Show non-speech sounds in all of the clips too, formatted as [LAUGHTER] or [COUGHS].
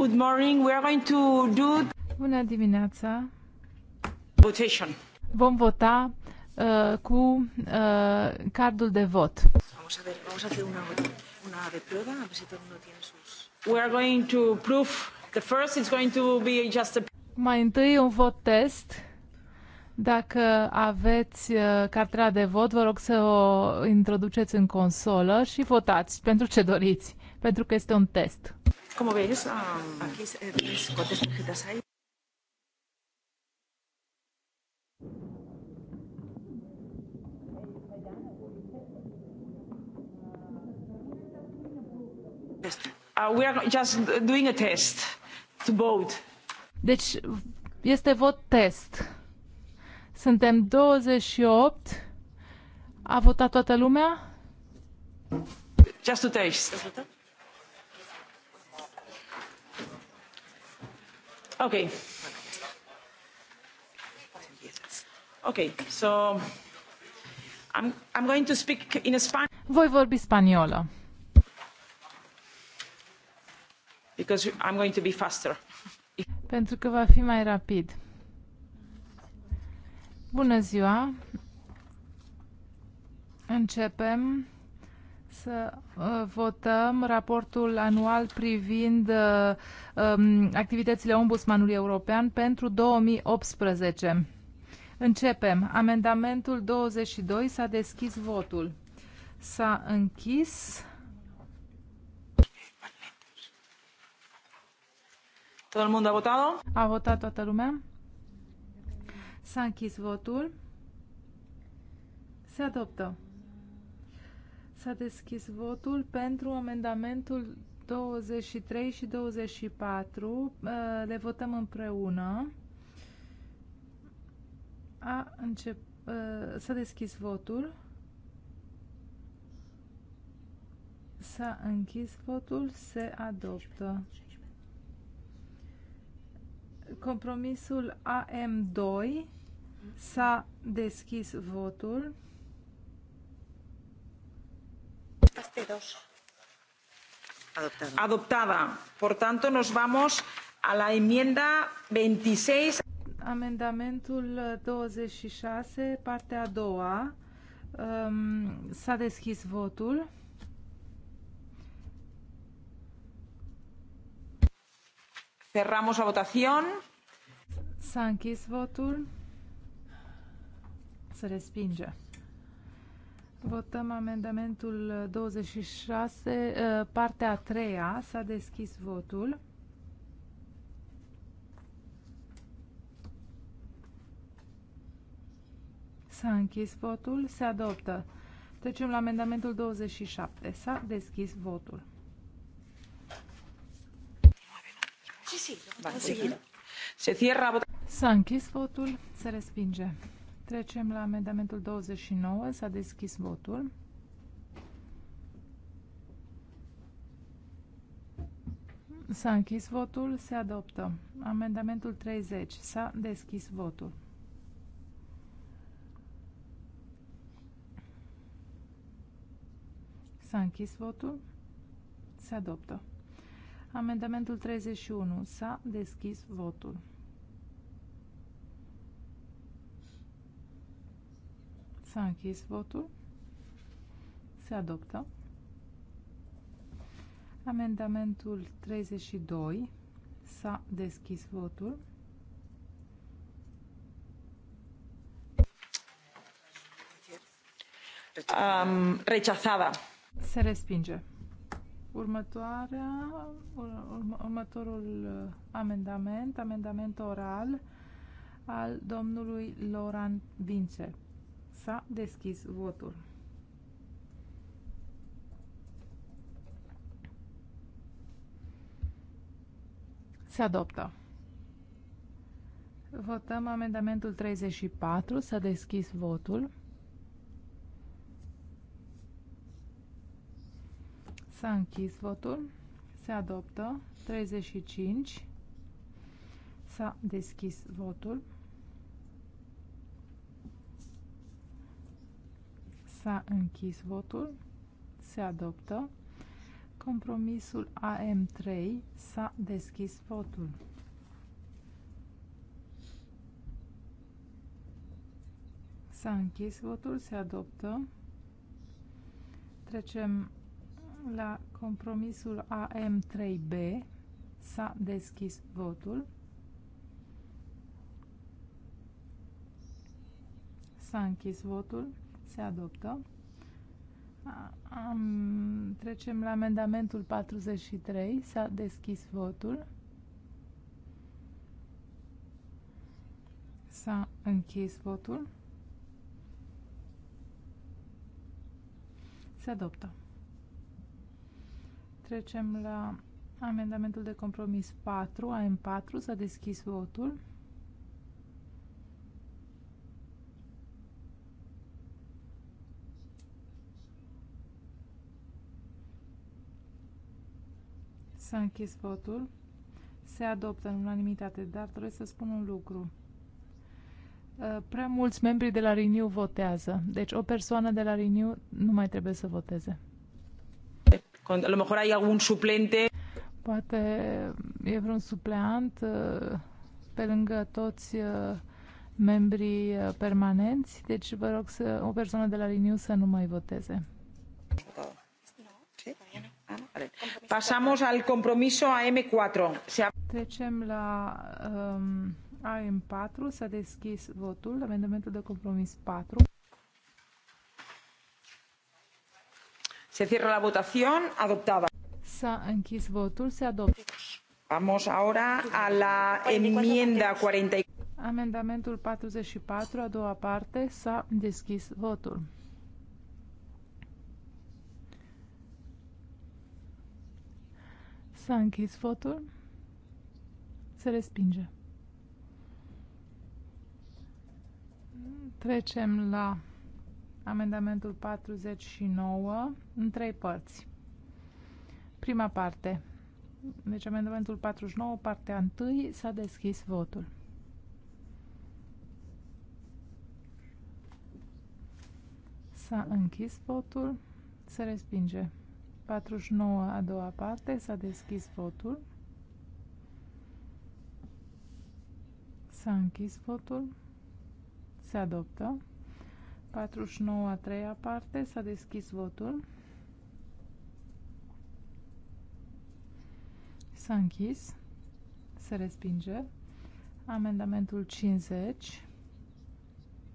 Good morning. We are going to do Bună dimineața. Votation. Vom vota uh, cu uh, cardul de vot. Vamos a ver, vamos a hacer una una de prueba, a ver si todo el mundo tiene sus We are going to prove the first is going to be just a Mai întâi un vot test. Dacă aveți uh, cartela de vot, vă rog să o introduceți în consolă și votați pentru ce doriți, pentru că este un test como veis, um... aquí eh, veis cuántas tarjetas hay. Uh, we are just doing a test to vote. Deci este vot test. Suntem 28. A votat toată lumea? Just to taste. Okay. Okay, so I'm, I'm going to speak in Spanish. Voi vorbi spaniolă. Because I'm going to be faster. Pentru că va fi mai rapid. Bună ziua. Începem să uh, votăm raportul anual privind uh, um, activitățile Ombudsmanului European pentru 2018. Începem. Amendamentul 22 s-a deschis votul. S-a închis. Todo el mundo ha votado? A votat toată lumea. S-a închis votul. Se adoptă. S-a deschis votul pentru amendamentul 23 și 24. Uh, le votăm împreună. A încep... Uh, s-a deschis votul. S-a închis votul. Se adoptă. Compromisul AM2 s-a deschis votul. Adoptada. Adoptada. Por tanto, nos vamos a la enmienda 26. Amendamentul 26, partea a doua. Um, S-a deschis votul. Cerramos la votación. S-a închis votul. Se respinge. Votăm amendamentul 26, uh, partea a treia. S-a deschis votul. S-a închis votul. Se adoptă. Trecem la amendamentul 27. S-a deschis votul. Se cierra votul. S-a închis votul. Se respinge. Trecem la amendamentul 29. S-a deschis votul. S-a închis votul. Se adoptă. Amendamentul 30. S-a deschis votul. S-a închis votul. Se adoptă. Amendamentul 31. S-a deschis votul. S-a închis votul. Se adoptă. Amendamentul 32. S-a deschis votul. Um, rechazada. Se respinge. Următoarea, următorul uh, amendament, amendament oral al domnului Loran Vince. S-a deschis votul. Se adoptă. Votăm amendamentul 34. S-a deschis votul. S-a închis votul. Se adoptă. 35. S-a deschis votul. S-a închis votul. Se adoptă. Compromisul AM3 s-a deschis votul. S-a închis votul, se adoptă. Trecem la compromisul AM3B. S-a deschis votul. S-a închis votul. Se adoptă. Am, trecem la amendamentul 43. S-a deschis votul. S-a închis votul. Se adoptă. Trecem la amendamentul de compromis 4, AM4. S-a deschis votul. S-a închis votul. Se adoptă în unanimitate, dar trebuie să spun un lucru. Uh, prea mulți membri de la Renew votează. Deci o persoană de la Renew nu mai trebuie să voteze. A lo mejor hay algún suplente. Poate uh, e vreun supleant uh, pe lângă toți membrii permanenți, deci vă rog să o persoană de la Renew să nu mai voteze. Sí. Pasamos al compromiso AM4. Se... Trecem la um, AM4. S-a deschis votul, amendamentul de compromis 4. Se cierra la votación. Adoptada. S-a închis votul. Se adoptă. Vamos ahora a la enmienda 44. Amendamentul 44, a doua parte, s-a deschis votul. S-a închis fotul. Se respinge. Trecem la amendamentul 49 în trei părți. Prima parte. Deci amendamentul 49, partea 1, s-a deschis votul. S-a închis votul. Se respinge. 49, a doua parte, s-a deschis votul. S-a închis votul. Se adoptă. 49, a treia parte, s-a deschis votul. S-a închis. Se respinge. Amendamentul 50.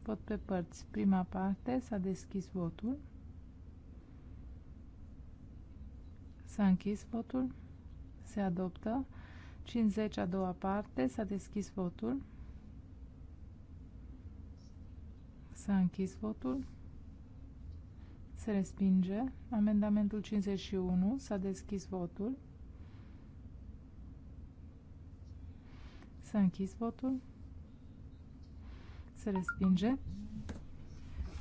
Vot pe părți. Prima parte, s-a deschis votul. S-a închis votul. Se adoptă. 50 a doua parte. S-a deschis votul. S-a închis votul. Se respinge. Amendamentul 51. S-a deschis votul. S-a închis votul. Se respinge.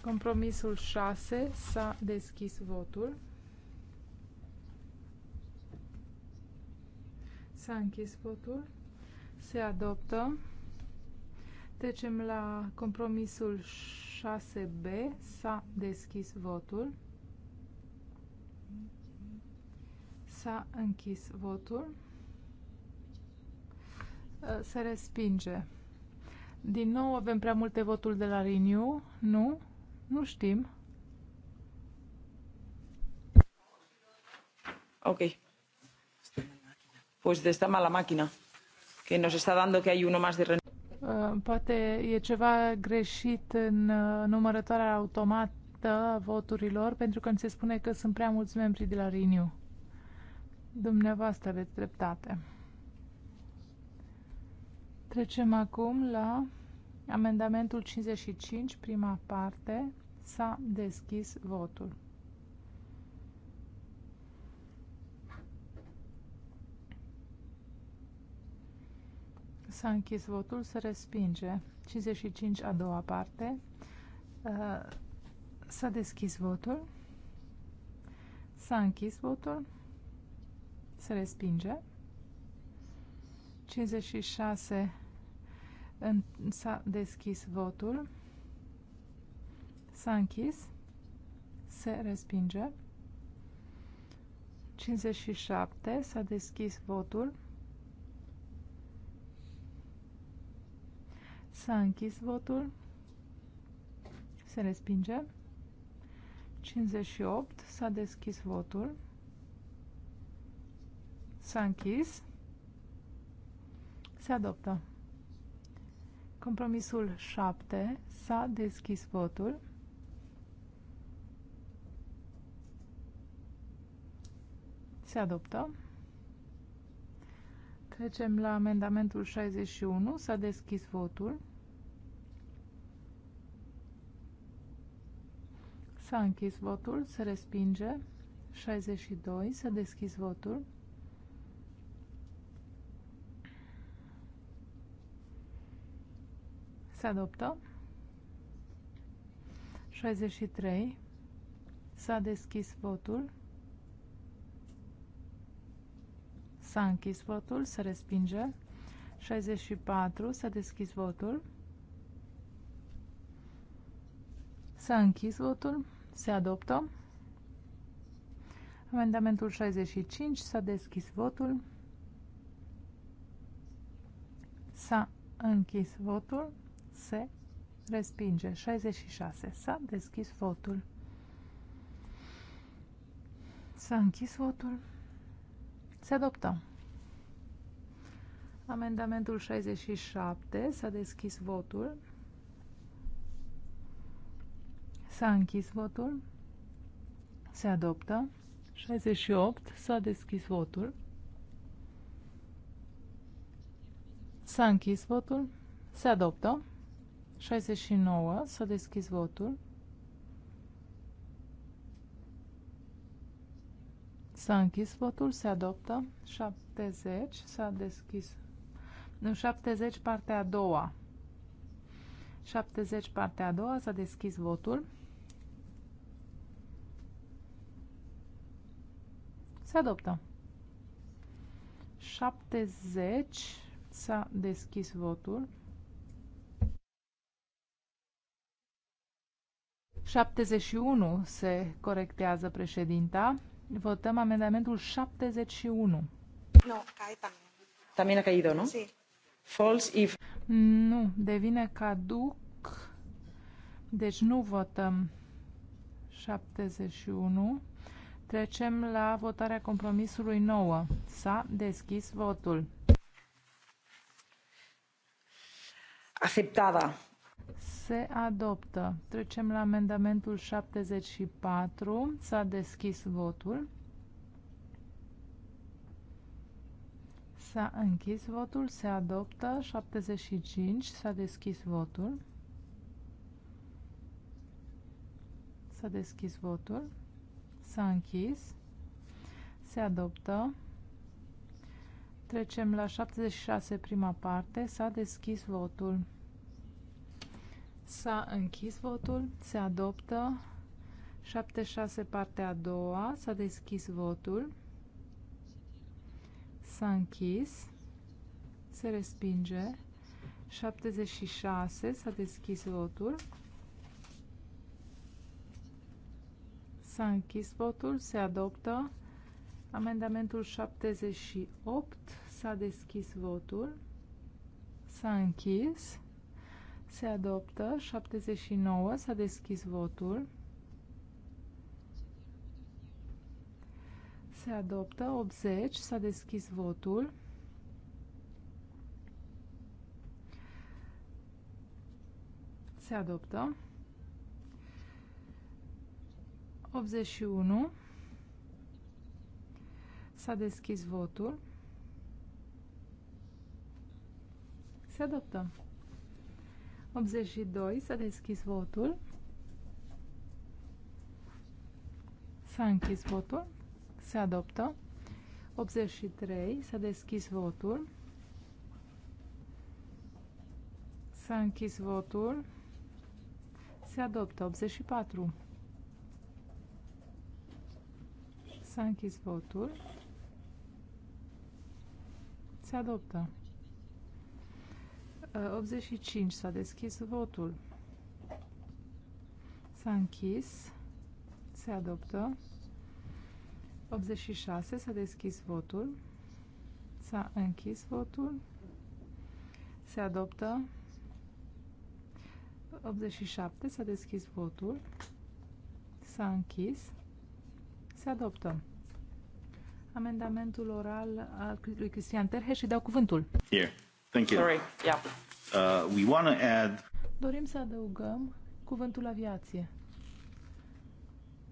Compromisul 6. S-a deschis votul. S-a închis votul. Se adoptă. Trecem la compromisul 6B. S-a deschis votul. S-a închis votul. Ă, se respinge. Din nou avem prea multe voturi de la Renew. Nu? Nu știm. Ok pues de esta mala máquina que nos está dando que hay uno más de uh, Poate e ceva greșit în uh, numărătoarea automată voturilor, pentru că îmi se spune că sunt prea mulți membri de la Renew. Dumneavoastră aveți dreptate. Trecem acum la amendamentul 55, prima parte. S-a deschis votul. S-a închis votul, se respinge. 55 a doua parte. Uh, s-a deschis votul. S-a închis votul. Se respinge. 56 s-a deschis votul. S-a închis. Se respinge. 57 s-a deschis votul. S-a închis votul. Se respinge. 58. S-a deschis votul. S-a închis. Se adoptă. Compromisul 7. S-a deschis votul. Se adoptă. Trecem la amendamentul 61. S-a deschis votul. S-a închis votul, se respinge. 62, s-a deschis votul. Se adoptă. 63, s-a deschis votul. S-a închis votul, se respinge. 64, s-a deschis votul. S-a închis votul. Se adoptă. Amendamentul 65. S-a deschis votul. S-a închis votul. Se respinge. 66. S-a deschis votul. S-a închis votul. Se adoptă. Amendamentul 67. S-a deschis votul. S-a închis votul. Se adoptă. 68. S-a deschis votul. S-a închis votul. Se adoptă. 69. S-a deschis votul. S-a închis votul. Se adoptă. 70. S-a deschis. Nu, 70 partea a doua. 70 partea a doua. S-a deschis votul. Se adoptă. 70. S-a deschis votul. 71 se corectează președinta. Votăm amendamentul 71. No, cae también. También ha caído, ¿no? Sí. False if. Nu, devine caduc. Deci nu votăm 71. Trecem la votarea compromisului 9. S-a deschis votul. Acceptada. Se adoptă. Trecem la amendamentul 74. S-a deschis votul. S-a închis votul. Se adoptă. 75. S-a deschis votul. S-a deschis votul. S-a închis. Se adoptă. Trecem la 76, prima parte. S-a deschis votul. S-a închis votul. Se adoptă. 76, partea a doua. S-a deschis votul. S-a închis. Se respinge. 76, s-a deschis votul. S-a închis votul. Se adoptă. Amendamentul 78. S-a deschis votul. S-a închis. Se adoptă. 79. S-a deschis votul. Se adoptă. 80. S-a deschis votul. Se adoptă. 81. S-a deschis votul. Se adoptă. 82. S-a deschis votul. S-a închis votul. Se adoptă. 83. S-a deschis votul. S-a închis votul. Se adoptă. 84. S-a închis votul. Se adoptă. 85. Uh, s-a deschis votul. S-a închis. Se adoptă. 86. S-a deschis votul. S-a închis votul. Se adoptă. 87. S-a deschis votul. S-a închis. Se adoptă. Amendamentul oral al lui Cristian Terhe și dau cuvântul. Here. Thank you. Sorry. Yeah. Uh, we want to add... Dorim să adăugăm cuvântul aviație.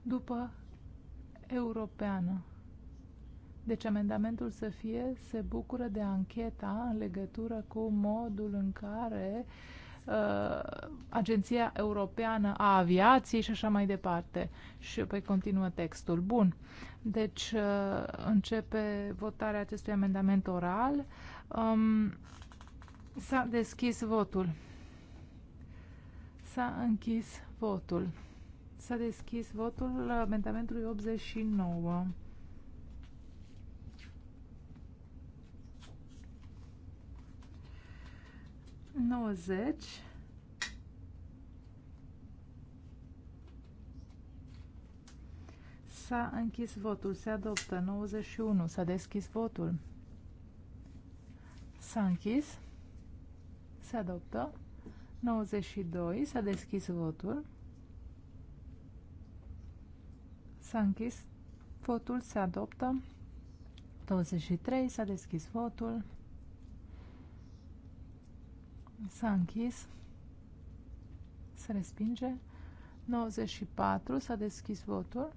După europeană. Deci amendamentul să fie se bucură de ancheta în legătură cu modul în care uh, Uh, Agenția Europeană a Aviației și așa mai departe. Și pe continuă textul. Bun. Deci uh, începe votarea acestui amendament oral. Um, S-a deschis votul. S-a închis votul. S-a deschis votul amendamentului 89. 90. S-a închis votul. Se adoptă. 91. S-a deschis votul. S-a închis. Se adoptă. 92. S-a deschis votul. S-a închis votul. Se adoptă. 23. S-a deschis votul. S-a închis. Se respinge. 94. S-a deschis votul.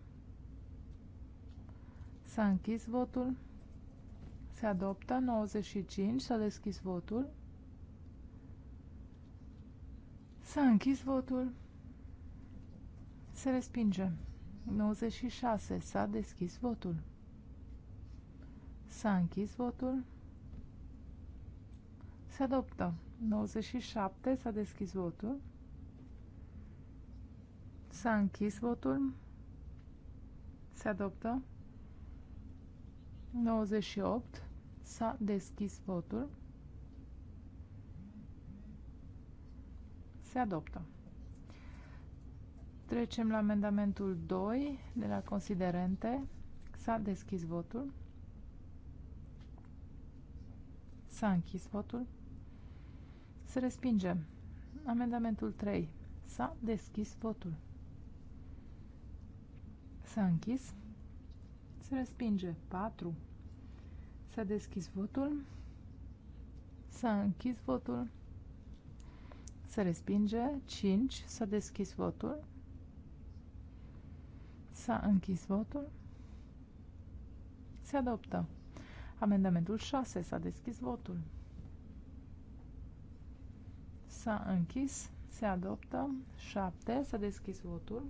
S-a închis votul. Se adoptă. 95. S-a deschis votul. S-a închis votul. Se respinge. 96. S-a deschis votul. S-a închis votul. Se adoptă. 97. S-a deschis votul. S-a închis votul. Se adoptă. 98. S-a deschis votul. Se adoptă. Trecem la amendamentul 2 de la considerente. S-a deschis votul. S-a închis votul. Se respinge. Amendamentul 3. S-a deschis votul. S-a închis. Se respinge. 4. S-a deschis votul. S-a închis votul. Se respinge. 5. S-a deschis votul. S-a închis votul. Se adoptă. Amendamentul 6. S-a deschis votul. S-a închis. Se adoptă. 7. S-a deschis votul.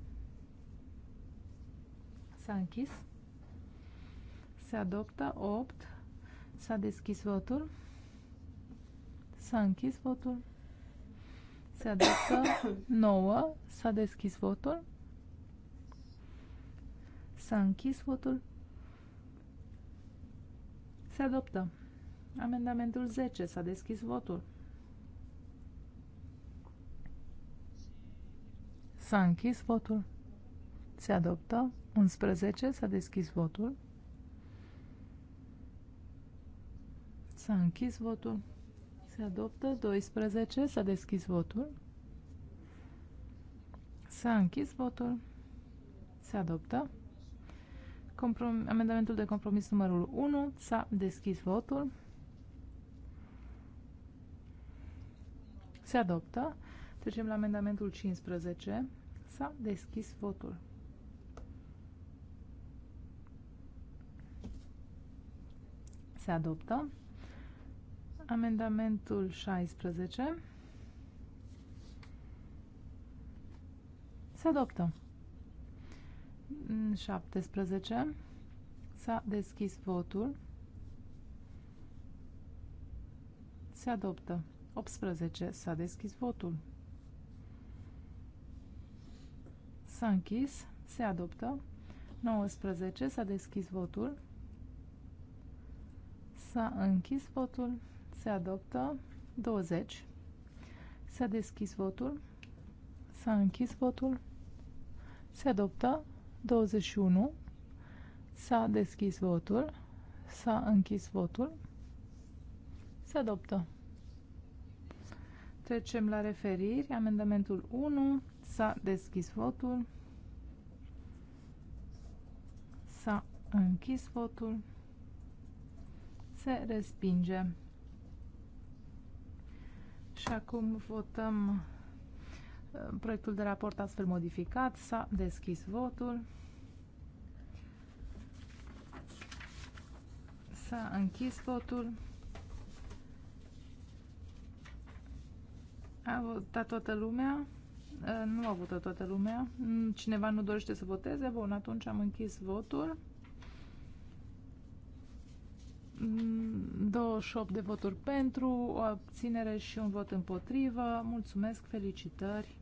S-a închis. Se adoptă. 8. S-a deschis votul. S-a închis votul. Se adoptă. 9. [COUGHS] S-a deschis votul. S-a închis votul. Se adoptă. Amendamentul 10. S-a deschis votul. S-a închis votul. Se adoptă. 11. S-a deschis votul. S-a închis votul. Se adoptă. 12. S-a deschis votul. S-a închis votul. Se adoptă. Comprom amendamentul de compromis numărul 1. S-a deschis votul. Se adoptă. Trecem la amendamentul 15. S-a deschis votul. Se adoptă. Amendamentul 16. Se adoptă. 17. S-a deschis votul. Se adoptă. 18. S-a deschis votul. S-a închis. Se adoptă. 19. S-a deschis votul. S-a închis votul. Se adoptă. 20. S-a deschis votul. S-a închis votul. Se adoptă. 21. S-a deschis votul. S-a închis votul. Se adoptă. Trecem la referiri. Amendamentul 1. S-a deschis votul. S-a închis votul. Se respinge. Și acum votăm uh, proiectul de raport astfel modificat. S-a deschis votul. S-a închis votul. A votat toată lumea. Uh, nu a votat toată lumea. Mm, cineva nu dorește să voteze? Bun, atunci am închis votul. 28 mm, de voturi pentru, o abținere și un vot împotrivă. Mulțumesc, felicitări!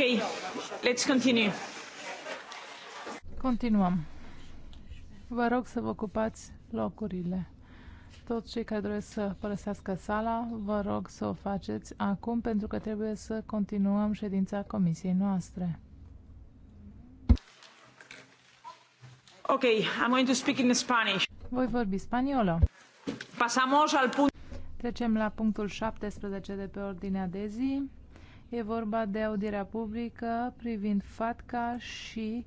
Ok, let's continue. Continuăm. Vă rog să vă ocupați locurile. Toți cei care doresc să părăsească sala, vă rog să o faceți acum pentru că trebuie să continuăm ședința comisiei noastre. Ok, I'm going to speak in Spanish. Voi vorbi spaniolă. Pasamos al punct. Trecem la punctul 17 de pe ordinea de zi E vorba de audierea publică privind FATCA și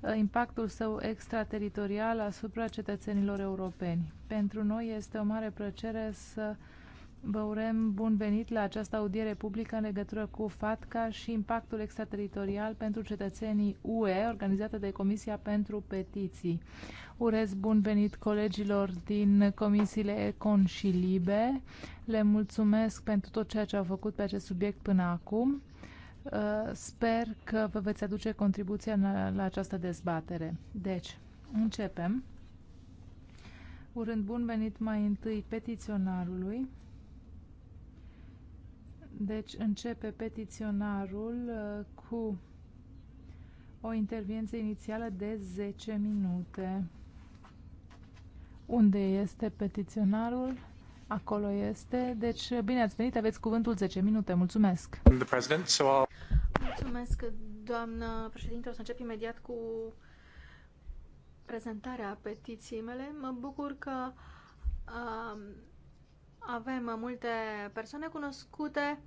uh, impactul său extrateritorial asupra cetățenilor europeni. Pentru noi este o mare plăcere să Vă urem bun venit la această audiere publică în legătură cu FATCA și impactul extrateritorial pentru cetățenii UE, organizată de Comisia pentru Petiții. Urez bun venit colegilor din comisiile Econ și Libe. Le mulțumesc pentru tot ceea ce au făcut pe acest subiect până acum. Uh, sper că vă veți aduce contribuția la această dezbatere. Deci, începem. Urând bun venit mai întâi petiționarului. Deci începe petiționarul uh, cu o intervenție inițială de 10 minute. Unde este petiționarul? Acolo este. Deci, bine ați venit, aveți cuvântul 10 minute. Mulțumesc! Mulțumesc, doamnă președinte. O să încep imediat cu prezentarea petiției mele. Mă bucur că uh, avem multe persoane cunoscute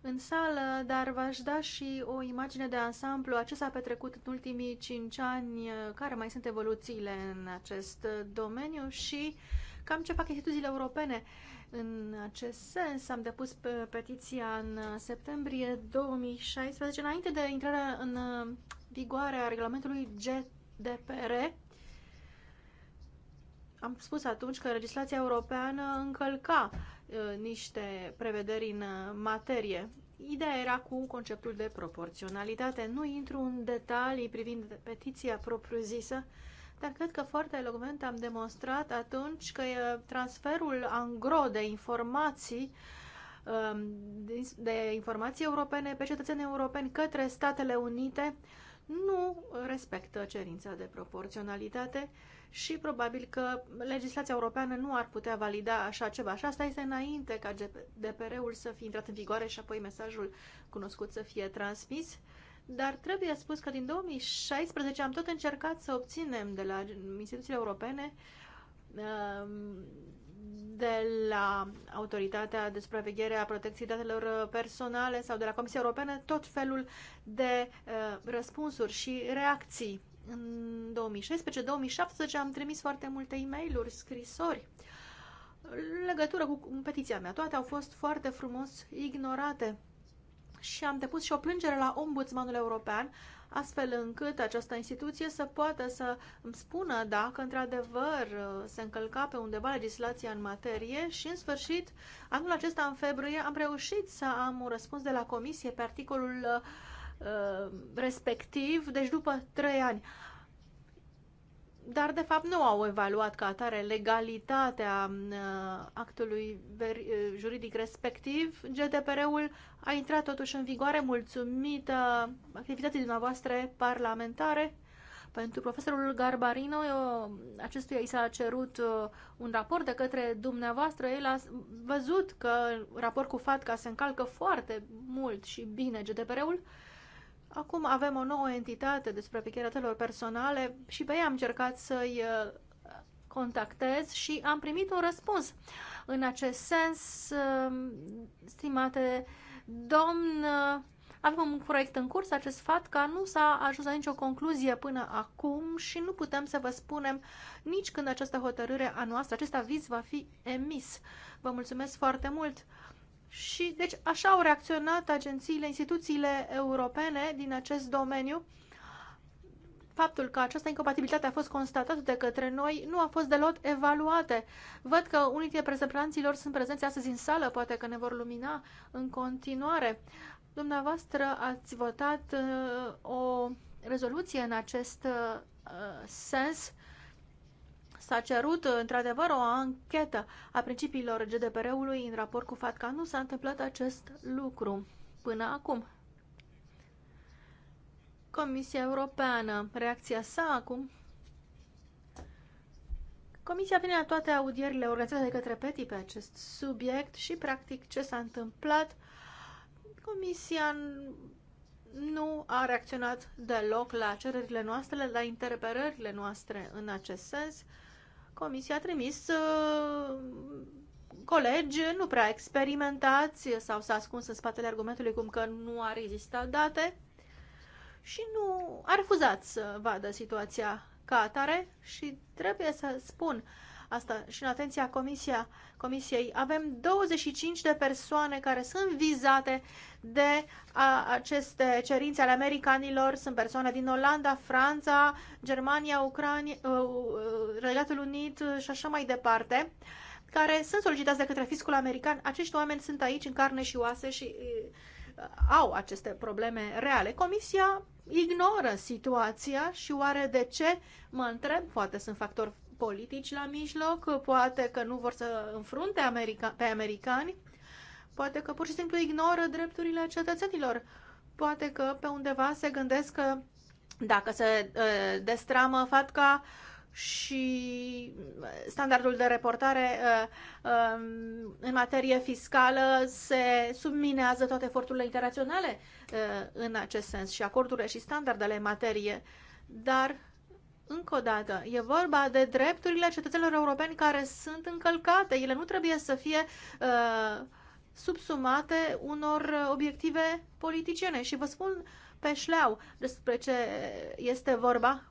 în sală, dar v-aș da și o imagine de ansamblu a a petrecut în ultimii 5 ani, care mai sunt evoluțiile în acest domeniu și cam ce fac instituțiile europene. În acest sens, am depus pe petiția în septembrie 2016, înainte de intrarea în vigoare a regulamentului GDPR, am spus atunci că legislația europeană încălca uh, niște prevederi în uh, materie. Ideea era cu conceptul de proporționalitate. Nu intru în detalii privind petiția propriu-zisă, dar cred că foarte elogvent am demonstrat atunci că uh, transferul angro de informații um, de informații europene pe cetățeni europeni către Statele Unite nu respectă cerința de proporționalitate și probabil că legislația europeană nu ar putea valida așa ceva. Și asta este înainte ca dpr ul să fie intrat în vigoare și apoi mesajul cunoscut să fie transmis. Dar trebuie spus că din 2016 am tot încercat să obținem de la instituțiile europene um, de la Autoritatea de Supraveghere a Protecției Datelor Personale sau de la Comisia Europeană tot felul de uh, răspunsuri și reacții în 2016-2017 am trimis foarte multe e-mail-uri, scrisori în legătură cu petiția mea. Toate au fost foarte frumos ignorate și am depus și o plângere la Ombudsmanul European, astfel încât această instituție să poată să îmi spună dacă într-adevăr se încălca pe undeva legislația în materie și în sfârșit, anul acesta în februarie, am reușit să am un răspuns de la Comisie pe articolul uh, Uh, respectiv, deci după trei ani. Dar, de fapt, nu au evaluat ca atare legalitatea uh, actului uh, juridic respectiv. GDPR-ul a intrat totuși în vigoare mulțumită activității dumneavoastră parlamentare. Pentru profesorul Garbarino, acestuia i s-a cerut un raport de către dumneavoastră. El a văzut că raport cu FATCA se încalcă foarte mult și bine GDPR-ul Acum avem o nouă entitate de supraveghere a datelor personale și pe ei am încercat să-i uh, contactez și am primit un răspuns. În acest sens, um, stimate domn, avem un proiect în curs, acest fapt că nu s-a ajuns la nicio concluzie până acum și nu putem să vă spunem nici când această hotărâre a noastră, acest aviz va fi emis. Vă mulțumesc foarte mult! Și deci așa au reacționat agențiile, instituțiile europene din acest domeniu. Faptul că această incompatibilitate a fost constatată de către noi nu a fost deloc evaluată. Văd că unii dintre prezentanților sunt prezenți astăzi în sală, poate că ne vor lumina în continuare. Dumneavoastră ați votat uh, o rezoluție în acest uh, sens S-a cerut, într-adevăr, o anchetă a principiilor GDPR-ului în raport cu FATCA. Nu s-a întâmplat acest lucru până acum. Comisia Europeană, reacția sa acum? Comisia vine la toate audierile organizate de către PETI pe acest subiect și, practic, ce s-a întâmplat? Comisia nu a reacționat deloc la cererile noastre, la interpelările noastre în acest sens. Comisia a trimis uh, colegi nu prea experimentați sau s-a ascuns în spatele argumentului cum că nu ar exista date și nu a refuzat să vadă situația ca atare și trebuie să spun asta și în atenția comisia, Comisiei. Avem 25 de persoane care sunt vizate de a, aceste cerințe ale americanilor. Sunt persoane din Olanda, Franța, Germania, Ucrania, uh, uh, Regatul Unit și așa mai departe care sunt solicitați de către fiscul american. Acești oameni sunt aici în carne și oase și uh, au aceste probleme reale. Comisia ignoră situația și oare de ce, mă întreb, poate sunt factori politici la mijloc, poate că nu vor să înfrunte America, pe americani, poate că pur și simplu ignoră drepturile cetățenilor, poate că pe undeva se gândesc că dacă se destramă fatca și standardul de reportare în materie fiscală se subminează toate eforturile internaționale în acest sens și acordurile și standardele în materie. Dar încă o dată, e vorba de drepturile cetățenilor europeni care sunt încălcate. Ele nu trebuie să fie uh, subsumate unor uh, obiective politiciene. Și vă spun pe șleau despre ce este vorba.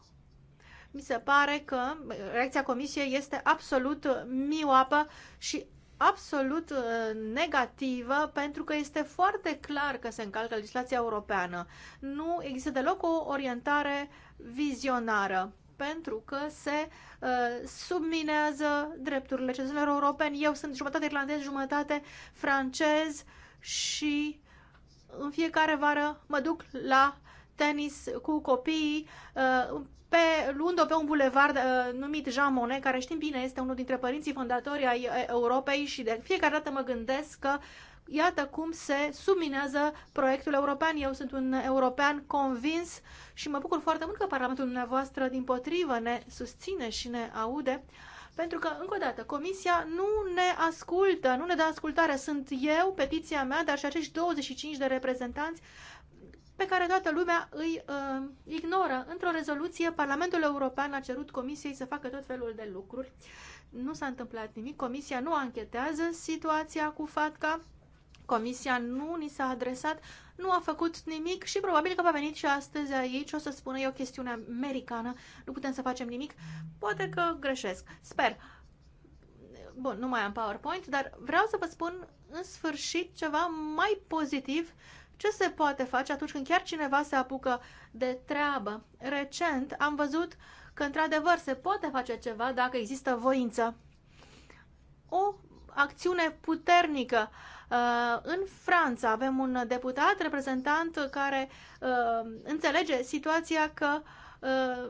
Mi se pare că reacția Comisiei este absolut mioapă și absolut uh, negativă pentru că este foarte clar că se încalcă legislația europeană. Nu există deloc o orientare vizionară pentru că se uh, subminează drepturile cetățenilor europeni. Eu sunt jumătate irlandez, jumătate francez și în fiecare vară mă duc la tenis cu copiii uh, pe, luând-o pe un bulevard uh, numit Jean Monnet, care știm bine este unul dintre părinții fondatori ai uh, Europei și de fiecare dată mă gândesc că uh, Iată cum se subminează proiectul european. Eu sunt un european convins și mă bucur foarte mult că Parlamentul dumneavoastră, din potrivă, ne susține și ne aude. Pentru că, încă o dată, Comisia nu ne ascultă, nu ne dă ascultare. Sunt eu, petiția mea, dar și acești 25 de reprezentanți pe care toată lumea îi uh, ignoră. Într-o rezoluție, Parlamentul European a cerut Comisiei să facă tot felul de lucruri. Nu s-a întâmplat nimic, Comisia nu anchetează situația cu FATCA Comisia nu ni s-a adresat, nu a făcut nimic și probabil că va veni și astăzi aici, o să spună eu chestiune americană, nu putem să facem nimic, poate că greșesc, sper. Bun, nu mai am PowerPoint, dar vreau să vă spun în sfârșit ceva mai pozitiv ce se poate face atunci când chiar cineva se apucă de treabă. Recent am văzut că într-adevăr se poate face ceva dacă există voință. O acțiune puternică uh, Uh, în Franța avem un deputat, reprezentant, care uh, înțelege situația că uh,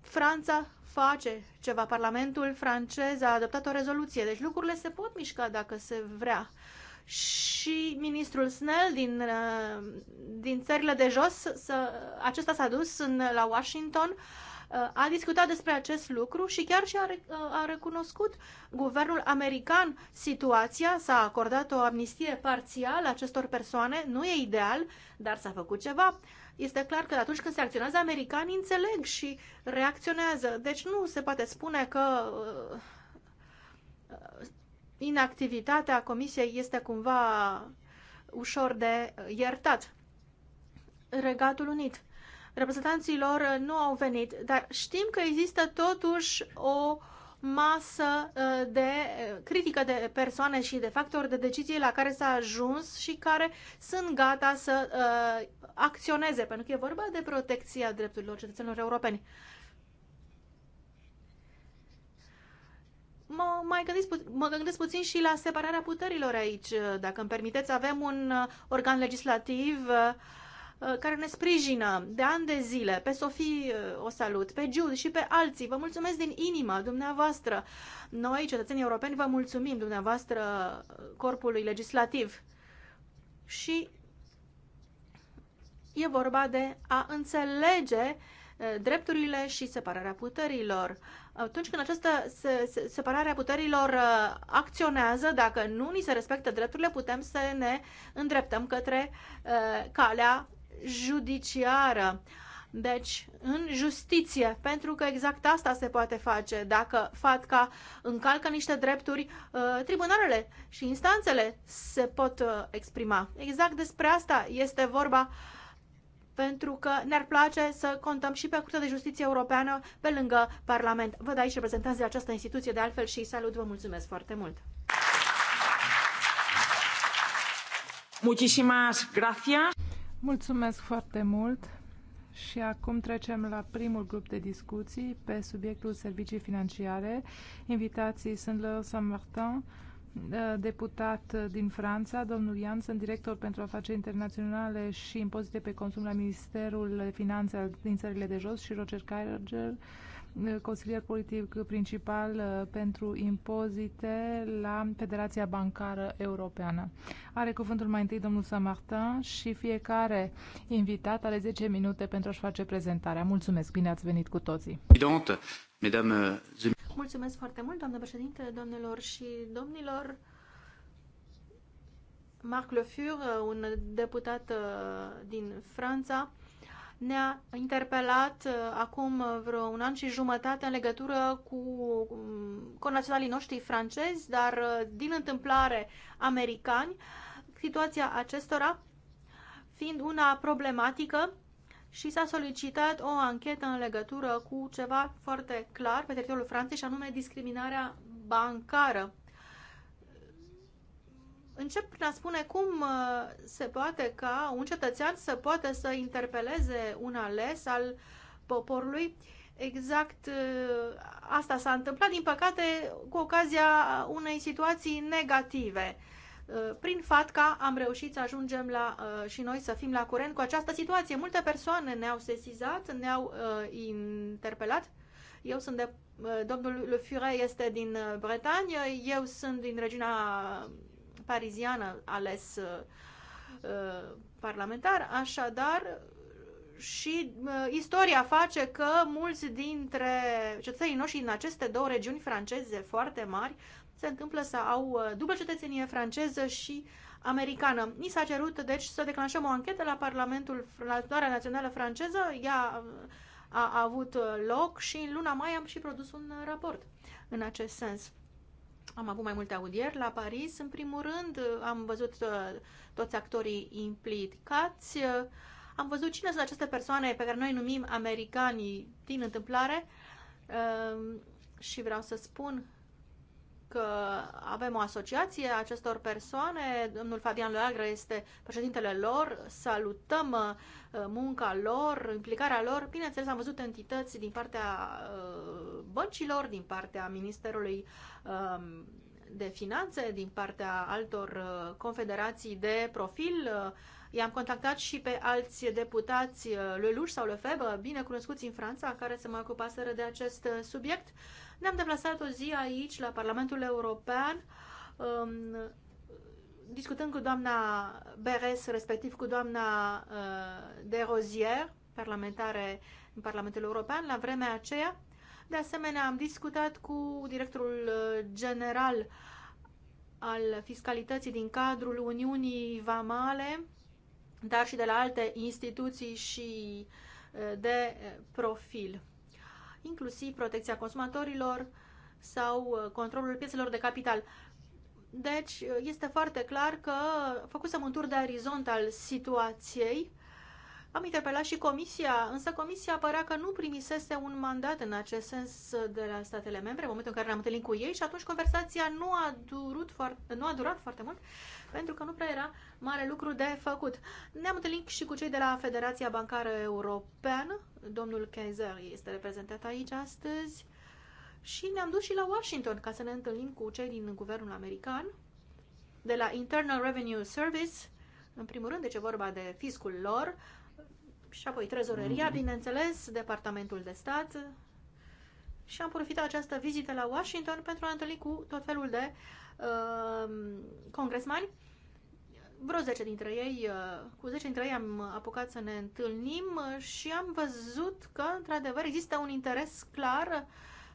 Franța face ceva. Parlamentul francez a adoptat o rezoluție, deci lucrurile se pot mișca dacă se vrea. Și ministrul Snell din, din țările de jos, să, acesta s-a dus în, la Washington uh, Uh, a discutat despre acest lucru și chiar și uh, a recunoscut guvernul american situația, s-a acordat o amnistie parțială acestor persoane, nu e ideal, dar s-a făcut ceva. Este clar că atunci când se acționează, americanii înțeleg și reacționează. Deci nu se poate spune că uh, inactivitatea comisiei este cumva ușor de iertat. Regatul Unit reprezentanții lor uh, nu au venit, dar știm că există totuși o masă uh, de uh, critică de persoane și de factori de decizie la care s-a ajuns și care sunt gata să uh, acționeze, pentru că e vorba de protecția drepturilor cetățenilor europeni. Mă, mai gândesc, mă gândesc puțin și la separarea puterilor aici. Dacă îmi permiteți, avem un organ legislativ uh, Uh, care ne sprijină de ani de zile. Pe Sofie uh, o salut, pe Jude și pe alții. Vă mulțumesc din inima dumneavoastră. Noi, cetățenii europeni, vă mulțumim dumneavoastră uh, corpului legislativ. Și e vorba de a înțelege drepturile și separarea puterilor. Atunci când această separare a puterilor acționează, dacă nu ni se respectă drepturile, putem să ne îndreptăm către calea judiciară. Deci, în justiție, pentru că exact asta se poate face. Dacă FATCA încalcă niște drepturi, uh, tribunalele și instanțele se pot uh, exprima. Exact despre asta este vorba, pentru că ne-ar place să contăm și pe Curtea de Justiție Europeană pe lângă Parlament. Văd aici reprezentanții de această instituție, de altfel și salut, vă mulțumesc foarte mult! Muchísimas gracias. Mulțumesc foarte mult și acum trecem la primul grup de discuții pe subiectul servicii financiare. Invitații sunt Leo Saint-Martin, uh, deputat din Franța, domnul Janssen, director pentru afaceri internaționale și impozite pe consum la Ministerul Finanțelor din țările de jos și Roger Kaiger, consilier politic principal uh, pentru impozite la Federația Bancară Europeană. Are cuvântul mai întâi domnul Samartin și fiecare invitat are 10 minute pentru a-și face prezentarea. Mulțumesc, bine ați venit cu toții. Mulțumesc foarte mult, doamnă președinte, domnilor și domnilor. Marc Le Fur, un deputat uh, din Franța, ne-a interpelat uh, acum uh, vreo un an și jumătate în legătură cu um, conaționalii noștri francezi, dar uh, din întâmplare americani, situația acestora fiind una problematică și s-a solicitat o anchetă în legătură cu ceva foarte clar pe teritoriul Franței și anume discriminarea bancară încep prin a spune cum uh, se poate ca un cetățean să poată să interpeleze un ales al poporului. Exact uh, asta s-a întâmplat, din păcate, cu ocazia unei situații negative. Uh, prin FATCA am reușit să ajungem la, și noi să fim la curent cu această situație. Multe persoane ne-au sesizat, ne-au interpelat. Eu sunt de, domnul Le Fure este din Bretagne, eu sunt din regiunea pariziană ales uh, uh, parlamentar, așadar și uh, istoria face că mulți dintre cetățenii noștri din aceste două regiuni franceze foarte mari se întâmplă să au uh, dublă cetățenie franceză și americană. Ni s-a cerut, deci, să declanșăm o anchetă la Parlamentul, la Națională Franceză. Ea uh, a avut uh, loc și în luna mai am și produs un raport în acest sens. Am avut mai multe audieri la Paris. În primul rând, uh, am văzut uh, toți actorii implicați. Uh, am văzut cine sunt aceste persoane pe care noi numim americanii din întâmplare și vreau să spun că avem o asociație a acestor persoane. Domnul Fabian Leagră este președintele lor. Salutăm uh, munca lor, implicarea lor. Bineînțeles, am văzut entități din partea uh, băncilor, din partea Ministerului um, de Finanțe, din partea altor uh, confederații de profil. I-am contactat și pe alți deputați Leluș sau Lefebă, bine cunoscuți în Franța, care se mai ocupaseră de acest subiect. Ne-am deplasat o zi aici, la Parlamentul European, um, discutând cu doamna Beres, respectiv cu doamna uh, de Rozier, parlamentare în Parlamentul European, la vremea aceea. De asemenea, am discutat cu directorul uh, general al fiscalității din cadrul Uniunii Vamale, dar și de la alte instituții și uh, de profil inclusiv protecția consumatorilor sau uh, controlul piețelor de capital. Deci, uh, este foarte clar că făcusem un tur de arizont al situației am interpelat și Comisia, însă Comisia părea că nu primisese un mandat în acest sens de la statele membre, în momentul în care ne-am întâlnit cu ei și atunci conversația nu a, durut foarte, nu a durat foarte mult, pentru că nu prea era mare lucru de făcut. Ne-am întâlnit și cu cei de la Federația Bancară Europeană, domnul Kaiser este reprezentat aici astăzi, și ne-am dus și la Washington ca să ne întâlnim cu cei din guvernul american, de la Internal Revenue Service, în primul rând, deci e vorba de fiscul lor, și apoi trezoreria, mm. bineînțeles, Departamentul de Stat. Și am profitat această vizită la Washington pentru a întâlni cu tot felul de uh, congresmani. Vreo 10 dintre ei, uh, cu 10 dintre ei am apucat să ne întâlnim și am văzut că, într-adevăr, există un interes clar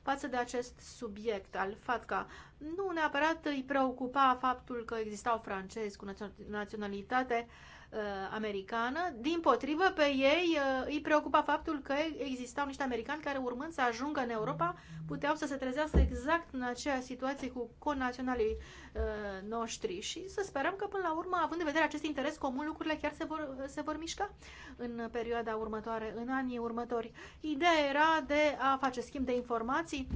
față de acest subiect al FATCA. Nu neapărat îi preocupa faptul că existau francezi cu naționalitate uh, uh, americană. Din potrivă, pe ei uh, îi preocupa faptul că existau niște americani care, urmând să ajungă în Europa, puteau să se trezească exact în aceea situație cu conaționalii uh, noștri și să sperăm că, până la urmă, având în vedere acest interes comun, lucrurile chiar se vor, se vor mișca în perioada următoare, în anii următori. Ideea era de a face schimb de informații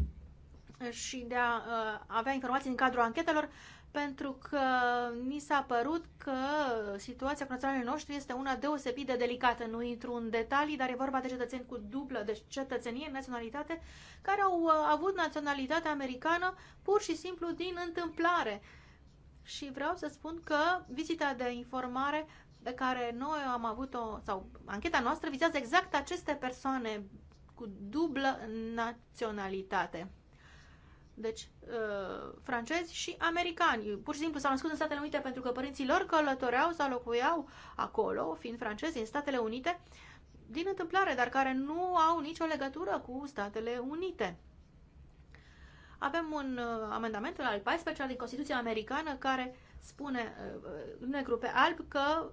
și de a uh, avea informații în cadrul anchetelor pentru că mi s-a părut că situația cu noștri este una deosebit de delicată. Nu intru în detalii, dar e vorba de cetățeni cu dublă, de deci cetățenie, naționalitate, care au uh, avut naționalitatea americană pur și simplu din întâmplare. Și vreau să spun că vizita de informare pe care noi am avut-o, sau ancheta noastră vizează exact aceste persoane cu dublă naționalitate. Deci, uh, francezi și americani. Pur și simplu s-au născut în Statele Unite pentru că părinții lor călătoreau sau locuiau acolo, fiind francezi, în Statele Unite, din întâmplare, dar care nu au nicio legătură cu Statele Unite. Avem un uh, amendament, al 14 din Constituția Americană, care spune uh, negru pe alb că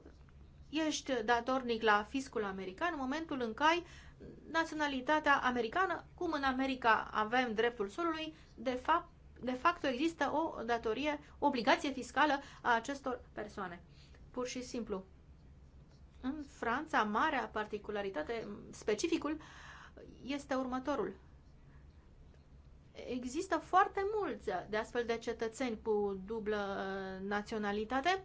ești datornic la fiscul american în momentul în care naționalitatea americană, cum în America avem dreptul solului, de fapt de fapt există o datorie, o obligație fiscală a acestor persoane. Pur și simplu. În Franța, marea particularitate, specificul, este următorul. Există foarte mulți de astfel de cetățeni cu dublă naționalitate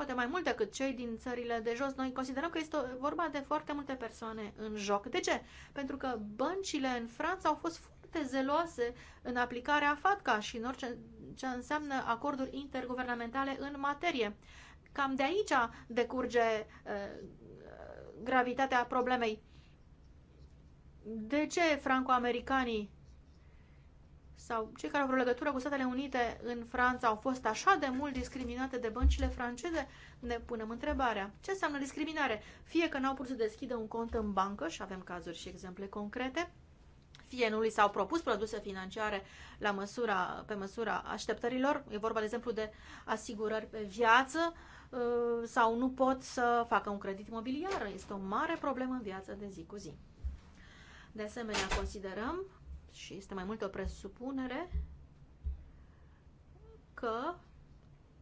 poate mai mult decât cei din țările de jos, noi considerăm că este vorba de foarte multe persoane în joc. De ce? Pentru că băncile în Franța au fost foarte zeloase în aplicarea FATCA și în orice ce înseamnă acorduri interguvernamentale în materie. Cam de aici decurge uh, gravitatea problemei. De ce franco-americanii sau cei care au vreo legătură cu Statele Unite în Franța au fost așa de mult discriminate de băncile franceze? Ne punem întrebarea. Ce înseamnă discriminare? Fie că n-au putut să deschidă un cont în bancă, și avem cazuri și exemple concrete, fie nu li s-au propus produse financiare la măsura, pe măsura așteptărilor, e vorba, de exemplu, de asigurări pe viață, uh, sau nu pot să facă un credit imobiliar. Este o mare problemă în viața de zi cu zi. De asemenea, considerăm și este mai mult o presupunere că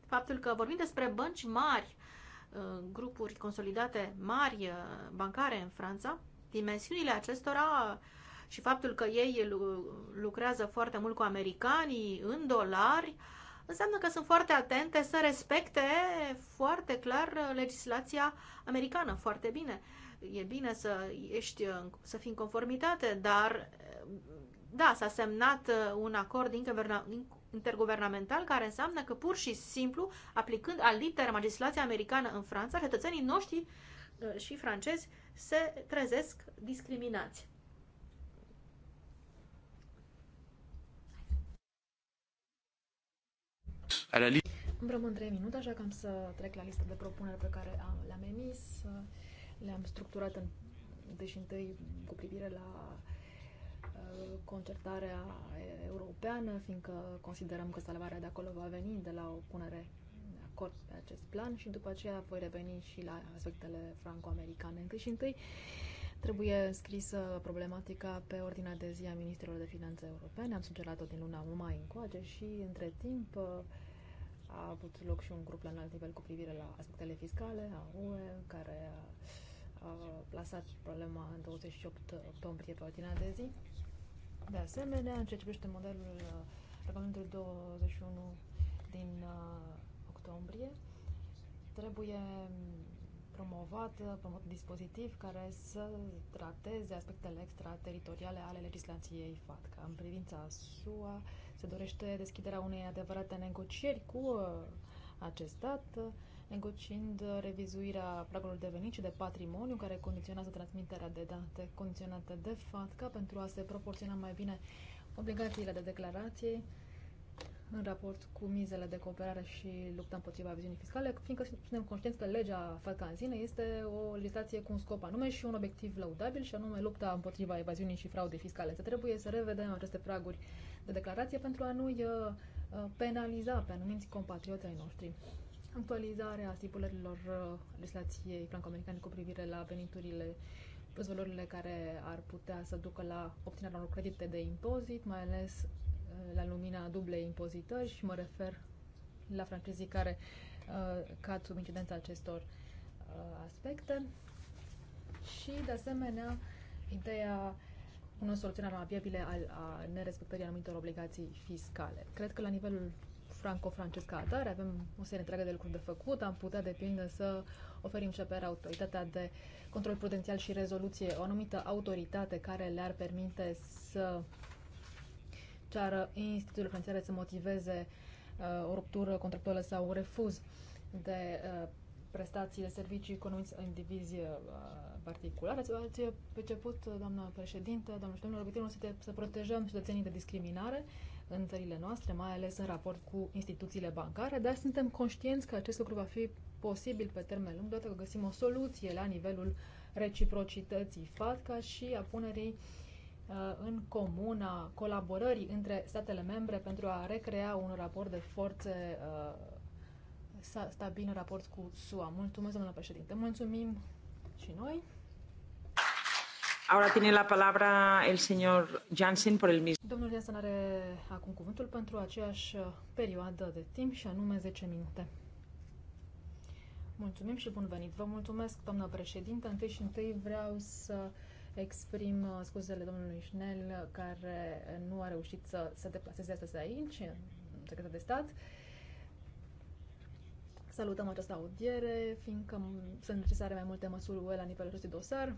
faptul că vorbim despre bănci mari, uh, grupuri consolidate mari uh, bancare în Franța, dimensiunile acestora și faptul că ei lucrează foarte mult cu americanii în dolari, înseamnă că sunt foarte atente să respecte foarte clar uh, legislația americană, foarte bine. E bine să ești, să fii în conformitate, dar da, s-a semnat uh, un acord interguvernamental care înseamnă că pur și simplu, aplicând al literă legislația americană în Franța, cetățenii noștri uh, și francezi se trezesc discriminați. Îmi rămân 3 minute, așa că am să trec la lista de propuneri pe care uh, le-am emis. Le-am structurat în, deși întâi cu privire la Uh, concertarea europeană, fiindcă considerăm că salvarea de acolo va veni de la o punere acord pe acest plan și după aceea voi reveni și la aspectele franco-americane. Întâi și întâi trebuie scrisă problematica pe ordinea de zi a Ministrilor de Finanțe Europene. Am sugerat-o din luna mai încoace și între timp uh, a avut loc și un grup la înalt nivel cu privire la aspectele fiscale a UE, care a, a plasat problema în 28 octombrie pe ordinea de zi. De asemenea, în ceea ce privește modelul uh, regulamentului 21 din uh, octombrie, trebuie mm, promovat, uh, promovat un dispozitiv care să trateze aspectele extrateritoriale ale legislației FATCA. În privința SUA se dorește deschiderea unei adevărate negocieri cu uh, acest stat negociind uh, revizuirea pragului de venit și de patrimoniu, care condiționează transmiterea de date condiționate de FATCA pentru a se proporționa mai bine obligațiile de declarație în raport cu mizele de cooperare și lupta împotriva evaziunii fiscale, fiindcă suntem conștienți că legea FATCA în sine este o legislație cu un scop anume și un obiectiv laudabil, și anume lupta împotriva evaziunii și fraudei fiscale. Se trebuie să revedem aceste praguri de declarație pentru a nu-i uh, uh, penaliza pe anumiți compatrioții ai noștri actualizarea stipulărilor uh, legislației franco-americane cu privire la veniturile plus care ar putea să ducă la obținerea unor credite de impozit, mai ales uh, la lumina dublei impozitări și mă refer la francezii care uh, cad sub incidența acestor uh, aspecte și, de asemenea, ideea unor soluționare viabile a, a nerespectării anumitor obligații fiscale. Cred că la nivelul franco Francesca, dar avem o serie întreagă de lucruri de făcut, am putea, de pildă, să oferim CPR autoritatea de control prudențial și rezoluție, o anumită autoritate care le-ar permite să ceară instituțiile financiare să motiveze uh, o ruptură contractuală sau un refuz de uh, prestații de servicii economice în divizie uh, particulară. Ați început, doamna președintă, doamna și domnilor, obiectivul să protejăm cetățenii de discriminare în țările noastre, mai ales în raport cu instituțiile bancare, dar suntem conștienți că acest lucru va fi posibil pe termen lung, doar că găsim o soluție la nivelul reciprocității FATCA și a punerii uh, în comun a colaborării între statele membre pentru a recrea un raport de forțe uh, stabil în raport cu SUA. Mulțumesc, domnule președinte. Mulțumim și noi. Ahora tiene la palabra el señor Jansen por el mismo. Domnul Jansen are acum cuvântul pentru aceeași uh, perioadă de timp și anume 10 minute. Mulțumim și bun venit. Vă mulțumesc, doamna președintă. Întâi și întâi vreau să exprim uh, scuzele domnului Schnell, uh, care nu a reușit să se deplaseze astăzi aici, secretar de stat. Salutăm această audiere, fiindcă sunt necesare mai multe măsuri la nivelul acestui dosar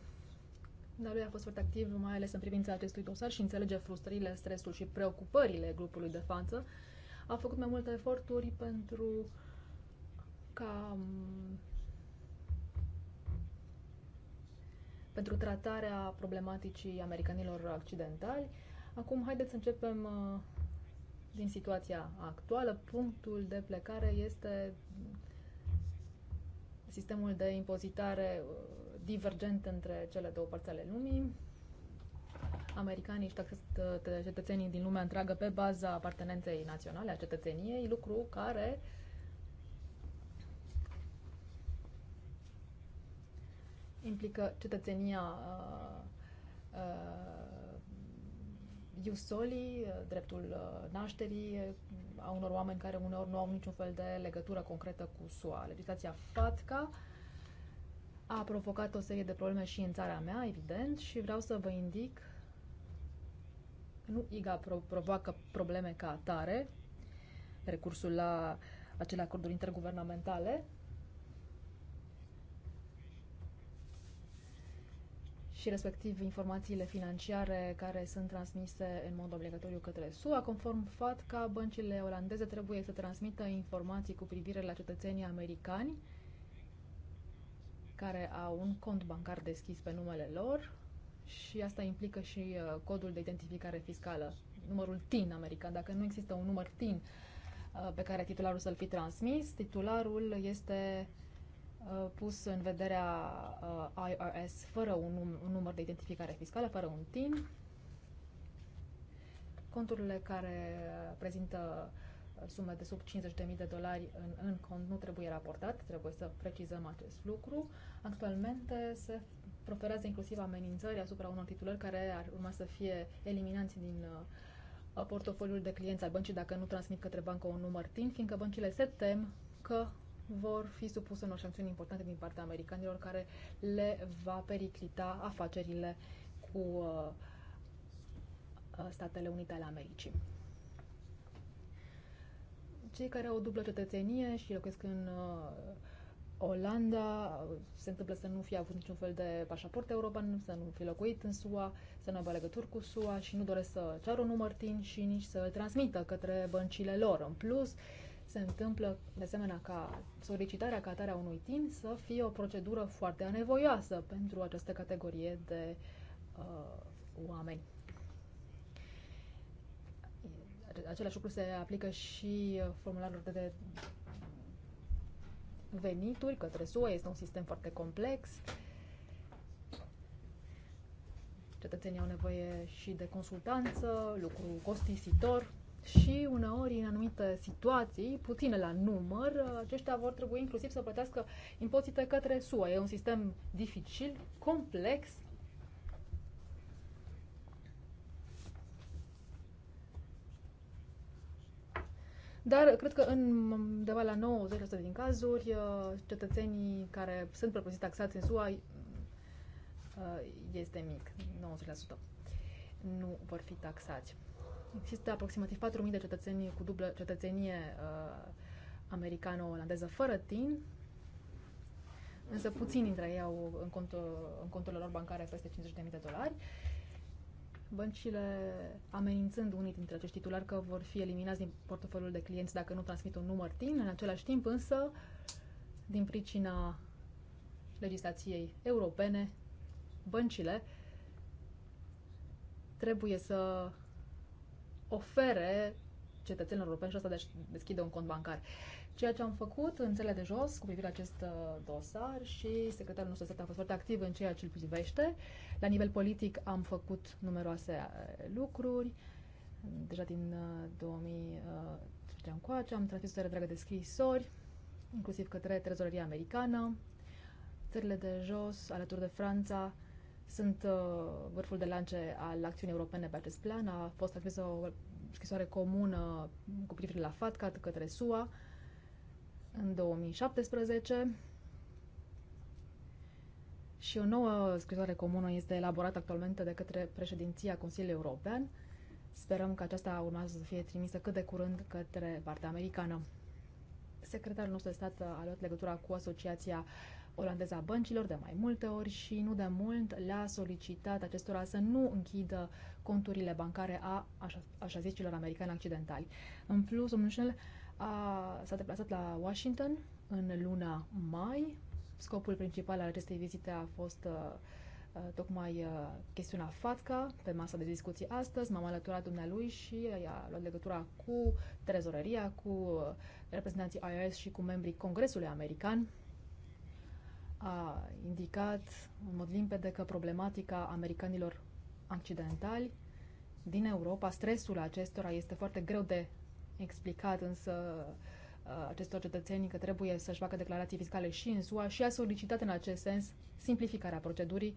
dar lui a fost foarte activ, mai ales în privința acestui dosar și înțelege frustrările, stresul și preocupările grupului de față. A făcut mai multe eforturi pentru ca mm, pentru tratarea problematicii americanilor accidentali. Acum, haideți să începem uh, din situația actuală. Punctul de plecare este sistemul de impozitare uh, divergent între cele două părți ale lumii. Americanii își taxează ă, cetățenii din lumea întreagă pe baza apartenenței naționale a cetățeniei, lucru care implică cetățenia uh, uh, dreptul uh, nașterii a unor oameni care uneori nu au niciun fel de legătură concretă cu SUA. Legislația FATCA uh, a provocat o serie de probleme și în țara mea, evident, și vreau să vă indic că nu IGA provoacă probleme ca atare, recursul la acele acorduri interguvernamentale, și respectiv informațiile financiare care sunt transmise în mod obligatoriu către SUA, conform FATCA, băncile olandeze trebuie să transmită informații cu privire la cetățenii americani care au un cont bancar deschis pe numele lor și asta implică și uh, codul de identificare fiscală, numărul TIN american. Dacă nu există un număr TIN uh, pe care titularul să-l fi transmis, titularul este uh, pus în vederea IRS fără un, num- un număr de identificare fiscală, fără un TIN. Conturile care prezintă uh, sume de sub 50.000 de dolari în, în cont nu trebuie raportat, trebuie să precizăm acest lucru. Actualmente se proferează inclusiv amenințări asupra unor titulări care ar urma să fie eliminați din uh, portofoliul de clienți al băncii dacă nu transmit către bancă un număr TIN, fiindcă băncile se tem că vor fi supuse unor sancțiuni importante din partea americanilor care le va periclita afacerile cu uh, uh Statele Unite ale Americii. Cei care au dublă cetățenie și locuiesc în uh, Olanda, se întâmplă să nu fie avut niciun fel de pașaport european, să nu fi locuit în SUA, să nu aibă legături cu SUA și nu doresc să ceară un număr TIN și nici să transmită către băncile lor. În plus, se întâmplă, de asemenea, ca solicitarea ca atare a unui TIN să fie o procedură foarte anevoioasă pentru această categorie de uh, oameni același lucru se aplică și uh, formularul de venituri către SUA. Este un sistem foarte complex. Cetățenii au nevoie și de consultanță, lucru costisitor și uneori, în anumite situații, puține la număr, uh, aceștia vor trebui inclusiv să plătească impozite către SUA. E un sistem dificil, complex, Dar cred că în undeva la 90% din cazuri, uh, cetățenii care sunt propriu taxați în SUA uh, este mic, 90%. Nu vor fi taxați. Există aproximativ 4.000 de cetățeni cu dublă cetățenie uh, americano-olandeză fără TIN, însă puțini dintre ei au în, contul, uh, în conturile lor bancare peste 50.000 de dolari. Uh, băncile amenințând unii dintre acești titulari că vor fi eliminați din portofoliul de clienți dacă nu transmit un număr TIN, în același timp însă, din pricina legislației europene, băncile trebuie să ofere cetățenilor europeni și asta deschide un cont bancar. Ceea ce am făcut în cele de jos cu privire acest uh, dosar și secretarul nostru a fost foarte activ în ceea ce îl privește. La nivel politic am făcut numeroase uh, lucruri. Deja din 2000 uh, încoace am transmis o dragă de scrisori, inclusiv către trezoreria americană. Țările de jos, alături de Franța, sunt vârful de lance al acțiunii europene pe acest plan. A fost transmisă o scrisoare comună cu privire la FATCAT către SUA în 2017 și o nouă scrisoare comună este elaborată actualmente de către președinția Consiliului European. Sperăm că aceasta urmează să fie trimisă cât de curând către partea americană. Secretarul nostru de stat a luat legătura cu Asociația Olandeză a Băncilor de mai multe ori și nu de mult le-a solicitat acestora să nu închidă conturile bancare a așa, așa zicilor americani accidentali. În plus, domnul Schnell, a, s-a deplasat la Washington în luna mai. Scopul principal al acestei vizite a fost uh, uh, tocmai uh, chestiunea FATCA pe masa de discuții astăzi. M-am alăturat dumnealui și a luat legătura cu trezoreria, cu uh, reprezentanții IRS și cu membrii Congresului American. A indicat în mod limpede că problematica americanilor accidentali din Europa, stresul acestora este foarte greu de explicat însă uh, acestor cetățeni că trebuie să-și facă declarații fiscale și în SUA și a solicitat în acest sens simplificarea procedurii,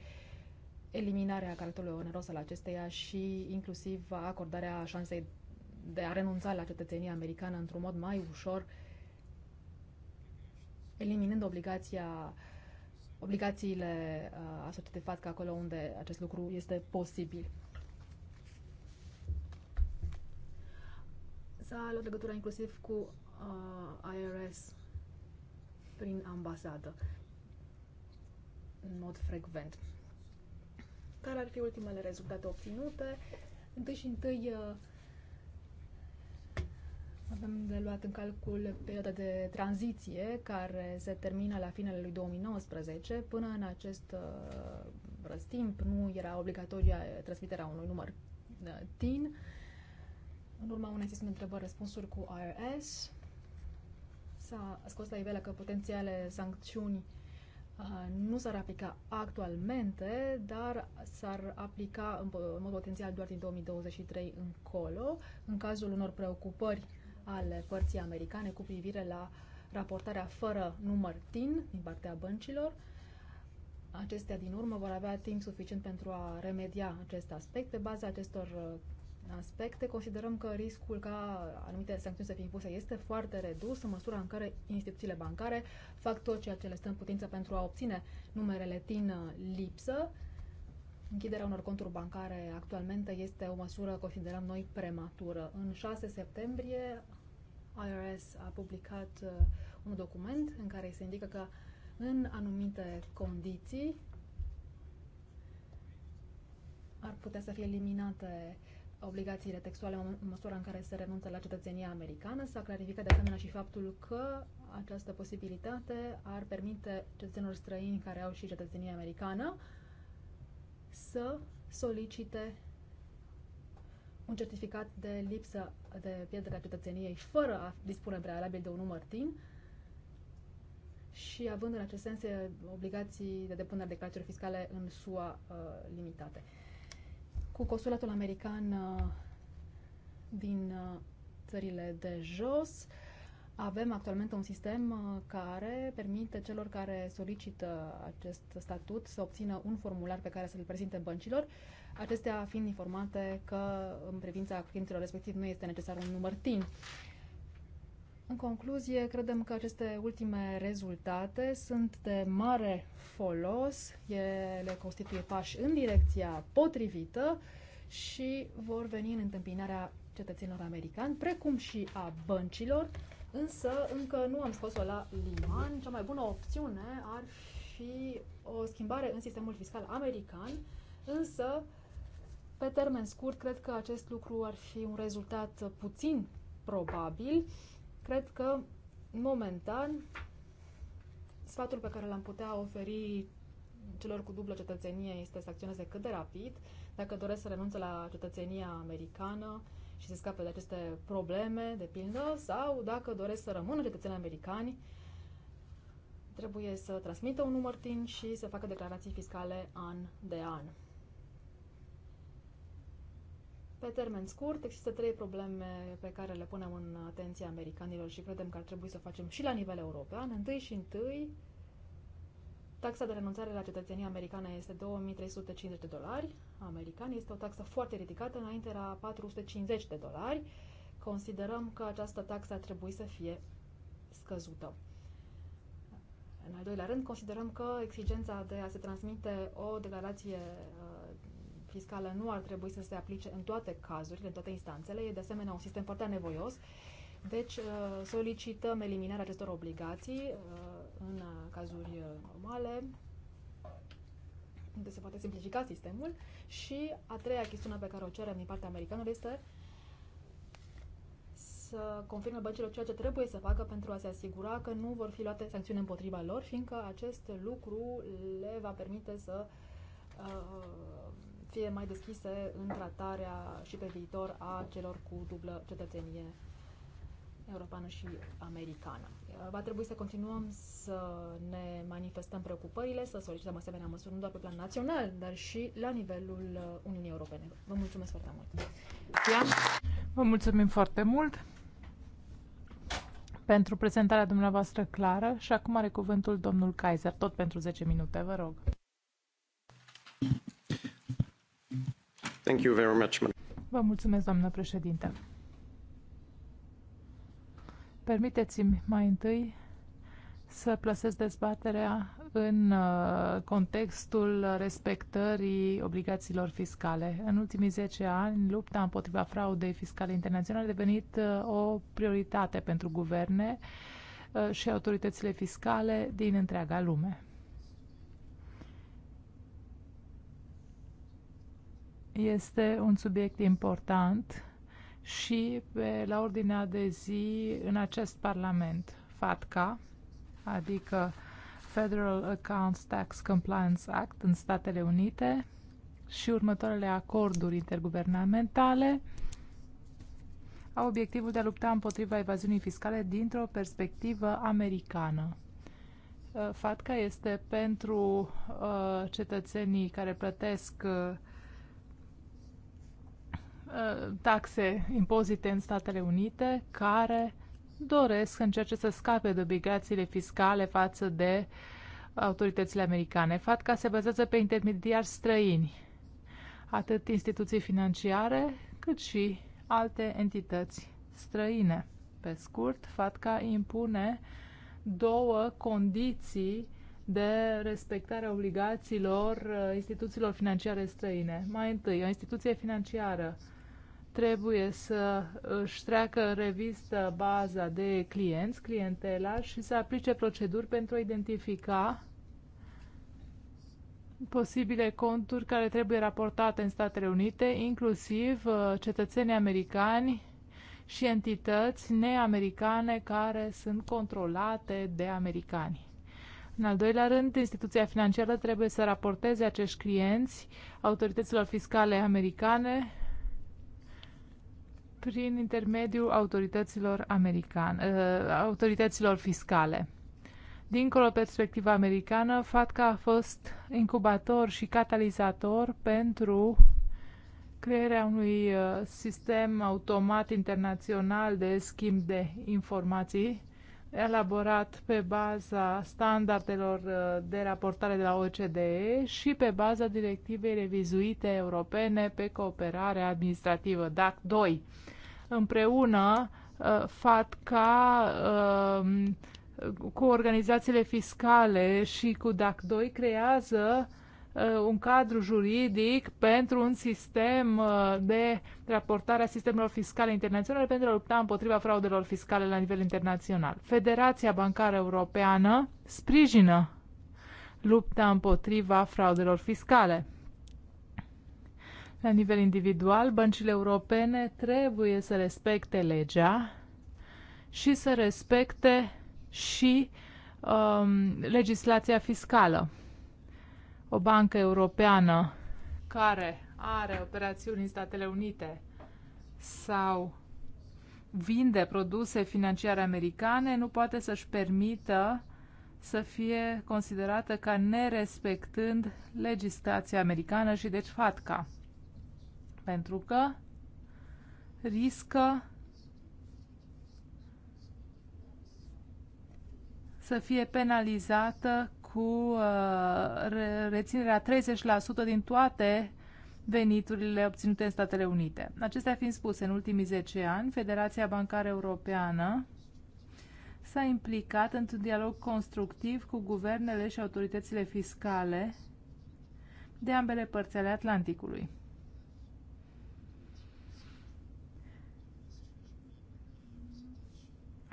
eliminarea caracterului oneros al acesteia și inclusiv acordarea șansei de a renunța la cetățenia americană într-un mod mai ușor, eliminând obligația obligațiile uh, asociate FATCA acolo unde acest lucru este posibil. s-a luat legătura inclusiv cu uh, IRS prin ambasadă în mod frecvent. Care ar fi ultimele rezultate obținute? Întâi și întâi uh, avem de luat în calcul perioada de tranziție care se termină la finele lui 2019. Până în acest uh, răstimp nu era obligatorie transmiterea unui număr uh, TIN. Uh, în urma unei sesiuni de întrebări-răspunsuri cu IRS, s-a scos la iveală că potențiale sancțiuni uh, nu s-ar aplica actualmente, dar s-ar aplica în, în mod potențial doar din 2023 încolo, în cazul unor preocupări ale părții americane cu privire la raportarea fără număr TIN din partea băncilor. Acestea din urmă vor avea timp suficient pentru a remedia acest aspect pe baza acestor uh, aspecte, considerăm că riscul ca anumite sancțiuni să fie impuse este foarte redus în măsura în care instituțiile bancare fac tot ceea ce le stă în putință pentru a obține numerele TIN uh, lipsă. Închiderea unor conturi bancare actualmente este o măsură, considerăm noi, prematură. În 6 septembrie, IRS a publicat uh, un document în care se indică că în anumite condiții ar putea să fie eliminate uh, obligațiile textuale în măsura în care se renunță la cetățenia americană. S-a clarificat de asemenea și faptul că această posibilitate ar permite cetățenilor străini care au și cetățenie americană să solicite un certificat de lipsă de pierderea cetățeniei fără a dispune prealabil de un număr TIN și având în acest sens obligații de depunere de declarațiilor fiscale în SUA uh, limitate cu consulatul american uh, din uh, țările de jos. Avem actualmente un sistem uh, care permite celor care solicită acest statut să obțină un formular pe care să-l prezinte băncilor, acestea fiind informate că în privința clienților respectiv nu este necesar un număr TIN. În concluzie, credem că aceste ultime rezultate sunt de mare folos, ele constituie pași în direcția potrivită și vor veni în întâmpinarea cetățenilor americani, precum și a băncilor, însă încă nu am scos-o la liman. Cea mai bună opțiune ar fi o schimbare în sistemul fiscal american, însă pe termen scurt cred că acest lucru ar fi un rezultat puțin probabil Cred că, momentan, sfatul pe care l-am putea oferi celor cu dublă cetățenie este să acționeze cât de rapid, dacă doresc să renunțe la cetățenia americană și să scape de aceste probleme, de pildă, sau dacă doresc să rămână cetățeni americani, trebuie să transmită un număr TIN și să facă declarații fiscale an de an. Pe termen scurt, există trei probleme pe care le punem în atenția americanilor și credem că ar trebui să facem și la nivel european. Întâi și întâi, taxa de renunțare la cetățenia americană este 2350 de dolari americani. Este o taxă foarte ridicată, înainte era 450 de dolari. Considerăm că această taxă ar trebui să fie scăzută. În al doilea rând, considerăm că exigența de a se transmite o declarație fiscală nu ar trebui să se aplice în toate cazurile, în toate instanțele. E de asemenea un sistem foarte nevoios. Deci uh, solicităm eliminarea acestor obligații uh, în cazuri uh, normale, unde se poate simplifica sistemul. Și a treia chestiune pe care o cerem din partea americană este să confirme băncilor ceea ce trebuie să facă pentru a se asigura că nu vor fi luate sancțiuni împotriva lor, fiindcă acest lucru le va permite să fie mai deschise în tratarea și pe viitor a celor cu dublă cetățenie europeană și americană. Uh, va trebui să continuăm să ne manifestăm preocupările, să solicităm asemenea măsuri nu doar pe plan național, dar și la nivelul uh, Uniunii Europene. Vă mulțumesc foarte mult! Vă mulțumim foarte mult pentru prezentarea dumneavoastră clară și acum are cuvântul domnul Kaiser, tot pentru 10 minute, vă rog. Thank you very much. Vă mulțumesc, doamnă președinte. Permiteți-mi mai întâi să plasez dezbaterea în uh, contextul respectării obligațiilor fiscale. În ultimii 10 ani, lupta împotriva fraudei fiscale internaționale a devenit uh, o prioritate pentru guverne uh, și autoritățile fiscale din întreaga lume. Este un subiect important și pe, la ordinea de zi în acest Parlament, FATCA, adică Federal Accounts Tax Compliance Act în Statele Unite și următoarele acorduri interguvernamentale au obiectivul de a lupta împotriva evaziunii fiscale dintr-o perspectivă americană. Uh, FATCA este pentru uh, cetățenii care plătesc uh, Uh, taxe, impozite în Statele Unite care doresc să încerce să scape de obligațiile fiscale față de autoritățile americane. FATCA se bazează pe intermediari străini, atât instituții financiare cât și alte entități străine. Pe scurt, FATCA impune două condiții de respectarea obligațiilor uh, instituțiilor financiare străine. Mai întâi, o instituție financiară trebuie să își treacă în revistă baza de clienți, clientela și să aplice proceduri pentru a identifica posibile conturi care trebuie raportate în Statele Unite, inclusiv uh, cetățenii americani și entități neamericane care sunt controlate de americani. În al doilea rând, instituția financiară trebuie să raporteze acești clienți autorităților fiscale americane prin intermediul autorităților, americane, uh, autorităților fiscale. Dincolo perspectiva americană, FATCA a fost incubator și catalizator pentru crearea unui uh, sistem automat internațional de schimb de informații elaborat pe baza standardelor uh, de raportare de la OCDE și pe baza directivei revizuite europene pe cooperare administrativă, DAC 2 împreună uh, FATCA um, cu organizațiile fiscale și cu DAC2 creează uh, un cadru juridic pentru un sistem uh, de raportare a sistemelor fiscale internaționale pentru a lupta împotriva fraudelor fiscale la nivel internațional. Federația Bancară Europeană sprijină lupta împotriva fraudelor fiscale. La nivel individual, băncile europene trebuie să respecte legea și să respecte și um, legislația fiscală. O bancă europeană care are operațiuni în Statele Unite sau vinde produse financiare americane nu poate să-și permită să fie considerată ca nerespectând legislația americană și deci FATCA pentru că riscă să fie penalizată cu uh, reținerea 30% din toate veniturile obținute în Statele Unite. Acestea fiind spuse, în ultimii 10 ani, Federația Bancară Europeană s-a implicat într-un dialog constructiv cu guvernele și autoritățile fiscale de ambele părți ale Atlanticului.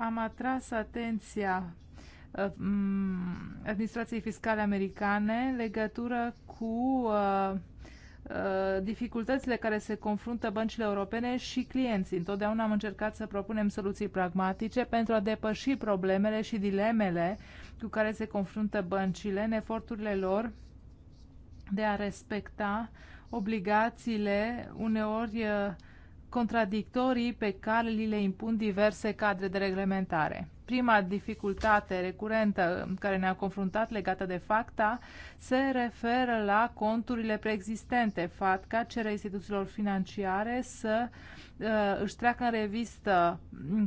am atras atenția uh, mm, administrației fiscale americane în legătură cu uh, uh, dificultățile care se confruntă băncile europene și clienții. Întotdeauna am încercat să propunem soluții pragmatice pentru a depăși problemele și dilemele cu care se confruntă băncile în eforturile lor de a respecta obligațiile uneori uh, contradictorii pe care li le impun diverse cadre de reglementare. Prima dificultate recurentă care ne-a confruntat legată de FACTA se referă la conturile preexistente. FATCA cere instituțiilor financiare să uh, își treacă în revistă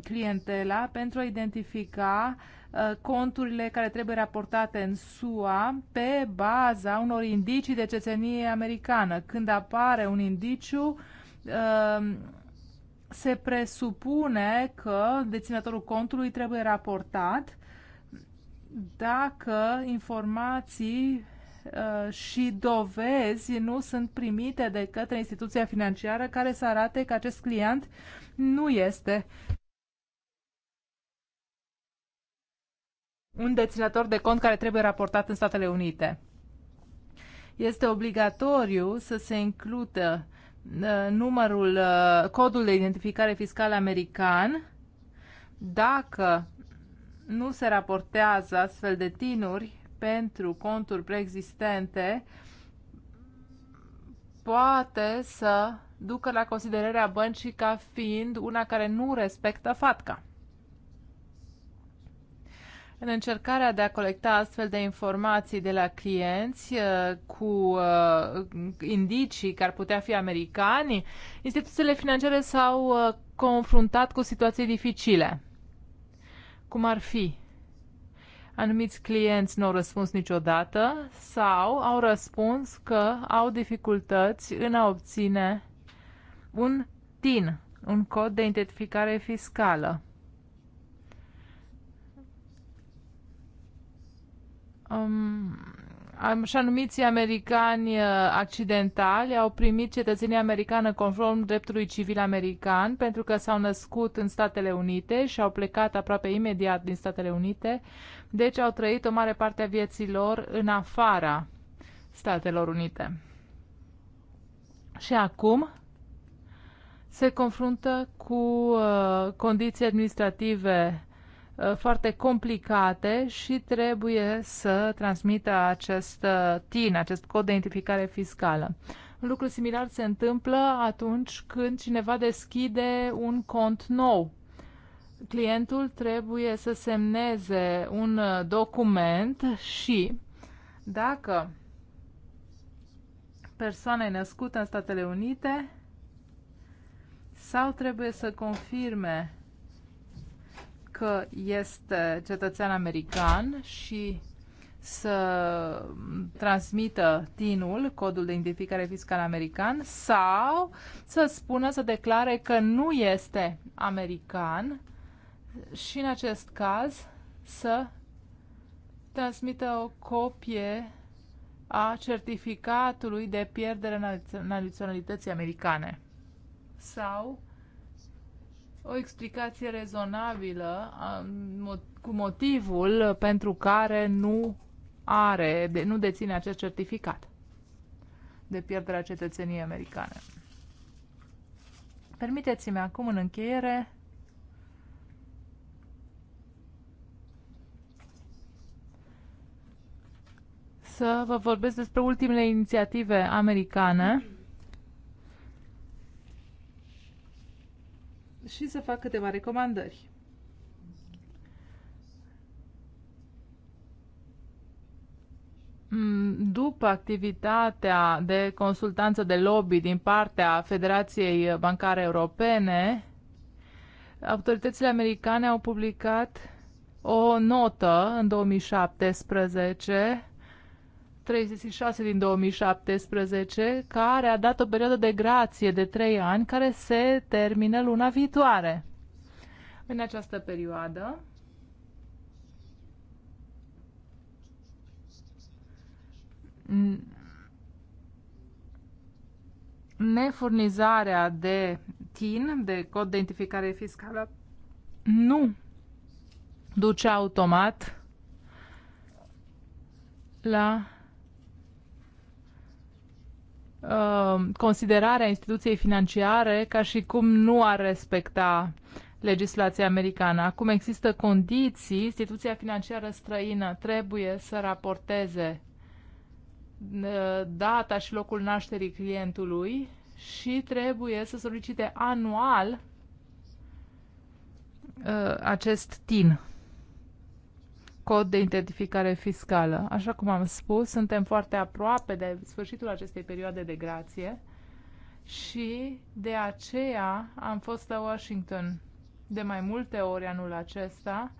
clientela pentru a identifica uh, conturile care trebuie raportate în SUA pe baza unor indicii de cetățenie americană. Când apare un indiciu, uh, Ehm, se presupune că deținătorul contului trebuie raportat dacă informații ehm, și dovezi nu sunt primite de către instituția financiară care să arate că acest client nu este un deținător de cont care trebuie raportat în Statele Unite. Este obligatoriu să se includă Uh, numărul, uh, codul de identificare fiscală american, dacă nu se raportează astfel de tinuri pentru conturi preexistente, poate să ducă la considerarea băncii ca fiind una care nu respectă fatca. În încercarea de a colecta astfel de informații de la clienți uh, cu uh, indicii care ar putea fi americani, instituțiile financiare s-au uh, confruntat cu situații dificile. Cum ar fi? Anumiți clienți nu au răspuns niciodată sau au răspuns că au dificultăți în a obține un TIN, un cod de identificare fiscală um, așa numiții americani uh, accidentali au primit cetățenia americană conform dreptului civil american pentru că s-au născut în Statele Unite și au plecat aproape imediat din Statele Unite, deci au trăit o mare parte a vieții lor în afara Statelor Unite. Și acum se confruntă cu uh, condiții administrative Uh, foarte complicate și trebuie să transmită acest uh, TIN, acest cod de identificare fiscală. Un lucru similar se întâmplă atunci când cineva deschide un cont nou. Clientul trebuie să semneze un uh, document și dacă persoana e născută în Statele Unite sau trebuie să confirme că este cetățean american și să transmită tinul, codul de identificare fiscal american, sau să spună, să declare că nu este american și în acest caz să transmită o copie a certificatului de pierdere naționalității americane sau o explicație rezonabilă a, cu motivul pentru care nu are, de, nu deține acest certificat de pierderea cetățeniei americane. Permiteți-mi acum în încheiere să vă vorbesc despre ultimele inițiative americane și să fac câteva recomandări. Mm, după activitatea de consultanță de lobby din partea Federației Bancare Europene, autoritățile americane au publicat o notă în 2017 36 din 2017, care a dat o perioadă de grație de 3 ani, care se termină luna viitoare. În această perioadă, nefurnizarea de TIN, de cod de identificare fiscală, nu duce automat la Uh, considerarea instituției financiare ca și cum nu ar respecta legislația americană. Acum există condiții, instituția financiară străină trebuie să raporteze uh, data și locul nașterii clientului și trebuie să solicite anual uh, acest TIN cod de identificare fiscală. Așa cum am spus, suntem foarte aproape de sfârșitul acestei perioade de grație și de aceea am fost la Washington de mai multe ori anul acesta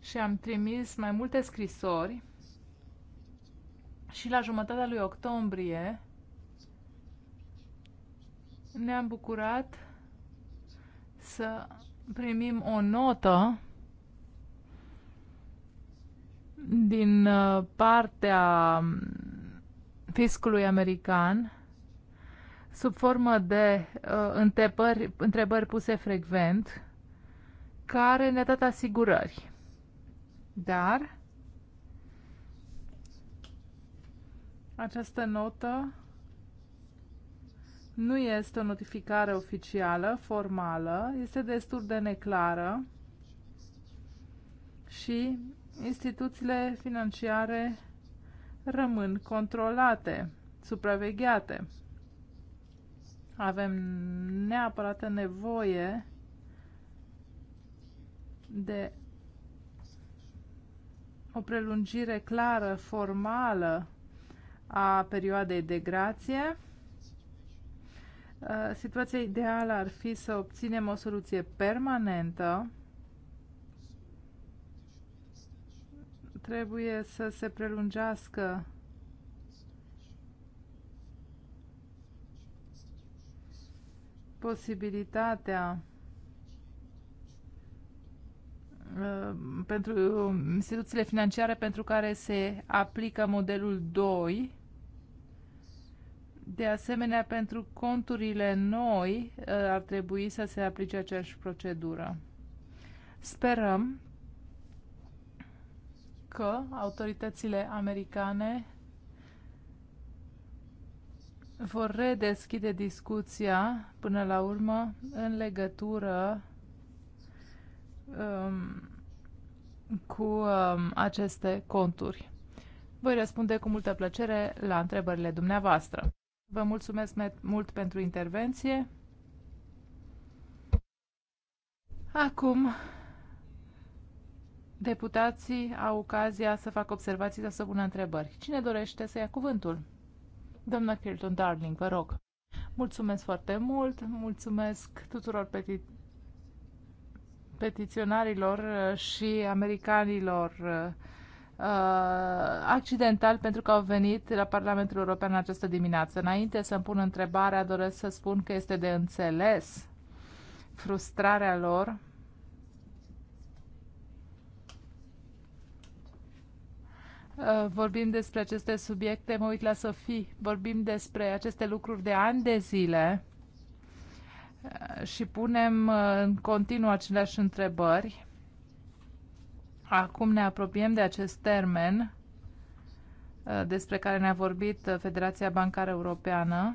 și am trimis mai multe scrisori și la jumătatea lui octombrie ne-am bucurat să primim o notă din uh, partea fiscului american sub formă de uh, întrebări, întrebări puse frecvent care ne-a dat asigurări. Dar această notă nu este o notificare oficială, formală, este destul de neclară și instituțiile financiare rămân controlate, supravegheate. Avem neapărat nevoie de o prelungire clară, formală a perioadei de grație. Situația ideală ar fi să obținem o soluție permanentă trebuie să se prelungească posibilitatea uh, pentru instituțiile financiare pentru care se aplică modelul 2 de asemenea, pentru conturile noi uh, ar trebui să se aplice aceeași procedură. Sperăm că autoritățile americane vor redeschide discuția până la urmă în legătură um, cu um, aceste conturi. Voi răspunde cu multă plăcere la întrebările dumneavoastră. Vă mulțumesc mult pentru intervenție. Acum Deputații au ocazia să facă observații sau să pună întrebări. Cine dorește să ia cuvântul? Doamna Kirton Darling, vă rog. Mulțumesc foarte mult, mulțumesc tuturor peti petiționarilor uh, și americanilor uh, uh, accidental pentru că au venit la Parlamentul European această dimineață. Înainte să-mi pun întrebarea, doresc să spun că este de înțeles frustrarea lor Uh, vorbim despre aceste subiecte, mă uit la Sofie, vorbim despre aceste lucruri de ani de zile uh, și punem uh, în continuu aceleași întrebări. Acum ne apropiem de acest termen despre care ne-a vorbit Federația Bancară Europeană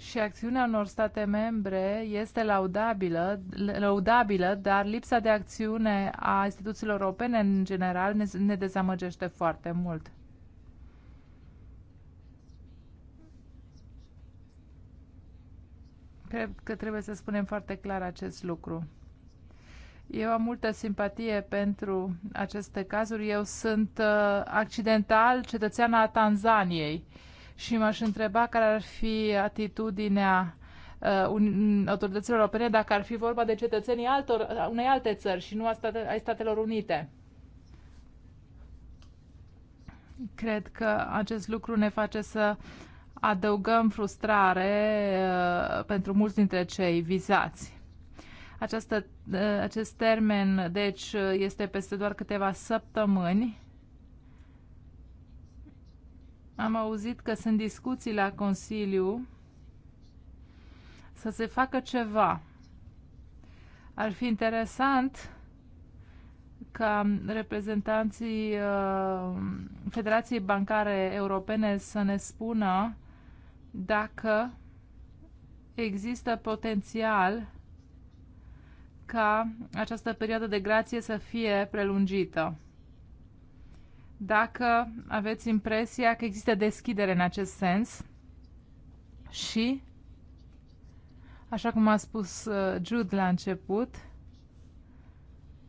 și acțiunea unor state membre este laudabilă, laudabilă, dar lipsa de acțiune a instituțiilor europene în general ne, ne dezamăgește foarte mult. Cred că trebuie să spunem foarte clar acest lucru. Eu am multă simpatie pentru aceste cazuri. Eu sunt uh, accidental cetățeana a Tanzaniei. Uh, și m-aș întreba care ar fi atitudinea uh, autorităților europene dacă ar fi vorba de cetățenii altor, uh, unei alte țări și nu a state, ai Statelor Unite. Cred că acest lucru ne face să adăugăm frustrare uh, pentru mulți dintre cei vizați. Această, uh, acest termen, deci, uh, este peste doar câteva săptămâni am auzit că sunt discuții la Consiliu să se facă ceva. Ar fi interesant ca reprezentanții uh, Federației Bancare Europene să ne spună dacă există potențial ca această perioadă de grație să fie prelungită dacă aveți impresia că există deschidere în acest sens și, așa cum a spus uh, Jude la început,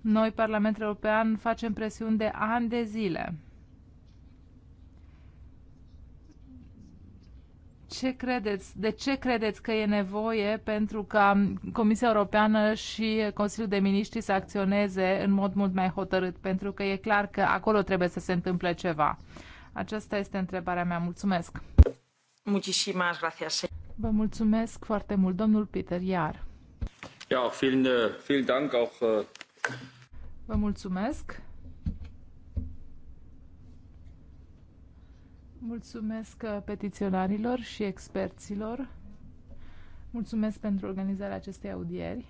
noi, Parlamentul European, facem presiuni de ani de zile ce credeți, de ce credeți că e nevoie pentru ca Comisia Europeană și Consiliul de Miniștri să acționeze în mod mult mai hotărât? Pentru că e clar că acolo trebuie să se întâmple ceva. Aceasta este întrebarea mea. Mulțumesc! Muchísimas gracias. Vă mulțumesc foarte mult, domnul Peter Iar. Ja, vielen, vielen Dank auch. Äh, Vă mulțumesc. Mulțumesc uh, petiționarilor și experților. Mulțumesc pentru organizarea acestei audieri.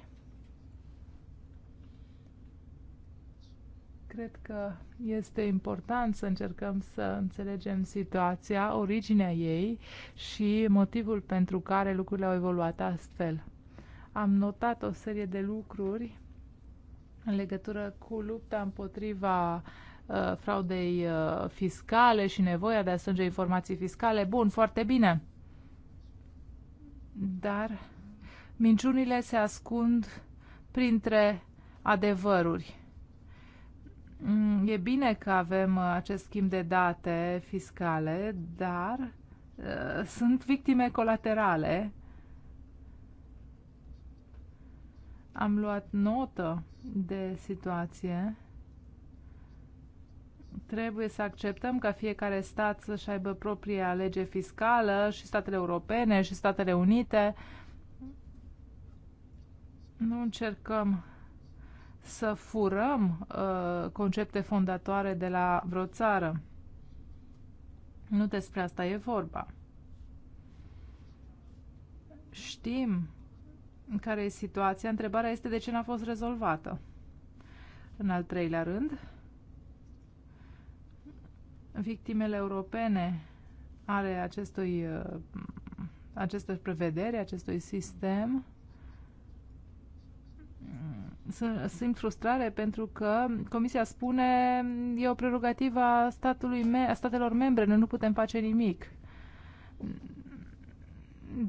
Cred că este important să încercăm să înțelegem situația, originea ei și motivul pentru care lucrurile au evoluat astfel. Am notat o serie de lucruri în legătură cu lupta împotriva uh, Uh, fraudei uh, fiscale și nevoia de a strânge informații fiscale. Bun, foarte bine. Dar minciunile se ascund printre adevăruri. Mm, e bine că avem uh, acest schimb de date fiscale, dar sunt victime colaterale. Am luat notă de situație trebuie să acceptăm ca fiecare stat să-și aibă propria lege fiscală și statele europene și Statele Unite. Nu încercăm să furăm uh, concepte fondatoare de la vreo țară. Nu despre asta e vorba. Știm care e situația. Întrebarea este de ce n-a fost rezolvată. În al treilea rând, victimele europene ale acestui, uh, acestor prevederi, acestui sistem mm, simt frustrare pentru că Comisia spune e o prerogativă a, statului a statelor membre, noi nu putem face nimic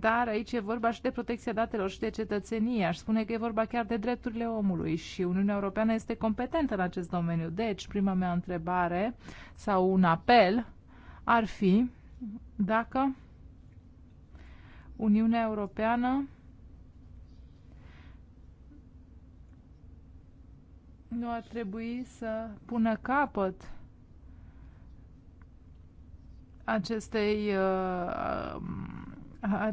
dar aici e vorba și de protecția datelor și de cetățenie. Aș spune că e vorba chiar de drepturile omului și Uniunea Europeană este competentă în acest domeniu. Deci, prima mea întrebare sau un apel ar fi dacă Uniunea Europeană nu ar trebui să pună capăt acestei uh,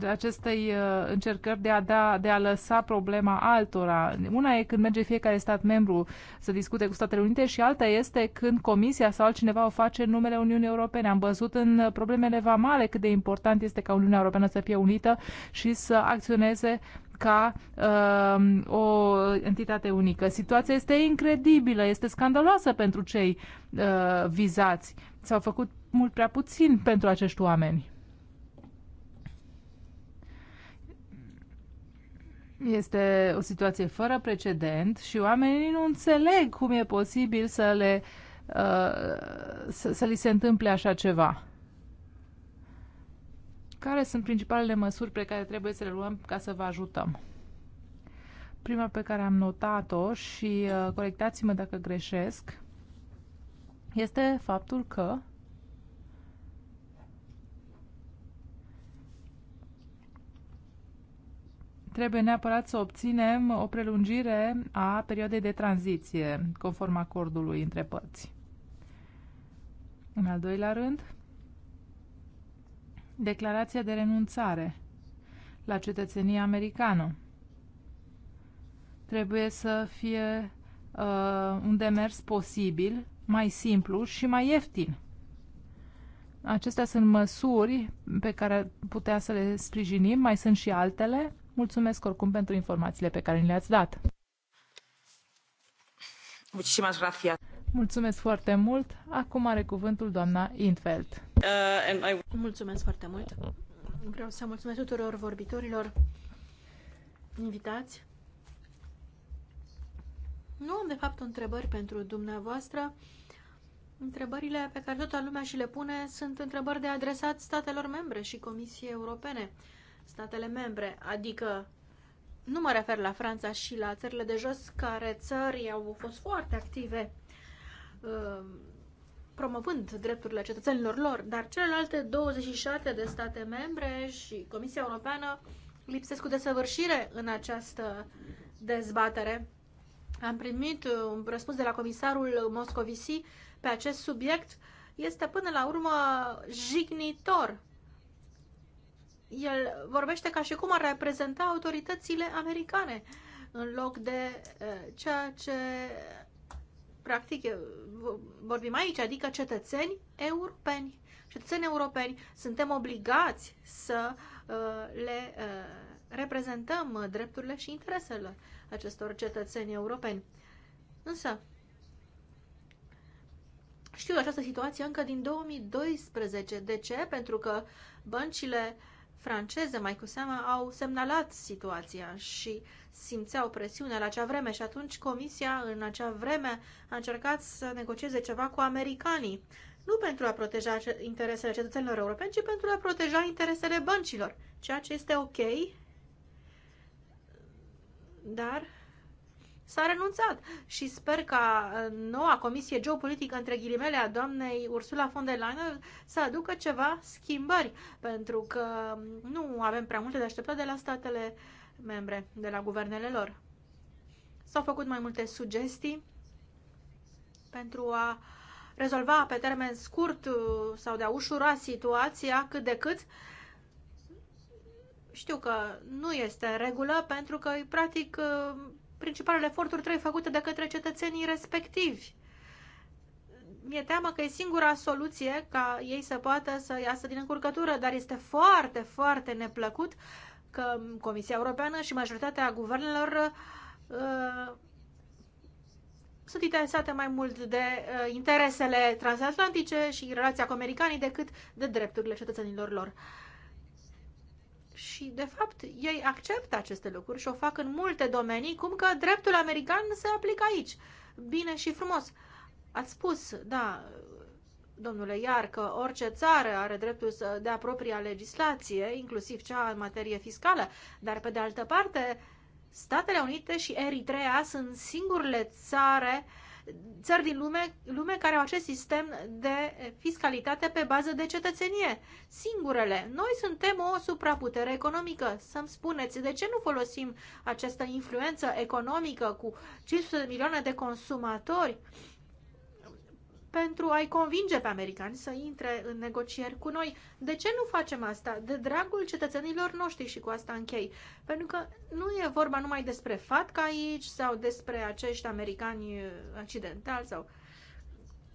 acestei uh, încercări de a, da, de a lăsa problema altora. Una e când merge fiecare stat membru să discute cu Statele Unite și alta este când Comisia sau altcineva o face în numele Uniunii Europene. Am văzut în problemele vamale cât de important este ca Uniunea Europeană să fie unită și să acționeze ca uh, o entitate unică. Situația este incredibilă, este scandaloasă pentru cei uh, vizați. S-au făcut mult prea puțin pentru acești oameni. Este o situație fără precedent și oamenii nu înțeleg cum e posibil să le uh, să, să li se întâmple așa ceva. Care sunt principalele măsuri pe care trebuie să le luăm ca să vă ajutăm? Prima pe care am notat-o și uh, corectați-mă dacă greșesc, este faptul că trebuie neapărat să obținem o prelungire a perioadei de tranziție, conform acordului între părți. În al doilea rând, declarația de renunțare la cetățenia americană. Trebuie să fie uh, un demers posibil, mai simplu și mai ieftin. Acestea sunt măsuri pe care putea să le sprijinim, mai sunt și altele Mulțumesc oricum pentru informațiile pe care ni le-ați dat. Mulțumesc foarte mult. Acum are cuvântul doamna Infeld. Uh, mulțumesc foarte mult. Vreau să mulțumesc tuturor vorbitorilor invitați. Nu am, de fapt, întrebări pentru dumneavoastră. Întrebările pe care toată lumea și le pune sunt întrebări de adresat statelor membre și Comisiei Europene. Uh, statele membre, adică nu mă refer la Franța și la țările de jos, care țări au fost foarte active uh, promovând drepturile cetățenilor lor, dar celelalte 27 de state membre și Comisia Europeană lipsesc cu desăvârșire în această dezbatere. Am primit uh, un răspuns de la comisarul Moscovici pe acest subiect. Este până la urmă jignitor el vorbește ca și cum ar reprezenta autoritățile americane în loc de eh, ceea ce practic vorbim aici, adică cetățeni europeni. Cetățeni europeni suntem obligați să eh, le eh, reprezentăm drepturile și interesele acestor cetățeni europeni. Însă, știu această situație încă din 2012. De ce? Pentru că băncile uh, franceză, mai cu seamă au semnalat situația și simțeau presiune la acea vreme și atunci Comisia în acea vreme a încercat să negocieze ceva cu americanii, nu pentru a proteja interesele cetățenilor europeni, ci pentru a proteja interesele băncilor, ceea ce este ok, dar s-a renunțat și sper ca uh, noua comisie geopolitică, între ghilimele, a doamnei Ursula von der Leyen să aducă ceva schimbări, pentru că um, nu avem prea multe de așteptat de la statele membre, de la guvernele lor. S-au făcut mai multe sugestii pentru a rezolva pe termen scurt uh, sau de a ușura situația cât de cât, știu că nu este în regulă pentru că practic uh, principalele eforturi trebuie făcute de către cetățenii respectivi. Mi-e teamă că e singura soluție ca ei să poată să iasă din încurcătură, dar este foarte, foarte neplăcut că Comisia Europeană și majoritatea guvernelor uh, sunt interesate mai mult de uh, interesele transatlantice și relația cu americanii decât de drepturile cetățenilor lor. Uh, și, de fapt, ei acceptă aceste lucruri și o fac în multe domenii, cum că dreptul american se aplică aici. Bine și frumos. Ați spus, da, domnule Iar, că orice țară are dreptul să dea propria legislație, inclusiv cea în materie fiscală, dar, pe de altă parte, Statele Unite și Eritrea sunt singurele țare uh, țări din lume, lume care au acest sistem de fiscalitate pe bază de cetățenie. Singurele. Noi suntem o supraputere economică. Să-mi spuneți, de ce nu folosim această influență economică cu 500 de milioane de consumatori? Uh, pentru a-i convinge pe americani să intre în negocieri cu noi. De ce nu facem asta? De dragul cetățenilor noștri și cu asta închei. Pentru că nu e vorba numai despre fatca aici sau despre acești americani accidentali sau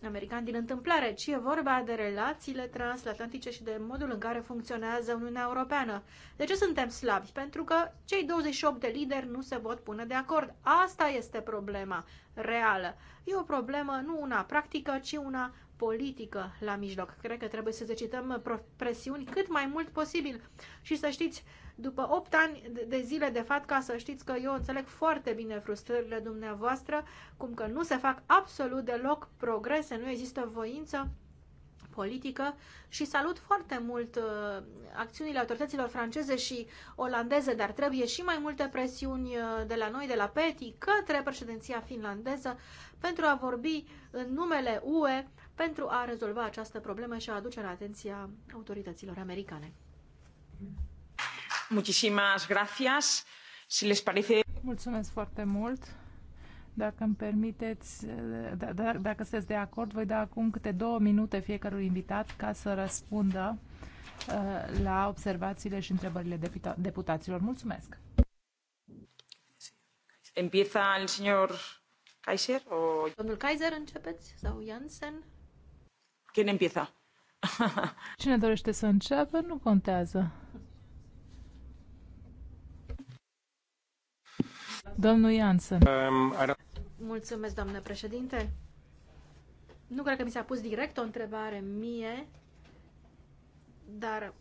american din întâmplare, ci e vorba de relațiile transatlantice și de modul în care funcționează Uniunea Europeană. De ce suntem slabi? Pentru că cei 28 de lideri nu se pot pune de acord. Asta este problema reală. E o problemă nu una practică, ci una politică la mijloc. Cred că trebuie să exercităm presiuni cât mai mult posibil. Și să știți, după 8 ani de zile de fapt, ca să știți că eu înțeleg foarte bine frustrările dumneavoastră, cum că nu se fac absolut deloc progrese, nu există voință politică și salut foarte mult uh, acțiunile autorităților franceze și olandeze, dar trebuie și mai multe presiuni uh, de la noi, de la PETI, către președinția finlandeză pentru a vorbi în numele UE pentru a rezolva această problemă și a aduce în atenția autorităților americane. Mulțumesc foarte mult. Dacă îmi permiteți, da, da, dacă sunteți de acord, voi da acum câte două minute fiecărui invitat ca să răspundă uh, la observațiile și întrebările deputaților. Mulțumesc! Empieza el señor Kaiser o... Domnul Kaiser începeți? Sau Jansen? Cine empieza? Cine dorește să înceapă, nu contează. Domnul Jansen. Mulțumesc, doamnă președinte. Nu cred că mi s-a pus direct o întrebare mie, dar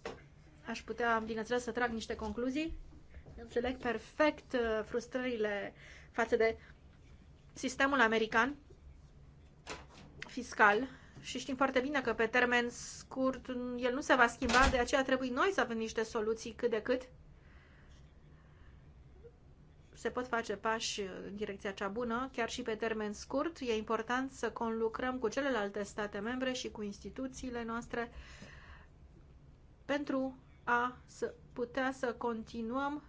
aș putea, bineînțeles, să trag niște concluzii. Înțeleg perfect uh, frustrările față de sistemul american fiscal și știm foarte bine că pe termen scurt mm, el nu se va schimba, de aceea trebuie noi să avem niște soluții cât de cât se pot face pași în direcția cea bună, chiar și pe termen scurt. E important să conlucrăm cu celelalte state membre și cu instituțiile noastre pentru a să putea să continuăm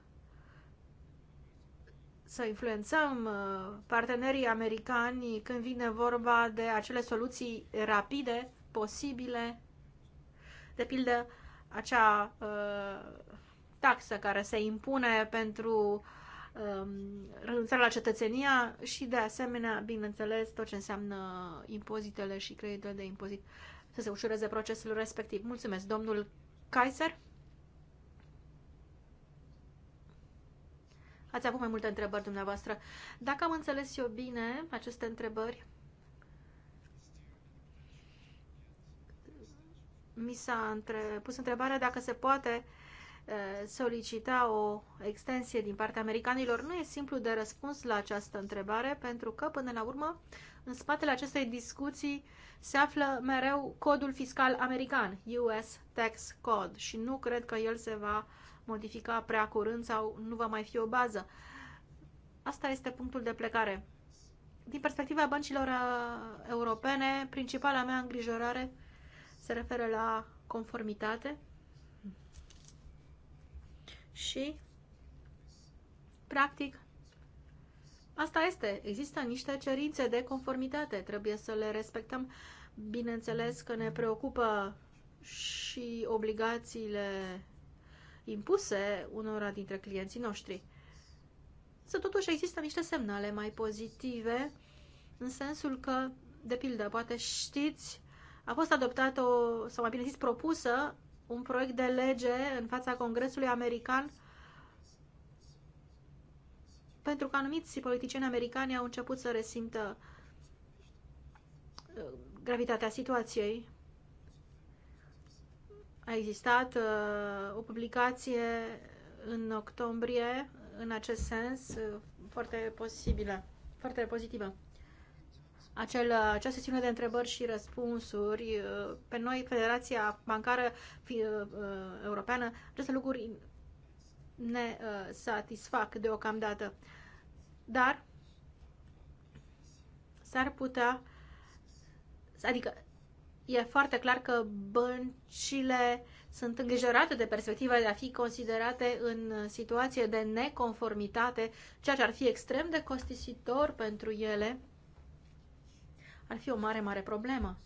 să influențăm uh, partenerii americani când vine vorba de acele soluții rapide, posibile, de pildă acea uh, taxă care se impune pentru Um, renunțarea la cetățenia și, de asemenea, bineînțeles, tot ce înseamnă impozitele și creditele de impozit să se ușureze procesul respectiv. Mulțumesc, domnul Kaiser. Ați avut mai multe întrebări dumneavoastră. Dacă am înțeles eu bine aceste întrebări, mi s-a între... pus întrebarea dacă se poate uh, Eh, solicita o extensie din partea americanilor. Nu e simplu de răspuns la această întrebare, pentru că, până la urmă, în spatele acestei discuții se află mereu codul fiscal american, US Tax Code, și nu cred că el se va modifica prea curând sau nu va mai fi o bază. Asta este punctul de plecare. Din perspectiva băncilor eh, europene, principala mea îngrijorare se referă la conformitate și, practic, asta este. Există niște cerințe de conformitate, trebuie să le respectăm. Bineînțeles că ne preocupă și obligațiile impuse unora dintre clienții noștri. Să totuși există niște semnale mai pozitive, în sensul că, de pildă, poate știți, a fost adoptată, sau mai bine zis, propusă un proiect de lege în fața Congresului American pentru că anumiți politicieni americani au început să resimtă uh, gravitatea situației. A existat uh, o publicație în octombrie în acest sens uh, foarte posibilă, foarte pozitivă acel, acea sesiune de întrebări și răspunsuri. Uh, pe noi, Federația Bancară uh, uh, Europeană, aceste lucruri ne satisfac deocamdată. Dar s-ar putea, adică e foarte clar că băncile sunt îngrijorate de perspectiva de a fi considerate în situație de neconformitate, ceea ce ar fi extrem de costisitor pentru ele ar fi o mare, mare problemă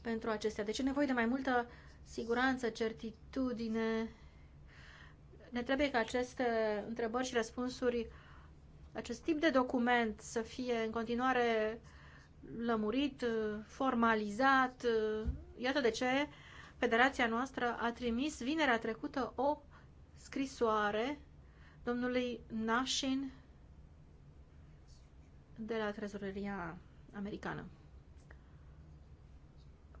pentru acestea. Deci e nevoie de mai multă siguranță, certitudine. Ne trebuie ca aceste întrebări și răspunsuri, acest tip de document să fie în continuare lămurit, formalizat. Iată de ce Federația noastră a trimis vinerea trecută o scrisoare domnului Nashin de la trezoreria americană.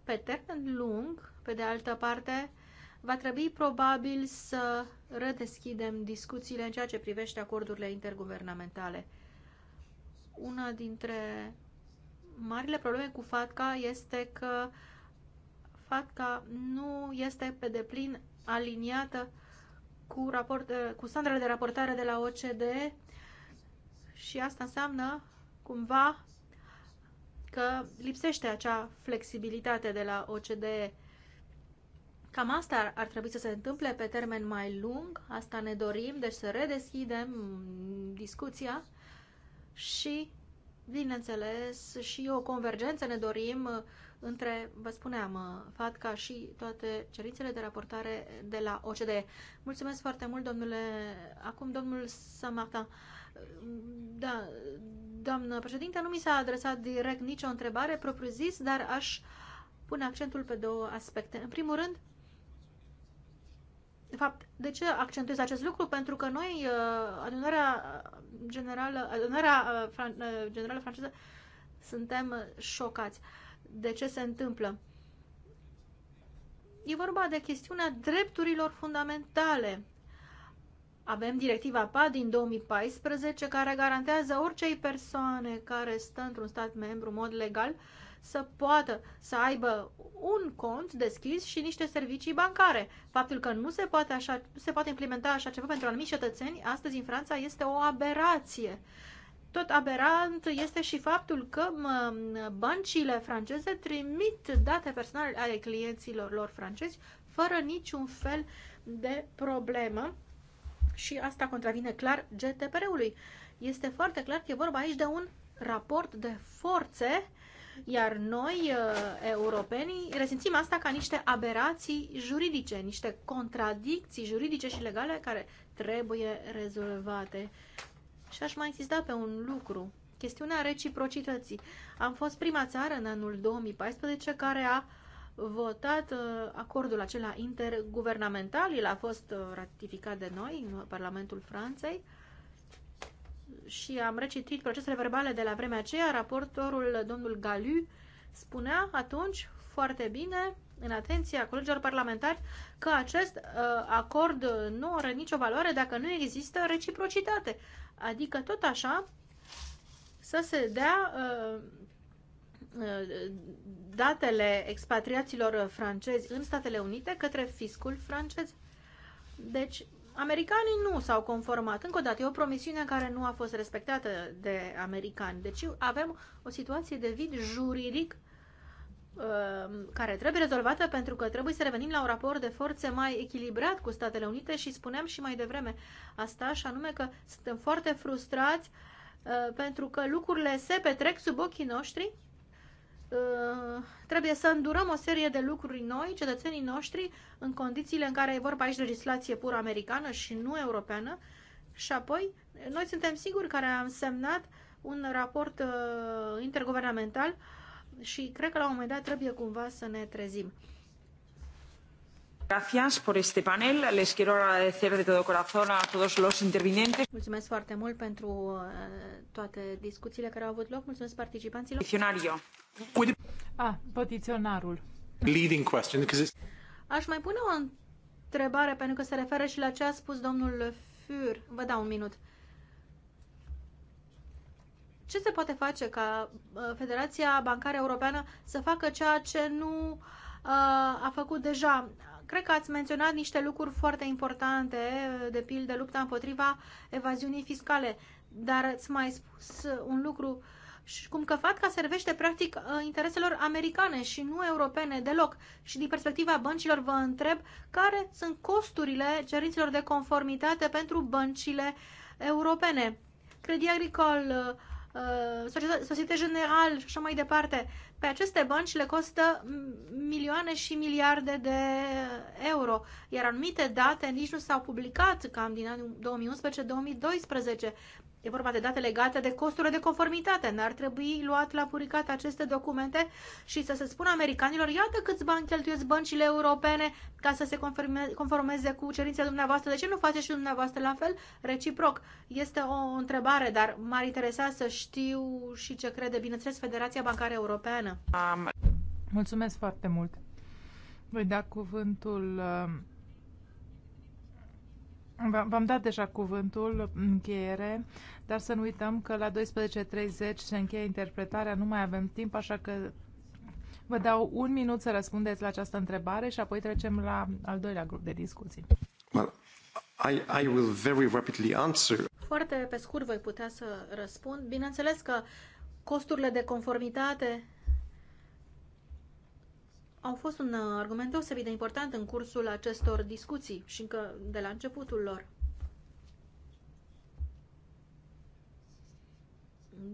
Pe termen lung, pe de altă parte, va trebui probabil să redeschidem discuțiile în ceea ce privește acordurile interguvernamentale. Una dintre marile probleme cu FATCA este că FATCA nu este pe deplin aliniată cu, raport, cu standardele de raportare de la OCDE și asta înseamnă cumva că lipsește acea flexibilitate de la OCDE. Cam asta ar, ar trebui să se întâmple pe termen mai lung, asta ne dorim, deci să redeschidem discuția și, bineînțeles, și o convergență ne dorim între, vă spuneam, FATCA și toate cerințele de raportare de la OCDE. Mulțumesc foarte mult, domnule. Acum, domnul Samartin. Da, doamnă președinte, nu mi s-a adresat direct nicio întrebare propriu-zis, dar aș pune accentul pe două aspecte. În primul rând, de fapt, de ce accentuez acest lucru? Pentru că noi, uh, adunarea generală, adunarea uh, uh, generală franceză, suntem șocați de ce se întâmplă. E vorba de chestiunea drepturilor fundamentale avem directiva PA din 2014 care garantează oricei persoane care stă într-un stat membru în mod legal să poată să aibă un cont deschis și niște servicii bancare. Faptul că nu se poate, așa, nu se poate implementa așa ceva pentru anumiti cetățeni astăzi în Franța este o aberație. Tot aberant este și faptul că băncile franceze trimit date personale ale clienților lor francezi fără niciun fel de problemă și asta contravine clar gtpr ului Este foarte clar că e vorba aici de un raport de forțe, iar noi, uh, europenii, resimțim asta ca niște aberații juridice, niște contradicții juridice și legale care trebuie rezolvate. Și aș mai insista pe un lucru, chestiunea reciprocității. Am fost prima țară în anul 2014 care a votat uh, acordul acela interguvernamental, el a fost uh, ratificat de noi în Parlamentul Franței și am recitit procesele verbale de la vremea aceea, raportorul domnul Galu spunea atunci foarte bine, în atenția colegilor parlamentari, că acest uh, acord nu are nicio valoare dacă nu există reciprocitate. Adică tot așa să se dea uh, Uh, datele expatriaților francezi în Statele Unite către fiscul francez. Deci, americanii nu s-au conformat. Încă o dată, e o promisiune care nu a fost respectată de americani. Deci avem o situație de vid juridic uh, care trebuie rezolvată pentru că trebuie să revenim la un raport de forțe mai echilibrat cu Statele Unite și spuneam și mai devreme asta și anume că suntem foarte frustrați uh, pentru că lucrurile se petrec sub ochii noștri Uh, trebuie să îndurăm o serie de lucruri noi, cetățenii noștri, în condițiile în care e vorba aici de legislație pur americană și nu europeană. Și apoi, noi suntem siguri care am semnat un raport uh, interguvernamental și cred că la un moment dat trebuie cumva să ne trezim. Mulțumesc foarte mult pentru uh, toate discuțiile care au avut loc. Mulțumesc participanților. Petiționario. petiționarul. Leading question, because it's... Aș mai pune o întrebare pentru că se referă și la ce a spus domnul Fur. Vă dau un minut. Ce se poate face ca uh, Federația Bancară Europeană să facă ceea ce nu uh, a făcut deja? Cred că ați menționat niște lucruri foarte importante, de pildă lupta împotriva evaziunii fiscale, dar ați mai spus un lucru și cum că FATCA servește practic uh, intereselor americane și nu europene deloc. Și din perspectiva băncilor vă întreb care sunt costurile cerințelor de conformitate pentru băncile europene. Credit Agricol uh, Uh, Societe General și așa mai departe. Pe aceste bănci le costă milioane și miliarde de euro, iar anumite date nici nu s-au publicat cam din anul 2011-2012. E vorba de date legate de costurile de conformitate. N-ar trebui luat la puricat aceste documente și să se spună americanilor, iată câți bani cheltuiesc băncile europene ca să se conforme, conformeze cu cerințele dumneavoastră. De ce nu faceți și dumneavoastră la fel? Reciproc. Este o întrebare, dar m-ar interesa să știu și ce crede, bineînțeles, Federația Bancară Europeană. Mulțumesc foarte mult. Voi da cuvântul uh, V-am dat deja cuvântul încheiere, dar să nu uităm că la 12.30 se încheie interpretarea, nu mai avem timp, așa că vă dau un minut să răspundeți la această întrebare și apoi trecem la al doilea grup de discuții. Well, I, I will very rapidly answer. Foarte pe scurt voi putea să răspund. Bineînțeles că costurile de conformitate au fost un uh, argument deosebit de important în cursul acestor discuții și încă de la începutul lor.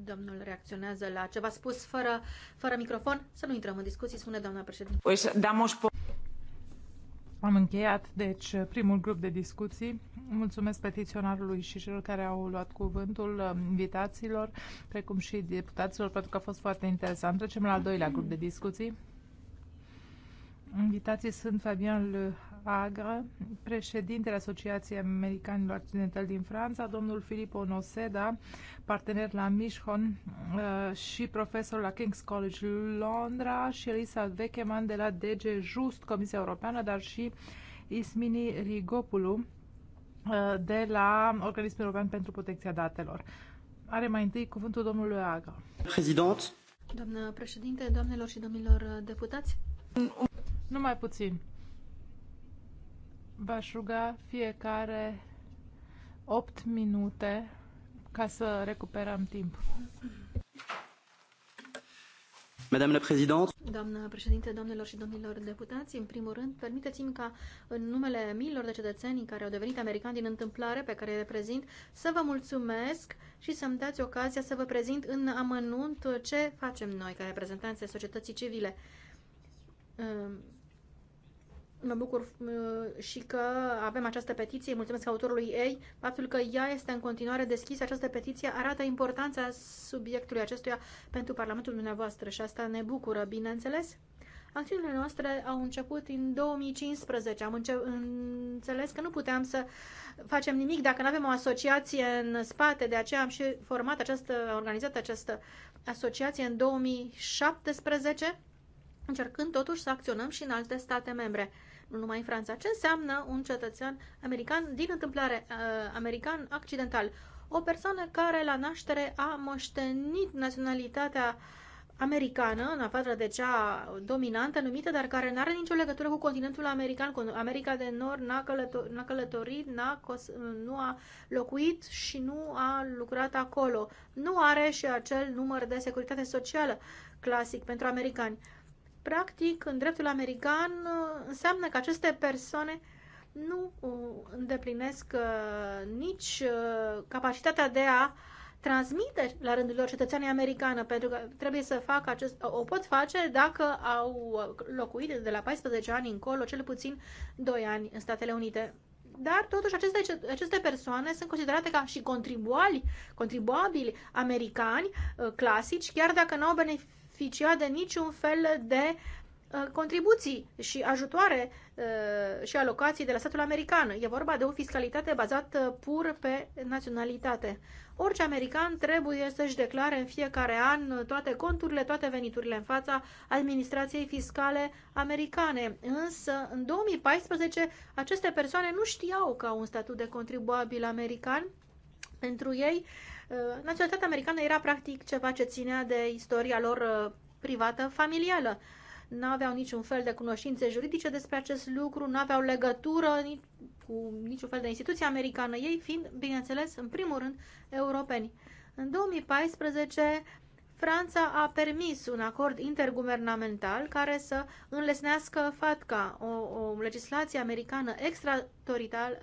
Domnul reacționează la ceva spus fără, fără microfon. Să nu intrăm în discuții, spune doamna președinte. Păi Am încheiat, deci, primul grup de discuții. Mulțumesc petiționarului și celor care au luat cuvântul, uh, invitațiilor, precum și deputaților, pentru că a fost foarte interesant. Trecem la al doilea grup de discuții. Invitații sunt Fabian Le Agre, președintele Asociației Americanilor Occidentali din Franța, domnul Filippo Onoseda, partener la Mishon uh, și profesor la King's College Londra și Elisa Vecheman de la DG Just, Comisia Europeană, dar și Ismini Rigopulu uh, de la Organismul European pentru Protecția Datelor. Are mai întâi cuvântul domnul Le Agre. Președinte. președinte, doamnelor și domnilor deputați, numai puțin. V-aș ruga fiecare 8 minute ca să recuperăm timp. Madame la Présidente. Doamnă președinte, domnilor și domnilor deputați, în primul rând, permiteți-mi ca în numele miilor de cetățeni care au devenit americani din întâmplare pe care îi reprezint, să vă mulțumesc și să-mi dați ocazia să vă prezint în amănunt ce facem noi ca reprezentanți ai societății civile. Ehm, Mă bucur uh, și că avem această petiție, mulțumesc autorului ei. Faptul că ea este în continuare deschisă, această petiție arată importanța subiectului acestuia pentru Parlamentul dumneavoastră și asta ne bucură, bineînțeles. Acțiunile noastre au început în 2015. Am înțeles că nu puteam să facem nimic dacă nu avem o asociație în spate, de aceea am și format această, organizat această asociație în 2017 încercând totuși să acționăm și în alte state membre, nu numai în Franța. Ce înseamnă un cetățean american, din întâmplare uh, american accidental? O persoană care la naștere a moștenit naționalitatea americană, în afară de cea dominantă numită, dar care nu are nicio legătură cu continentul american, cu America de Nord, n-a, călător- n-a călătorit, n-a nu a locuit și nu a lucrat acolo. Nu are și acel număr de securitate socială clasic pentru americani. Practic, în dreptul american înseamnă că aceste persoane nu uh, îndeplinesc uh, nici uh, capacitatea de a transmite la rândul lor cetățeanii americană, pentru că trebuie să facă acest... O pot face dacă au locuit de la 14 ani încolo, cel puțin 2 ani în Statele Unite. Dar, totuși, aceste, aceste persoane sunt considerate ca și contribuali, contribuabili americani clasici, chiar dacă nu au beneficiat beneficia de niciun fel de uh, contribuții și ajutoare uh, și alocații de la statul american. E vorba de o fiscalitate bazată uh, pur pe naționalitate. Orice american trebuie să-și declare în fiecare an toate conturile, toate veniturile în fața administrației fiscale americane. Însă, în 2014, aceste persoane nu știau că au un statut de contribuabil american. Pentru ei, Uh, naționalitatea americană era practic ceva ce ținea de istoria lor uh, privată, familială. Nu aveau niciun fel de cunoștințe juridice despre acest lucru, nu aveau legătură nici cu niciun fel de instituție americană, ei fiind, bineînțeles, în primul rând, europeni. În 2014, Franța a permis un acord interguvernamental care să înlesnească FATCA, o, o legislație americană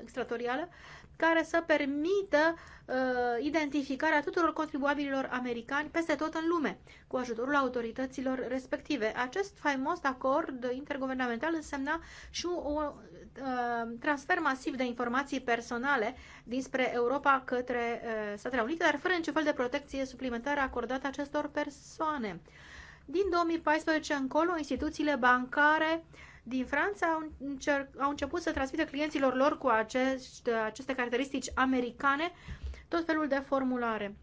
extratorială care să permită uh, identificarea tuturor contribuabililor americani peste tot în lume, cu ajutorul autorităților respective. Acest faimos acord interguvernamental însemna și un uh, transfer masiv de informații personale dinspre Europa către uh, Statele Unite, dar fără niciun fel de protecție suplimentară acordată acestor persoane. Din 2014 încolo, instituțiile bancare uh, din Franța au, încerc, au început să transmită clienților lor cu acești, aceste caracteristici americane tot felul de formulare.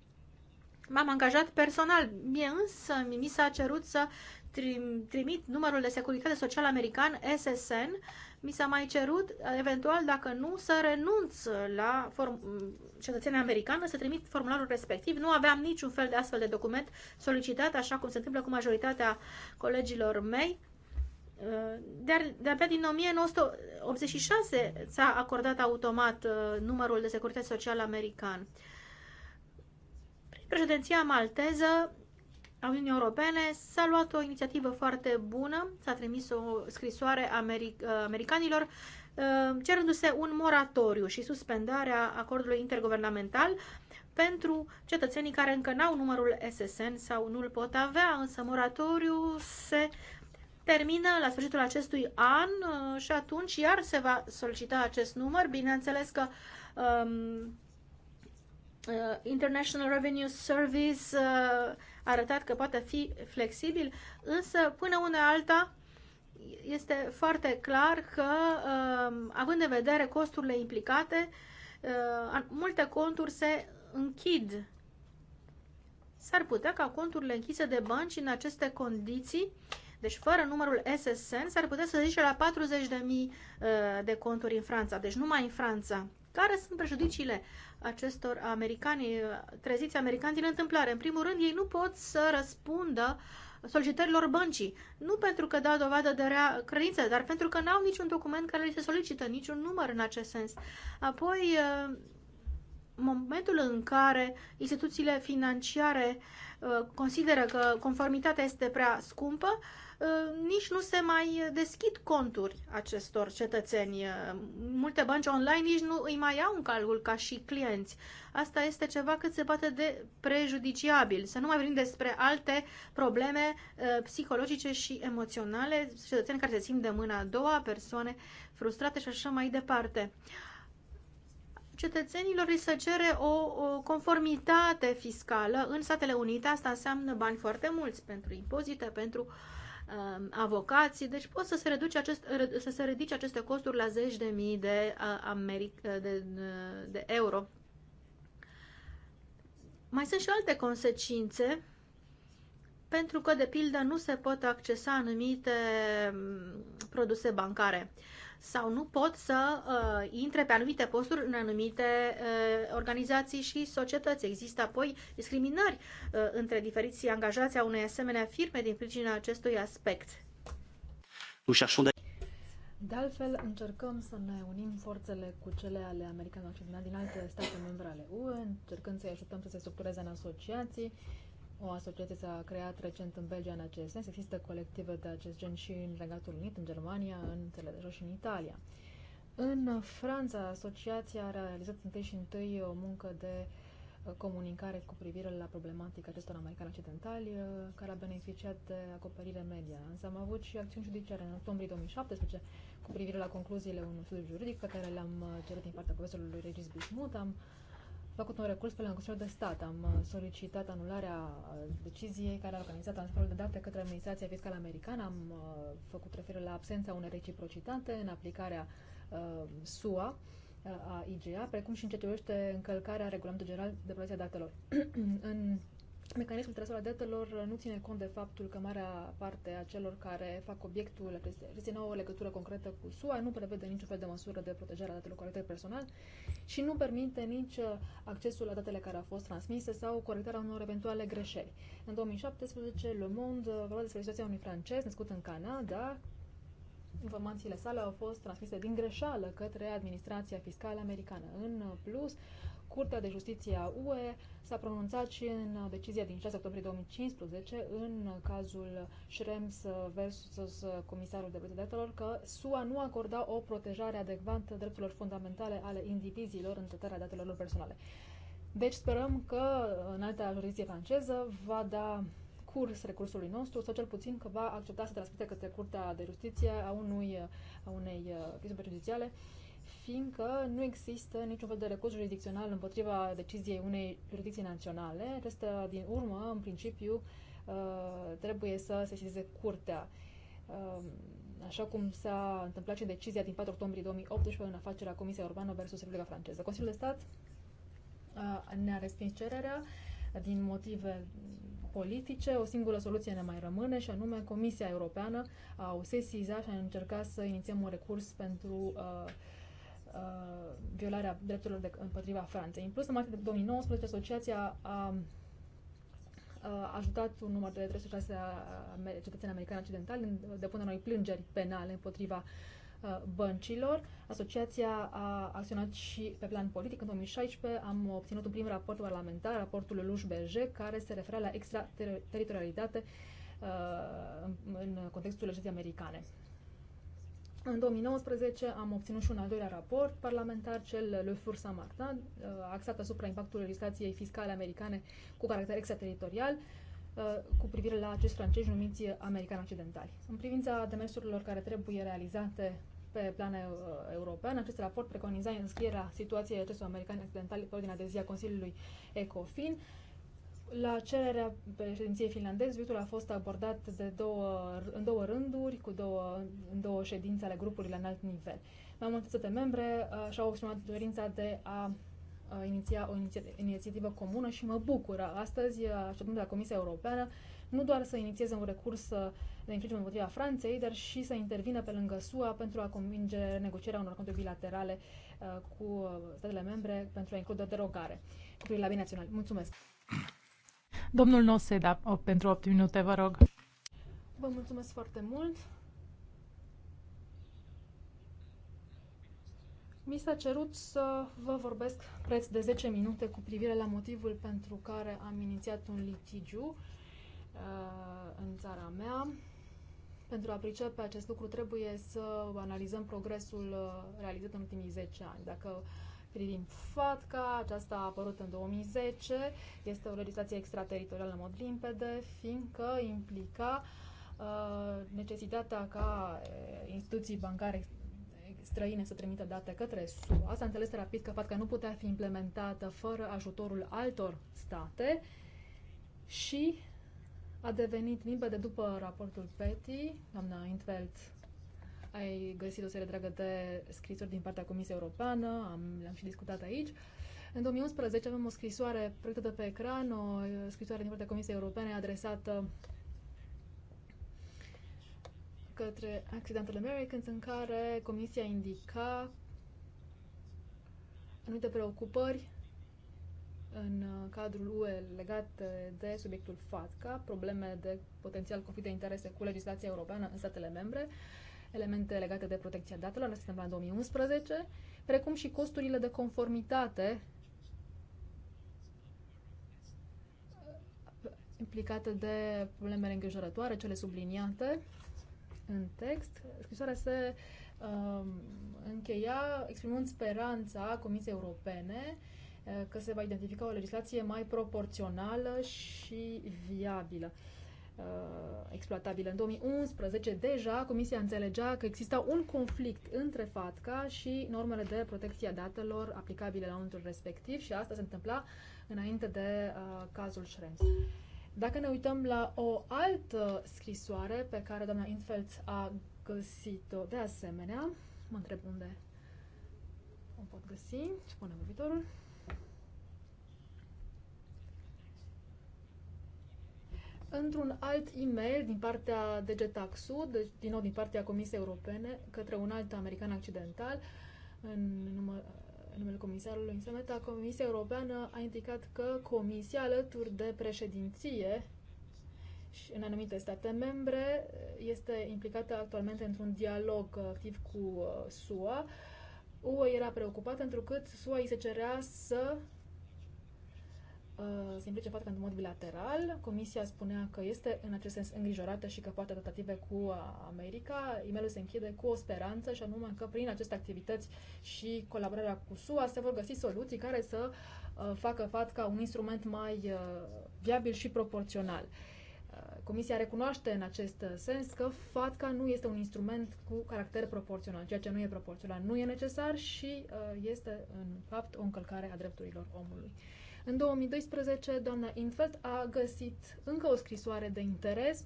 M-am angajat personal, mie însă mi s-a cerut să trim, trimit numărul de securitate social american, SSN, mi s-a mai cerut, eventual, dacă nu, să renunț la form- cetățenia americană, să trimit formularul respectiv. Nu aveam niciun fel de astfel de document solicitat, așa cum se întâmplă cu majoritatea colegilor mei. Dar de-abia din 1986 s-a acordat automat uh, numărul de securitate socială american. Prin președinția malteză a Uniunii Europene s-a luat o inițiativă foarte bună, s-a trimis o scrisoare americ- uh, americanilor uh, cerându-se un moratoriu și suspendarea acordului interguvernamental pentru cetățenii care încă n-au numărul SSN sau nu-l pot avea, însă moratoriu se termină la sfârșitul acestui an uh, și atunci iar se va solicita acest număr. Bineînțeles că um, uh, International Revenue Service uh, a arătat că poate fi flexibil, însă până una alta este foarte clar că, um, având în vedere costurile implicate, uh, multe conturi se închid. S-ar putea ca conturile închise de bănci în aceste condiții uh, deci fără numărul SSN s-ar putea să zice la 40.000 uh, de conturi în Franța, deci numai în Franța. Care sunt prejudiciile acestor americani, uh, treziți americani din întâmplare? În primul rând, ei nu pot să răspundă solicitărilor băncii. Nu pentru că dau dovadă de rea credință, dar pentru că n-au niciun document care li se solicită, niciun număr în acest sens. Apoi, uh, momentul în care instituțiile financiare consideră că conformitatea este prea scumpă, Ă, nici nu se mai deschid conturi acestor cetățeni. Ă, multe bănci online nici nu îi mai au în calcul ca și clienți. Asta este ceva cât se poate de prejudiciabil. Să nu mai vorbim despre alte probleme ă, psihologice și emoționale, cetățeni care se simt de mâna a doua, persoane frustrate și așa mai departe cetățenilor îi se cere o, o conformitate fiscală. În Statele Unite asta înseamnă bani foarte mulți pentru impozite, pentru uh, Um, avocații, deci pot să se, reduce acest, să se ridice aceste costuri la zeci de mii de, uh, America, uh, de, uh, de euro. Mai sunt și alte consecințe, pentru că, de pildă, nu se pot accesa anumite um, produse bancare. Uh, sau nu pot să uh, intre pe anumite posturi în anumite uh, organizații și societăți. Există apoi discriminări uh, între diferiții angajați a unei asemenea firme din pricina acestui aspect. De altfel, încercăm să ne unim forțele cu cele ale americanilor și din alte state membre ale UE, încercând să-i ajutăm să se structureze în asociații o asociație s-a creat recent în Belgia în acest sens. Există colective de acest gen și în Regatul Unit, în Germania, în țările de jos și în Italia. În Franța, asociația a realizat întâi și întâi o muncă de uh, comunicare cu privire la problematica acestor americani occidentali, uh, care a beneficiat de acoperire media. Însă am avut și acțiuni judiciare în octombrie 2017 cu privire la concluziile unui studiu juridic pe care le-am uh, cerut din partea profesorului Regis Bismut. Am uh, făcut un recurs pe la Consiliul de Stat. Am uh, solicitat anularea uh, deciziei care a organizat transferul de date către Administrația Fiscală Americană. Am uh, făcut referire la absența unei reciprocitate în aplicarea uh, SUA a IGA, precum și în ce privește încălcarea regulamentului general de protecție datelor. [CLEARS THROAT] în mecanismul al datelor uh, nu ține cont de faptul că marea parte a celor care fac obiectul acestei nouă legătură concretă cu SUA, nu prevede niciun fel de măsură de protejare a datelor cu caracter personal și nu permite nici uh, accesul la datele care au fost transmise sau corectarea unor eventuale greșeli. În 2017, Le Monde uh, vorbea despre situația unui francez născut în Canada, Informațiile sale au fost transmise din greșeală către administrația fiscală americană. În plus, Curtea de Justiție a UE s-a pronunțat și în decizia din 6 octombrie 2015 în cazul Schrems versus Comisarul de Datelor că SUA nu acorda o protejare adecvată drepturilor fundamentale ale indivizilor în tratarea datelor lor personale. Deci sperăm că în alta jurisdicție franceză va da curs recursului nostru sau cel puțin că va accepta să transmite către Curtea de Justiție a, unui, a unei chestiuni prejudiciale uh, fiindcă nu există niciun fel de recurs jurisdicțional împotriva deciziei unei jurisdicții naționale. Acesta, din urmă, în principiu, uh, trebuie să se sesizeze curtea. Um, așa cum s-a întâmplat și în decizia din 4 octombrie 2018 în afacerea Comisiei Urbană versus Republica Franceză. Consiliul de Stat uh, ne-a respins cererea din motive politice, o singură soluție ne mai rămâne și anume Comisia Europeană au sesizat și a încercat să inițiem un recurs pentru uh, Uh, violarea drepturilor de, împotriva Franței. În plus, în martie de 2019, asociația a, a uh, ajutat un număr de 306 cetățeni americani occidentali în depunerea unei plângeri penale împotriva uh, băncilor. Asociația a acționat și pe plan politic. În 2016 am obținut un prim raport parlamentar, raportul Luș Berger, care se referea la extraterritorialitate uh, în contextul legislației americane. În 2019 am obținut și un al doilea raport parlamentar, cel Le Four Saint-Martin, uh, axat asupra impactului legislației fiscale americane cu caracter extrateritorial uh, cu privire la acești francezi numiți americani accidentali. În privința demersurilor care trebuie realizate pe plan uh, european, acest raport preconiza înscrierea situației acestor americani accidentali pe ordinea de zi a Consiliului ECOFIN, la cererea președinției finlandeze, subiectul a fost abordat de două, în două rânduri, cu două, în două ședințe ale grupului la înalt nivel. Mai multe state membre uh, și-au exprimat dorința de a uh, iniția o iniția, inițiativă comună și mă bucură. Astăzi, uh, așteptând de la Comisia Europeană nu doar să inițieze un recurs uh, de infringement împotriva Franței, dar și să intervină pe lângă SUA pentru a convinge negocierea unor conturi bilaterale uh, cu uh, statele membre pentru a include derogare cu privire la binațional. Mulțumesc! Domnul Noseda, pentru 8 minute, vă rog. Vă mulțumesc foarte mult. Mi s-a cerut să vă vorbesc preț de 10 minute cu privire la motivul pentru care am inițiat un litigiu uh, în țara mea. Pentru a pricepe acest lucru trebuie să analizăm progresul uh, realizat în ultimii 10 ani. Dacă privind FATCA, aceasta a apărut în 2010, este o legislație extrateritorială în mod limpede, fiindcă implica uh, necesitatea ca uh, instituții bancare străine să trimită date către SUA. S-a înțeles rapid că FATCA nu putea fi implementată fără ajutorul altor state și a devenit limpede după raportul PETI, doamna Intveld ai găsit o serie dragă de scrisori din partea Comisiei Europeană, am, le-am și discutat aici. În 2011 avem o scrisoare proiectată pe ecran, o scrisoare din partea Comisiei Europene adresată către Accidental Americans, în care Comisia indica anumite preocupări în cadrul UE legat de subiectul FATCA, probleme de potențial conflict de interese cu legislația europeană în statele membre, elemente legate de protecția datelor, la se întâmpla 2011, precum și costurile de conformitate uh, implicate de problemele îngrijorătoare, cele subliniate în text. Scrisoarea se uh, încheia exprimând speranța Comisiei Europene uh, că se va identifica o legislație mai proporțională și viabilă. Uh, Uh, exploatabile. În 2011 deja Comisia înțelegea că exista un conflict între FATCA și normele de protecție a datelor aplicabile la momentul respectiv și asta se întâmpla înainte de uh, cazul Schrems. Dacă ne uităm la o altă scrisoare pe care doamna Infeld a găsit-o de asemenea, mă întreb unde o pot găsi, punem viitorul. într-un alt e-mail din partea DGTAC Sud, deci din nou din partea Comisiei Europene, către un alt american accidental, în număr, numele comisarului Insemeta, Comisia Europeană a indicat că Comisia, alături de președinție și în anumite state membre, este implicată actualmente într-un dialog activ cu uh, SUA. UE era preocupată pentru că SUA îi se cerea să Uh, se implice foarte în mod bilateral. Comisia spunea că este în acest sens îngrijorată și că poate tratative cu uh, America. e se închide cu o speranță și anume că prin aceste activități și colaborarea cu SUA se vor găsi soluții care să uh, facă FATCA un instrument mai viabil și proporțional. Comisia recunoaște în acest sens că FATCA nu este un instrument cu caracter proporțional. Ceea ce nu e proporțional nu e necesar și este, în fapt, o încălcare a drepturilor omului. În 2012, doamna Infeld a găsit încă o scrisoare de interes.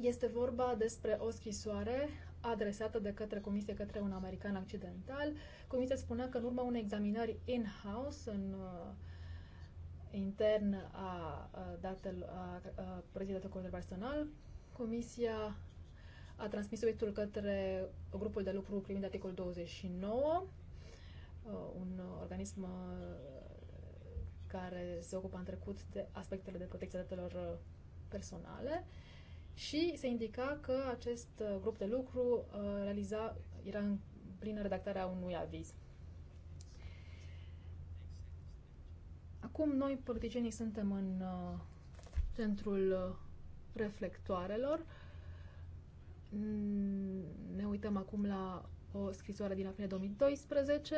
Este vorba despre o scrisoare adresată de către comisie către un american accidental. Comisia spunea că în urma unei examinări in-house în uh, intern a datelor a, a proiectului de personal, comisia a transmis subiectul către grupul de lucru privind articolul 29 Uh, un uh, organism uh, care se ocupa în trecut de aspectele de protecție a datelor personale și se indica că acest grup de lucru realiza, era în plină redactarea unui aviz. Acum noi, politicienii, suntem în centrul reflectoarelor. Ne uităm acum la o scrisoare din aprilie 2012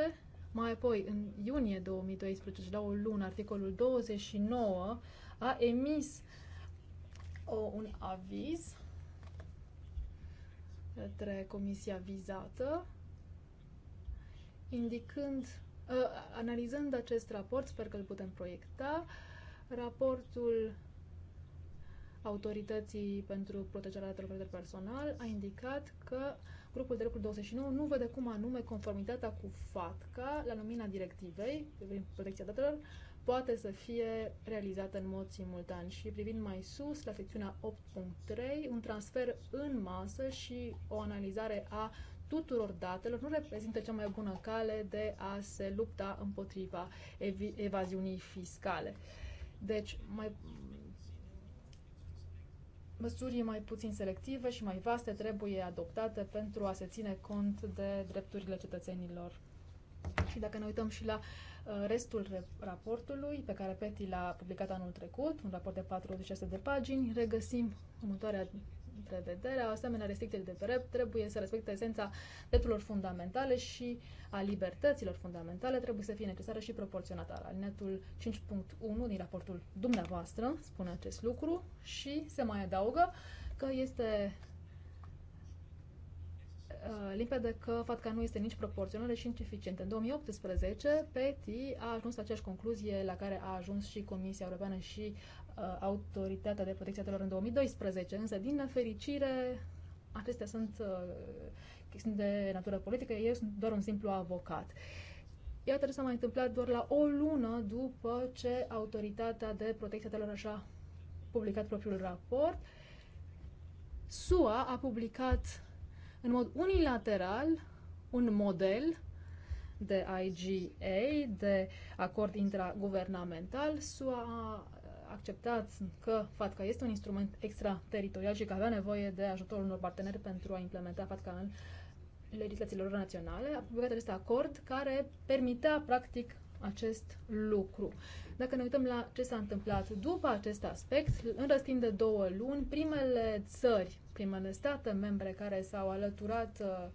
mai apoi, în iunie 2012, la o lună, articolul 29 a emis o, un aviz către comisia vizată, indicând, uh, analizând acest raport, sper că îl putem proiecta, raportul Autorității pentru Protejarea Datelor Personal a indicat că uh, Grupul de lucru 29 nu vede cum anume conformitatea cu FATCA la lumina directivei privind protecția datelor poate să fie realizată în mod simultan și privind mai sus la secțiunea 8.3, un transfer în masă și o analizare a tuturor datelor nu reprezintă cea mai bună cale de a se lupta împotriva ev- evaziunii fiscale. Deci, mai, Măsuri mai puțin selective și mai vaste trebuie adoptate pentru a se ține cont de drepturile cetățenilor. Și dacă ne uităm și la uh, restul raportului pe care Peti l-a publicat anul trecut, un raport de 46 de pagini, regăsim următoarea o asemenea restricțiile de drept trebuie să respecte esența drepturilor fundamentale și a libertăților fundamentale, trebuie să fie necesară și proporționată. Alinetul 5.1 din raportul dumneavoastră spune acest lucru și se mai adaugă că este uh, limpede că FATCA nu este nici proporțională și nici eficientă. În 2018, PETI a ajuns la aceeași concluzie la care a ajuns și Comisia Europeană și Uh, Autoritatea de Protecție a Datelor în 2012, însă, din nefericire, acestea sunt uh, chestiuni de natură politică, eu sunt doar un simplu avocat. Iată ce s-a mai întâmplat doar la o lună după ce Autoritatea de Protecție a Datelor așa a publicat propriul raport. SUA a publicat în mod unilateral un model de IGA, de acord intraguvernamental. SUA a acceptați că FATCA este un instrument extrateritorial și că avea nevoie de ajutorul unor parteneri pentru a implementa FATCA în legislațiilor naționale, a publicat acest acord care permitea, practic, acest lucru. Dacă ne uităm la ce s-a întâmplat după acest aspect, în răstim de două luni, primele țări, primele state membre care s-au alăturat uh,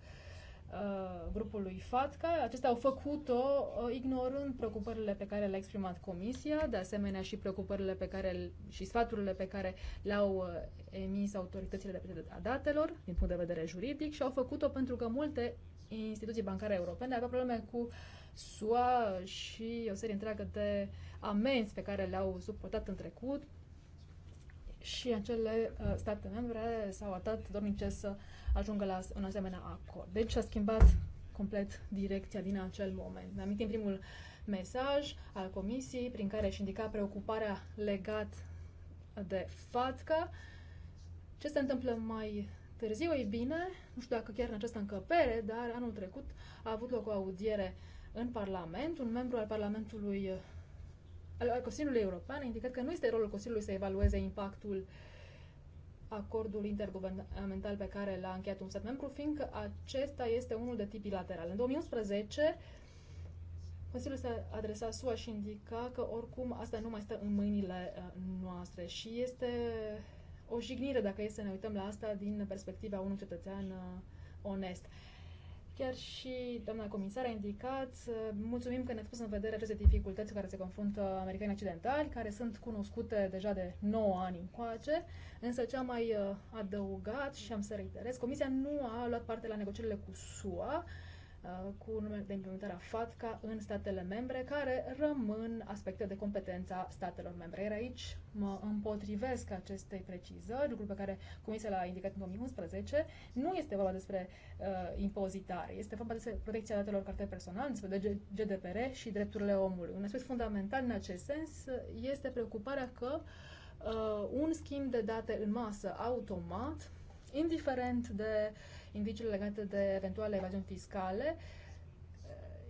Uh, grupului FATCA. Acestea au făcut-o uh, ignorând preocupările pe care le-a exprimat Comisia, de asemenea și preocupările pe care, și sfaturile pe care le-au uh, emis autoritățile de protecție a datelor din punct de vedere juridic și au făcut-o pentru că multe instituții bancare europene aveau probleme cu SUA și o serie întreagă de amenzi pe care le-au suportat în trecut și acele uh, state membre s-au atât dornice să ajungă la un asemenea acord. Deci s-a schimbat complet direcția din acel moment. Ne amintim primul mesaj al Comisiei prin care își indica preocuparea legat de FATCA. Ce se întâmplă mai târziu? Ei bine, nu știu dacă chiar în această încăpere, dar anul trecut a avut loc o audiere în Parlament. Un membru al Parlamentului al Consiliului European a indicat că nu este rolul Consiliului să evalueze impactul acordul interguvernamental pe care l-a încheiat un stat membru, fiindcă acesta este unul de tip bilateral. În 2011, Consiliul se adresa SUA și indica că oricum asta nu mai stă în mâinile uh, noastre și este o jignire dacă e să ne uităm la asta din perspectiva unui cetățean uh, onest. Chiar și doamna comisar a indicat, uh, mulțumim că ne-a pus în vedere aceste dificultăți care se confruntă americanii occidentali, care sunt cunoscute deja de 9 ani încoace, însă ce am mai uh, adăugat și am să reiterez, Comisia nu a luat parte la negocierile cu SUA, Uh, cu numele de implementare a FATCA în statele membre, care rămân aspecte de competența statelor membre. Iar aici mă împotrivesc acestei precizări, lucru pe care Comisia l-a indicat în 2011. Nu este vorba despre uh, impozitare, este vorba despre protecția datelor caracter personal, despre GDPR și drepturile omului. Un aspect fundamental în acest sens este preocuparea că uh, un schimb de date în masă automat, indiferent de uh, indiciile legate de eventuale evaziuni fiscale,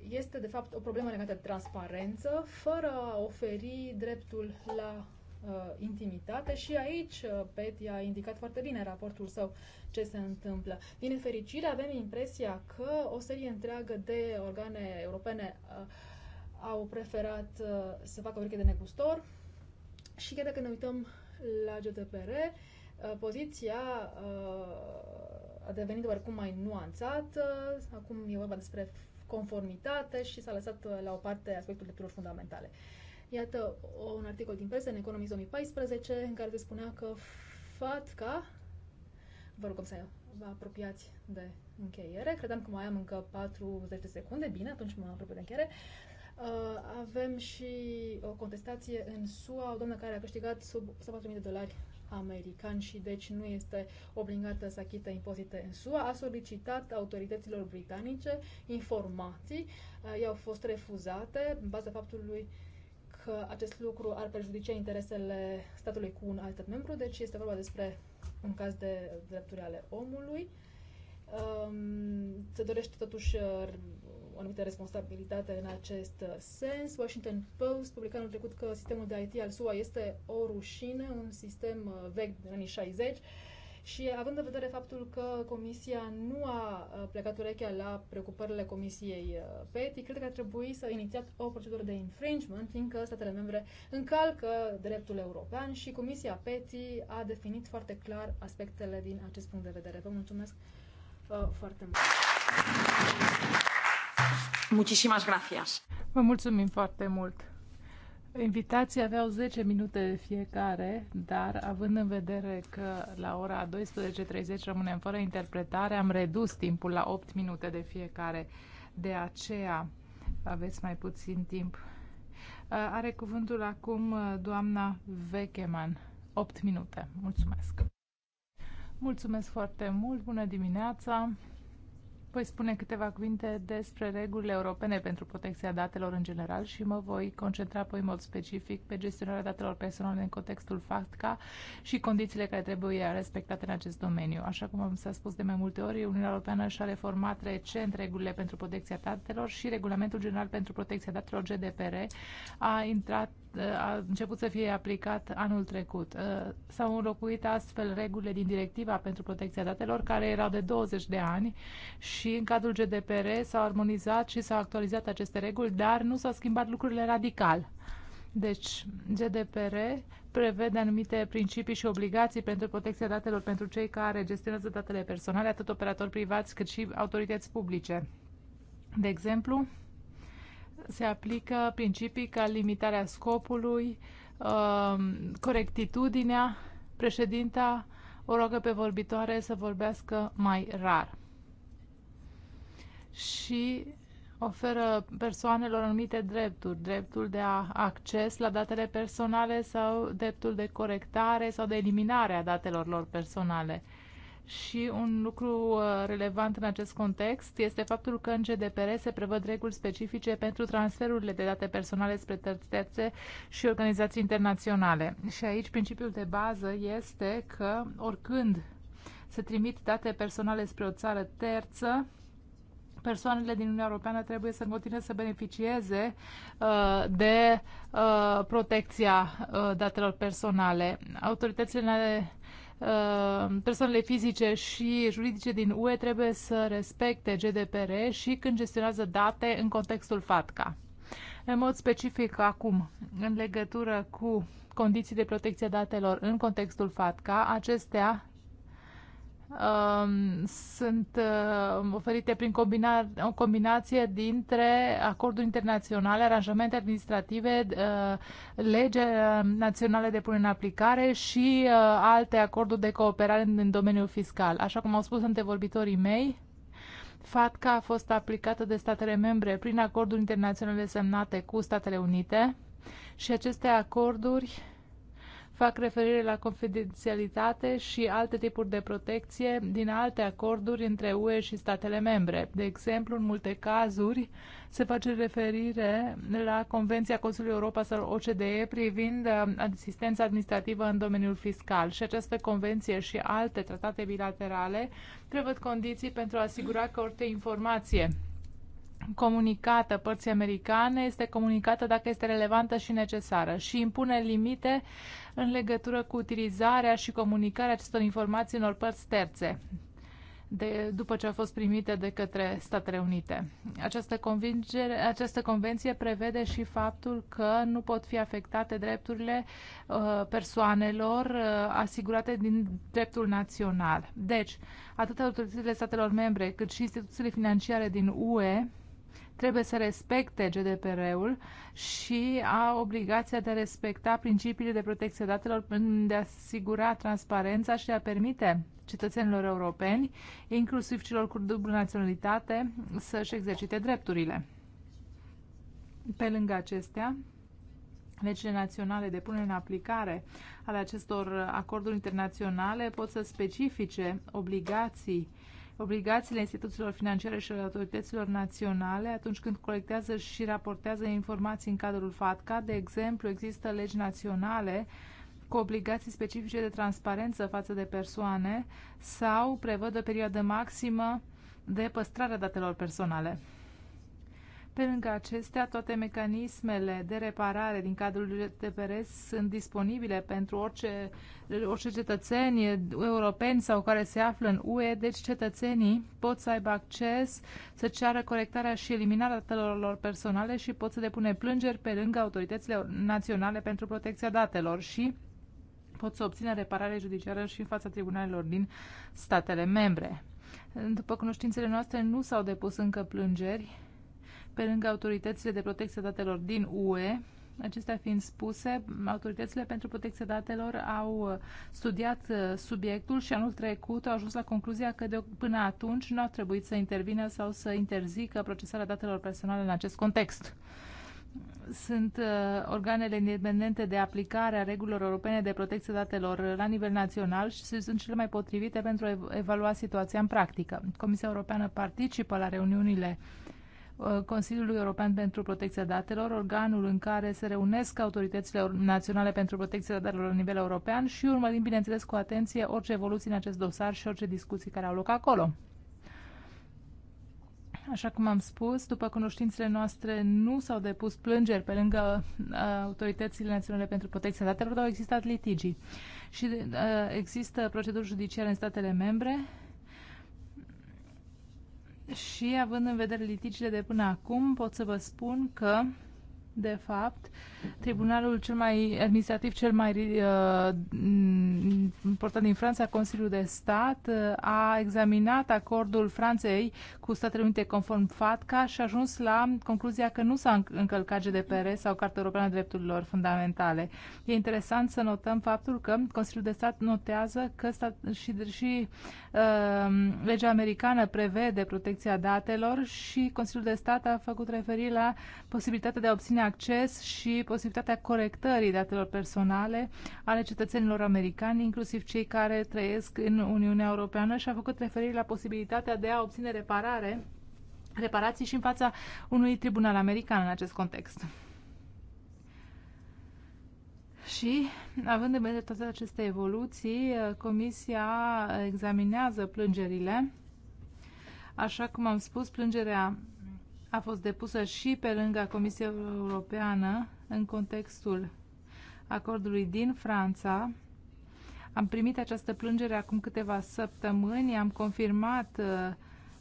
este de fapt o problemă legată de transparență, fără a oferi dreptul la uh, intimitate și aici uh, Peti a indicat foarte bine raportul său ce se întâmplă. Din fericire avem impresia că o serie întreagă de organe europene uh, au preferat uh, să facă o de negustor și chiar dacă ne uităm la GDPR, uh, poziția uh, a devenit oricum mai nuanțat. Acum e vorba despre conformitate și s-a lăsat uh, la o parte aspectul drepturilor fundamentale. Iată un articol din presă, în Economist 2014, în care se spunea că FATCA, vă rugăm să vă apropiați de încheiere, credeam că mai am încă 40 de secunde, bine, atunci mă apropiu de încheiere, Uh, avem și o contestație în SUA, o doamnă care a câștigat sub 7.000 de dolari american și deci nu este obligată să achită impozite în SUA, a solicitat autorităților britanice informații, uh, i-au fost refuzate în baza faptului că acest lucru ar prejudicia interesele statului cu un alt membru, deci este vorba despre un caz de drepturi ale omului. Um, se dorește totuși uh, o anumită responsabilitate în acest uh, sens. Washington Post publica anul trecut că sistemul de IT al SUA este o rușine, un sistem uh, vechi din anii 60 și uh, având în vedere faptul că Comisia nu a plecat urechea la preocupările Comisiei PETI, cred că ar trebui să inițiați o procedură de infringement, fiindcă statele membre încalcă dreptul european și Comisia PETI a definit foarte clar aspectele din acest punct de vedere. Vă mulțumesc uh, foarte mult! Muchísimas gracias. Vă mulțumim foarte mult. Invitații aveau 10 minute de fiecare, dar având în vedere că la ora 12.30 rămânem fără interpretare, am redus timpul la 8 minute de fiecare. De aceea aveți mai puțin timp. Are cuvântul acum doamna Vecheman. 8 minute. Mulțumesc. Mulțumesc foarte mult. Bună dimineața voi spune câteva cuvinte despre regulile europene pentru protecția datelor în general și mă voi concentra apoi în mod specific pe gestionarea datelor personale în contextul FATCA și condițiile care trebuie respectate în acest domeniu. Așa cum am s-a spus de mai multe ori, Uniunea Europeană și-a reformat recent regulile pentru protecția datelor și Regulamentul General pentru Protecția Datelor GDPR a intrat a început să fie aplicat anul trecut. Uh, s-au înlocuit astfel regulile din directiva pentru protecția datelor, care erau de 20 de ani și în cadrul GDPR s-au armonizat și s-au actualizat aceste reguli, dar nu s-au schimbat lucrurile radical. Deci, GDPR prevede anumite principii și obligații pentru protecția datelor pentru cei care gestionează datele personale, atât operatori privați cât și autorități publice. De exemplu, se aplică principii ca limitarea scopului, um, corectitudinea. Președinta o rogă pe vorbitoare să vorbească mai rar și oferă persoanelor anumite drepturi, dreptul de a acces la datele personale sau dreptul de corectare sau de eliminare a datelor lor personale. Și un lucru uh, relevant în acest context este faptul că în GDPR se prevăd reguli specifice pentru transferurile de date personale spre terțe și organizații internaționale. Și aici principiul de bază este că oricând se trimit date personale spre o țară terță, persoanele din Uniunea Europeană trebuie să continue să beneficieze uh, de uh, protecția uh, datelor personale. Autoritățile Uh, persoanele fizice și juridice din UE trebuie să respecte GDPR și când gestionează date în contextul FATCA. În mod specific acum, în legătură cu condiții de protecție datelor în contextul FATCA, acestea Um, sunt um, oferite prin combina o combinație dintre acorduri internaționale, aranjamente administrative, uh, lege um, naționale de punere în aplicare și uh, alte acorduri de cooperare în domeniul fiscal. Așa cum au spus antevorbitorii mei, FATCA a fost aplicată de statele membre prin acorduri internaționale semnate cu Statele Unite și aceste acorduri fac referire la confidențialitate și alte tipuri de protecție din alte acorduri între UE și statele membre. De exemplu, în multe cazuri se face referire la Convenția Consiliului Europa sau OCDE privind uh, asistența administrativă în domeniul fiscal și această convenție și alte tratate bilaterale prevăd condiții pentru a asigura că orice informație comunicată părții americane este comunicată dacă este relevantă și necesară și impune limite în legătură cu utilizarea și comunicarea acestor informații unor părți terțe de, după ce au fost primite de către Statele Unite. Această, această convenție prevede și faptul că nu pot fi afectate drepturile uh, persoanelor uh, asigurate din dreptul național. Deci, atât autoritățile statelor membre cât și instituțiile financiare din UE trebuie să respecte GDPR-ul și a obligația de a respecta principiile de protecție datelor, de a asigura transparența și de a permite cetățenilor europeni, inclusiv celor cu dublă naționalitate, să-și exercite drepturile. Pe lângă acestea, legile naționale de punere în aplicare ale acestor acorduri internaționale pot să specifice obligații obligațiile instituțiilor financiare și ale autorităților naționale atunci când colectează și raportează informații în cadrul FATCA. De exemplu, există legi naționale cu obligații specifice de transparență față de persoane sau prevăd o perioadă maximă de păstrare a datelor personale. Pe lângă acestea, toate mecanismele de reparare din cadrul TPRS sunt disponibile pentru orice, orice cetățeni europeni sau care se află în UE, deci cetățenii pot să aibă acces, să ceară corectarea și eliminarea datelor lor personale și pot să depune plângeri pe lângă autoritățile naționale pentru protecția datelor și pot să obțină reparare judiciară și în fața tribunalelor din statele membre. După cunoștințele noastre, nu s-au depus încă plângeri pe lângă autoritățile de protecție datelor din UE. Acestea fiind spuse, autoritățile pentru protecția datelor au uh, studiat uh, subiectul și anul trecut au ajuns la concluzia că de, până atunci nu a trebuit să intervină sau să interzică procesarea datelor personale în acest context sunt uh, organele independente de aplicare a regulilor europene de protecție datelor la nivel național și sunt cele mai potrivite pentru a evalua situația în practică. Comisia Europeană participă la reuniunile uh, Uh, Consiliului European pentru Protecția Datelor, organul în care se reunesc autoritățile naționale pentru protecția datelor la nivel european și urmărim, bineînțeles, cu atenție orice evoluții în acest dosar și orice discuții care au loc acolo. Așa cum am spus, după cunoștințele noastre nu s-au depus plângeri pe lângă uh, autoritățile naționale pentru protecția datelor, dar au existat litigii. Și uh, există proceduri judiciare în statele membre și având în vedere litigiile de până acum, pot să vă spun că de fapt, tribunalul cel mai administrativ, cel mai uh, important din Franța, Consiliul de Stat, uh, a examinat acordul Franței cu Statele Unite conform FATCA și a ajuns la concluzia că nu s-a încălcat GDPR sau Cartea Europeană a Drepturilor Fundamentale. E interesant să notăm faptul că Consiliul de Stat notează că stat și, și uh, legea americană prevede protecția datelor și Consiliul de Stat a făcut referire la posibilitatea de a obține acces și posibilitatea corectării datelor personale ale cetățenilor americani, inclusiv cei care trăiesc în Uniunea Europeană și a făcut referire la posibilitatea de a obține reparare, reparații și în fața unui tribunal american în acest context. Și, având în vedere toate aceste evoluții, Comisia examinează plângerile. Așa cum am spus, plângerea a fost depusă și pe lângă Comisia Europeană în contextul acordului din Franța. Am primit această plângere acum câteva săptămâni, am confirmat uh,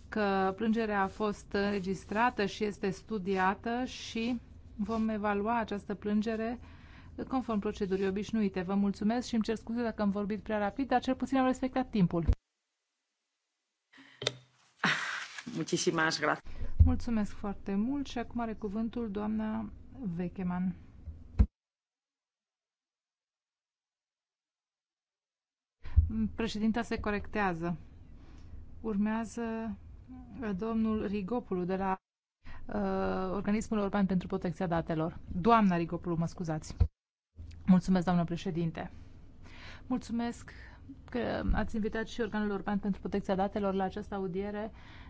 că plângerea a fost înregistrată și este studiată și vom evalua această plângere conform procedurii obișnuite. Vă mulțumesc și îmi cer scuze dacă am vorbit prea rapid, dar cel puțin am respectat timpul. Muchísimas gracias. Mulțumesc foarte mult și acum are cuvântul doamna Vecheman. Președinta se corectează. Urmează uh, domnul Rigopulu de la uh, Organismul European pentru Protecția Datelor. Doamna Rigopulu, mă scuzați. Mulțumesc, doamnă președinte. Mulțumesc că ați invitat și Organul European pentru Protecția Datelor la această audiere uh,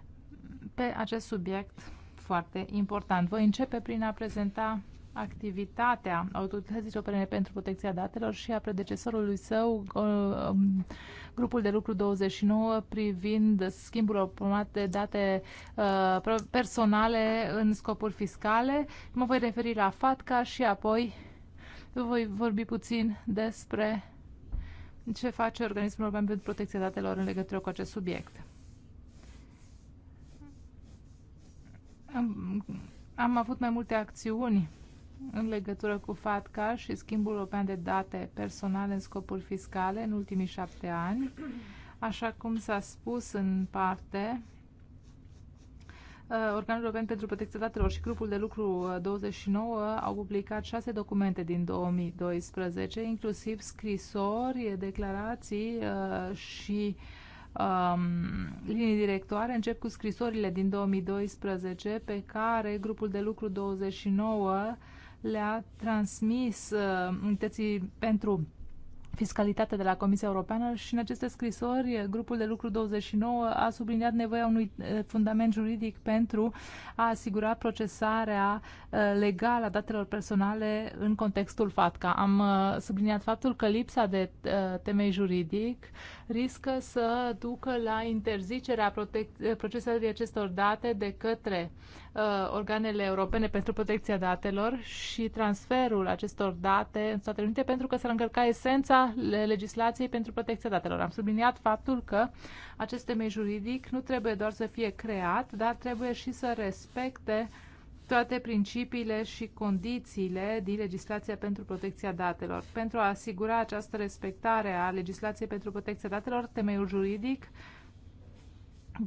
pe acest subiect foarte important. Voi începe prin a prezenta activitatea Autorității Europene pentru Protecția Datelor și a predecesorului său, uh, um, grupul de lucru 29, privind schimbul automat de date uh, personale în scopuri fiscale. Mă voi referi la FATCA și apoi voi vorbi puțin despre ce face Organismul European pentru Protecția Datelor în legătură cu acest subiect. Am, am avut mai multe acțiuni în legătură cu FATCA și schimbul european de date personale în scopuri fiscale în ultimii șapte ani. Așa cum s-a spus în parte, uh, Organul European pentru Protecția Datelor și grupul de lucru 29 uh, au publicat șase documente din 2012, inclusiv scrisori, declarații uh, și uh, um, linii directoare. Încep cu scrisorile din 2012 pe care grupul de lucru 29 le-a transmis uh, unității pentru fiscalitate de la Comisia Europeană și în aceste scrisori, grupul de lucru 29 a subliniat nevoia unui eh, fundament juridic pentru a asigura procesarea eh, legală a datelor personale în contextul FATCA. Am eh, subliniat faptul că lipsa de temei juridic riscă să ducă la interzicerea procesării acestor date de către uh, uh, organele europene pentru protecția datelor și transferul acestor date în Statele Unite pentru că s-ar încărca esența legislației pentru protecția datelor. Am subliniat faptul că acest temei juridic nu trebuie doar să fie creat, dar trebuie și să respecte toate principiile și condițiile din legislația pentru protecția datelor. Pentru a asigura această respectare a legislației pentru protecția datelor, temeiul juridic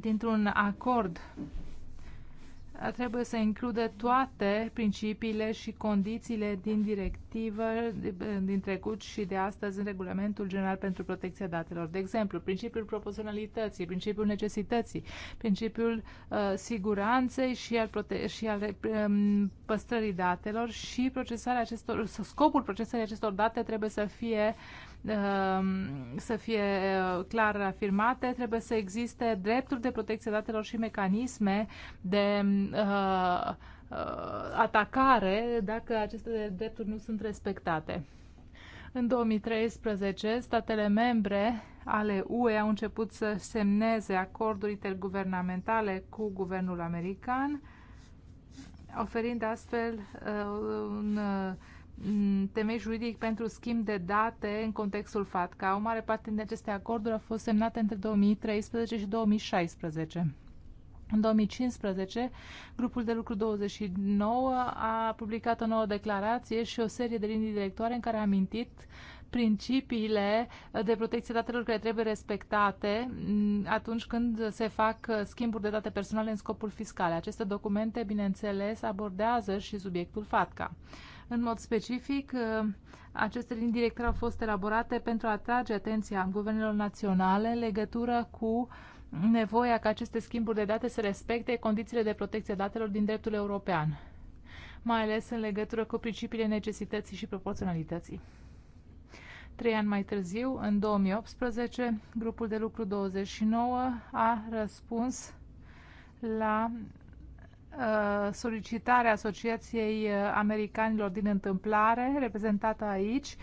dintr-un acord trebuie să includă toate principiile și condițiile din directivă din trecut și de astăzi în regulamentul general pentru protecția datelor. De exemplu, principiul proporționalității, principiul necesității, principiul uh, siguranței și al, prote- și al um, păstrării datelor și procesarea acestor, scopul procesării acestor date trebuie să fie uh, Um, să fie uh, clar afirmate, trebuie să existe drepturi de protecție datelor și mecanisme de uh, uh, atacare dacă aceste drepturi nu sunt respectate. În 2013, statele membre ale UE au început să semneze acorduri interguvernamentale cu guvernul american, oferind astfel uh, un uh, Mm, temei juridic pentru schimb de date în contextul FATCA. O mare parte din aceste acorduri au fost semnate între 2013 și 2016. În 2015, grupul de lucru 29 a publicat o nouă declarație și o serie de linii directoare în care a amintit principiile de protecție datelor care trebuie respectate mm, atunci când se fac schimburi de date personale în scopul fiscal. Aceste documente, bineînțeles, abordează și subiectul FATCA. În mod specific, uh, aceste linii directoare au fost elaborate pentru a atrage atenția guvernelor naționale în legătură cu nevoia ca aceste schimburi de date să respecte condițiile de protecție a datelor din dreptul european, mai ales în legătură cu principiile necesității și proporționalității. Trei ani mai târziu, în 2018, grupul de lucru 29 a răspuns la Uh, solicitare Asociației uh, Americanilor din Întâmplare, reprezentată aici,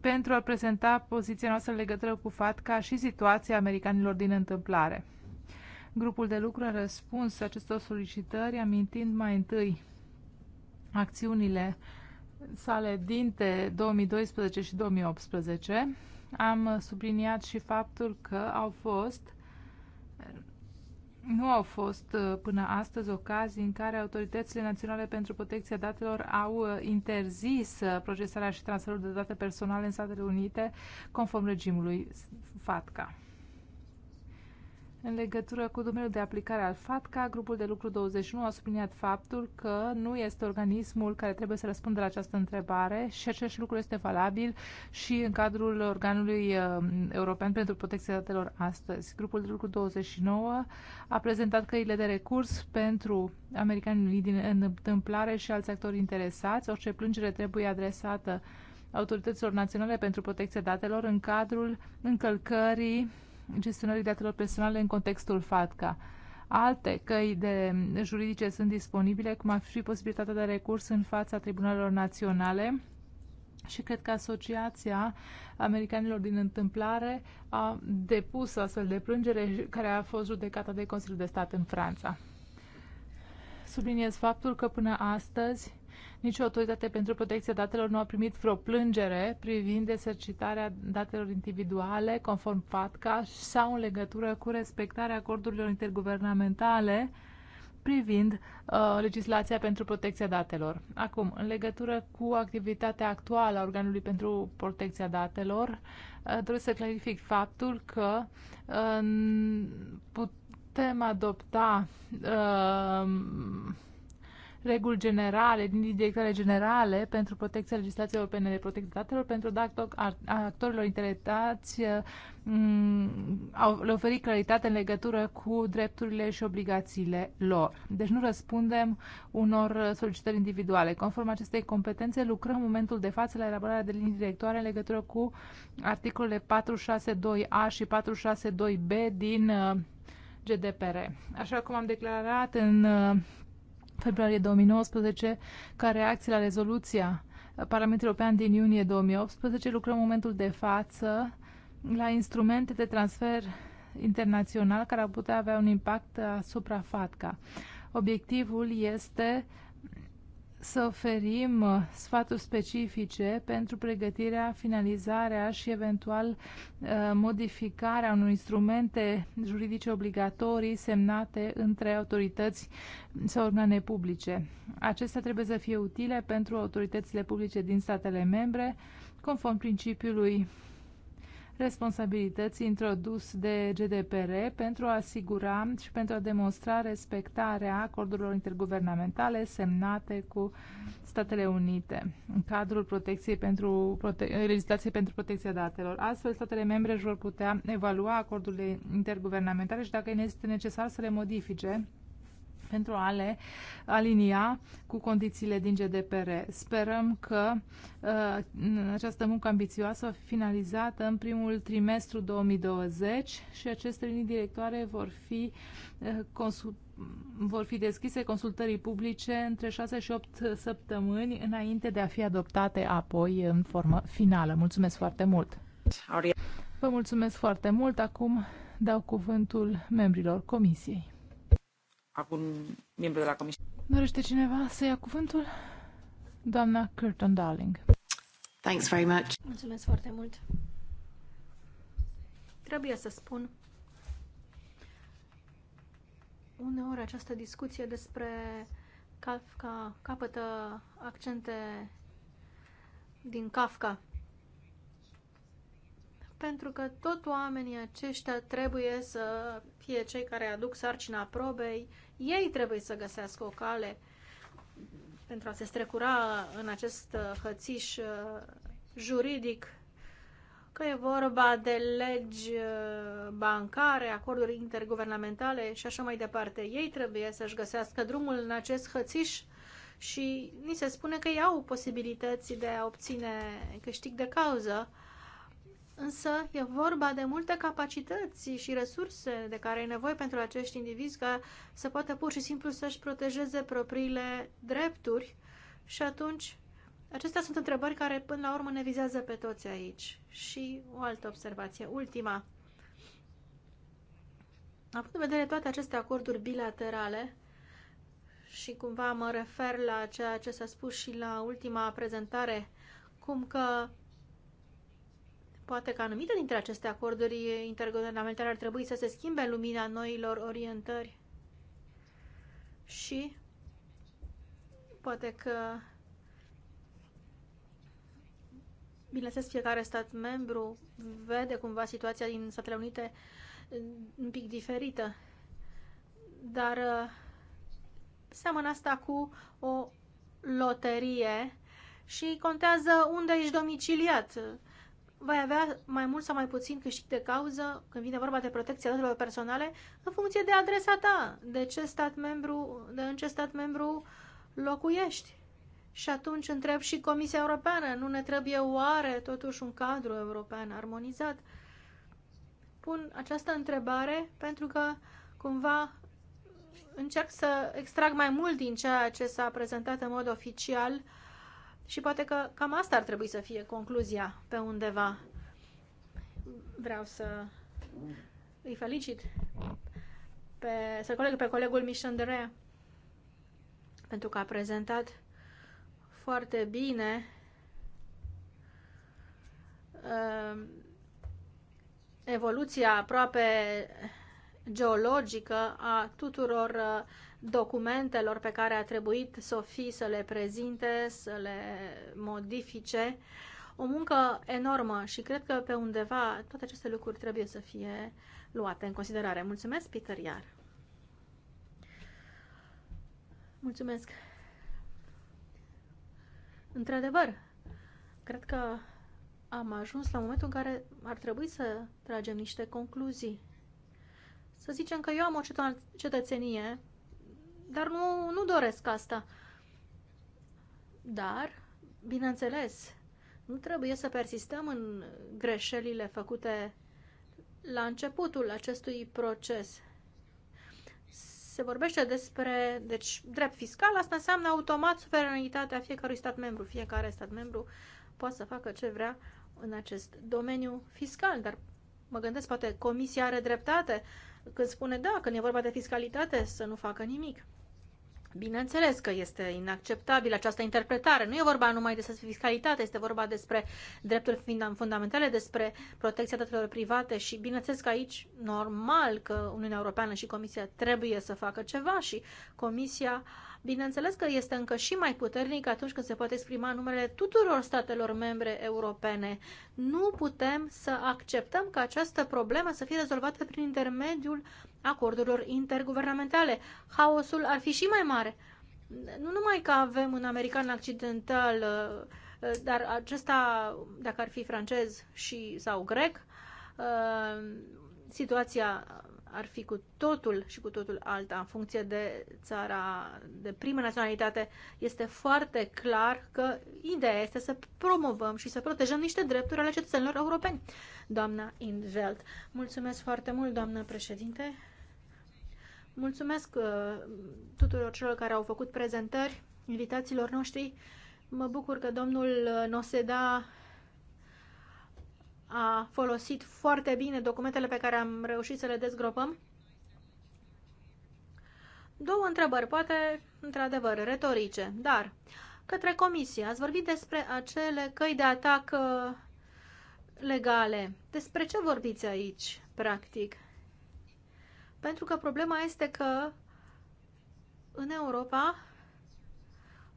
pentru a prezenta poziția noastră în legătură cu FATCA și situația americanilor din întâmplare. Grupul de lucru a răspuns acestor solicitări, amintind mai întâi acțiunile sale dintre 2012 și 2018. Am subliniat și faptul că au fost nu au fost uh, până astăzi ocazii în care autoritățile naționale pentru protecția datelor au uh, interzis uh, procesarea și transferul de date personale în Statele Unite conform regimului FATCA. În legătură cu domeniul de aplicare al FATCA, grupul de lucru 21 a subliniat faptul că nu este organismul care trebuie să răspundă la această întrebare și acest lucru este valabil și în cadrul organului uh, european pentru protecția datelor astăzi. Grupul de lucru 29 a prezentat căile de recurs pentru americanii din întâmplare și alți actori interesați. Orice plângere trebuie adresată autorităților naționale pentru protecția datelor în cadrul încălcării gestionării datelor personale în contextul FATCA. Alte căi de juridice sunt disponibile, cum ar fi posibilitatea de recurs în fața tribunalelor naționale și cred că Asociația Americanilor din Întâmplare a depus astfel de plângere care a fost judecată de Consiliul de Stat în Franța. Subliniez faptul că până astăzi nici o autoritate pentru protecția datelor nu a primit vreo plângere privind exercitarea datelor individuale conform FATCA sau în legătură cu respectarea acordurilor interguvernamentale privind uh, legislația pentru protecția datelor. Acum, în legătură cu activitatea actuală a organului pentru protecția datelor, uh, trebuie să clarific faptul că uh, putem adopta uh, reguli generale, din directoare generale pentru protecția legislației europene de protecție datelor, pentru da actorilor interesați uh, mm, le oferi claritate în legătură cu drepturile și obligațiile lor. Deci nu răspundem unor solicitări individuale. Conform acestei competențe, lucrăm în momentul de față la elaborarea de linii directoare în legătură cu articolele 462A și 462B din uh, GDPR. Așa cum am declarat în uh, februarie 2019, ca reacție la rezoluția Parlamentului European din iunie 2018, lucrăm în momentul de față la instrumente de transfer internațional care ar putea avea un impact asupra FATCA. Obiectivul este să oferim uh, sfaturi specifice pentru pregătirea, finalizarea și eventual uh, modificarea unor instrumente juridice obligatorii semnate între autorități sau organe publice. Acestea trebuie să fie utile pentru autoritățile publice din statele membre, conform principiului responsabilități introdus de GDPR pentru a asigura și pentru a demonstra respectarea acordurilor interguvernamentale semnate cu Statele Unite în cadrul protecției pentru prote- legislației pentru protecția datelor. Astfel, statele membre își vor putea evalua acordurile interguvernamentale și dacă este necesar să le modifice pentru a le alinia cu condițiile din GDPR. Sperăm că uh, această muncă ambițioasă va fi finalizată în primul trimestru 2020 și aceste linii directoare vor fi uh, vor fi deschise consultării publice între 6 și 8 săptămâni înainte de a fi adoptate apoi în formă finală. Mulțumesc foarte mult! Vă mulțumesc foarte mult! Acum dau cuvântul membrilor comisiei acum membru de la Comisie. Dorește cineva să ia cuvântul? Doamna Curtin Darling. Thanks very much. Mulțumesc foarte mult. Trebuie să spun uneori această discuție despre Kafka capătă accente din Kafka. Pentru că tot oamenii aceștia trebuie să fie cei care aduc sarcina probei ei trebuie să găsească o cale pentru a se strecura în acest uh, hățiș uh, juridic, că e vorba de legi uh, bancare, acorduri interguvernamentale și așa mai departe. Ei trebuie să-și găsească drumul în acest hățiș și ni se spune că ei au posibilități de a obține câștig de cauză însă e vorba de multe capacități și resurse de care e nevoie pentru acești indivizi ca să poată pur și simplu să-și protejeze propriile drepturi și atunci acestea sunt întrebări care până la urmă ne vizează pe toți aici. Și o altă observație, ultima. Având în vedere toate aceste acorduri bilaterale, și cumva mă refer la ceea ce s-a spus și la ultima prezentare, cum că Poate că anumite dintre aceste acorduri interguvernamentale ar trebui să se schimbe în lumina noilor orientări. Și poate că bineînțeles, fiecare stat membru vede cumva situația din Statele Unite un pic diferită, dar uh, seamănă asta cu o loterie și contează unde ești domiciliat vei avea mai mult sau mai puțin câștig de cauză când vine vorba de protecția datelor personale în funcție de adresa ta, de ce stat membru, de în ce stat membru locuiești. Și atunci întreb și Comisia Europeană, nu ne trebuie oare totuși un cadru european armonizat? Pun această întrebare pentru că cumva încerc să extrag mai mult din ceea ce s-a prezentat în mod oficial uh, și poate că cam asta ar trebui să fie concluzia pe undeva. Vreau să îi felicit pe, să coleg pe colegul Michel pentru că a prezentat foarte bine uh, evoluția aproape geologică a tuturor uh, documentelor pe care a trebuit Sofie să le prezinte, să le modifice. O muncă enormă și cred că pe undeva toate aceste lucruri trebuie să fie luate în considerare. Mulțumesc, Peter, iar! Mulțumesc! Într-adevăr, cred că am ajuns la momentul în care ar trebui să tragem niște concluzii. Să zicem că eu am o cetățenie dar nu, nu doresc asta. Dar, bineînțeles, nu trebuie să persistăm în greșelile făcute la începutul acestui proces. Se vorbește despre, deci, drept fiscal, asta înseamnă automat suveranitatea fiecărui stat membru. Fiecare stat membru poate să facă ce vrea în acest domeniu fiscal, dar mă gândesc, poate comisia are dreptate când spune da, când e vorba de fiscalitate, să nu facă nimic. Bineînțeles că este inacceptabilă această interpretare. Nu e vorba numai despre fiscalitate, este vorba despre drepturi fundamentale, despre protecția datelor private și bineînțeles că aici normal că Uniunea Europeană și Comisia trebuie să facă ceva și Comisia bineînțeles că este încă și mai puternic atunci când se poate exprima numele tuturor statelor membre europene. Nu putem să acceptăm că această problemă să fie rezolvată prin intermediul acordurilor interguvernamentale. Haosul ar fi și mai mare. Nu numai că avem un american accidental, uh, dar acesta, dacă ar fi francez și sau grec, uh, situația ar fi cu totul și cu totul alta în funcție de țara de primă naționalitate, este foarte clar că ideea este să promovăm și să protejăm niște drepturi ale cetățenilor europeni. Doamna Invelt, mulțumesc foarte mult, doamnă președinte. Mulțumesc uh, tuturor celor care au făcut prezentări, invitațiilor noștri. Mă bucur că domnul uh, Noseda a folosit foarte bine documentele pe care am reușit să le dezgropăm. Două întrebări, poate într-adevăr retorice, dar către comisie ați vorbit despre acele căi de atac uh, legale. Despre ce vorbiți aici, practic? Pentru că problema este că în Europa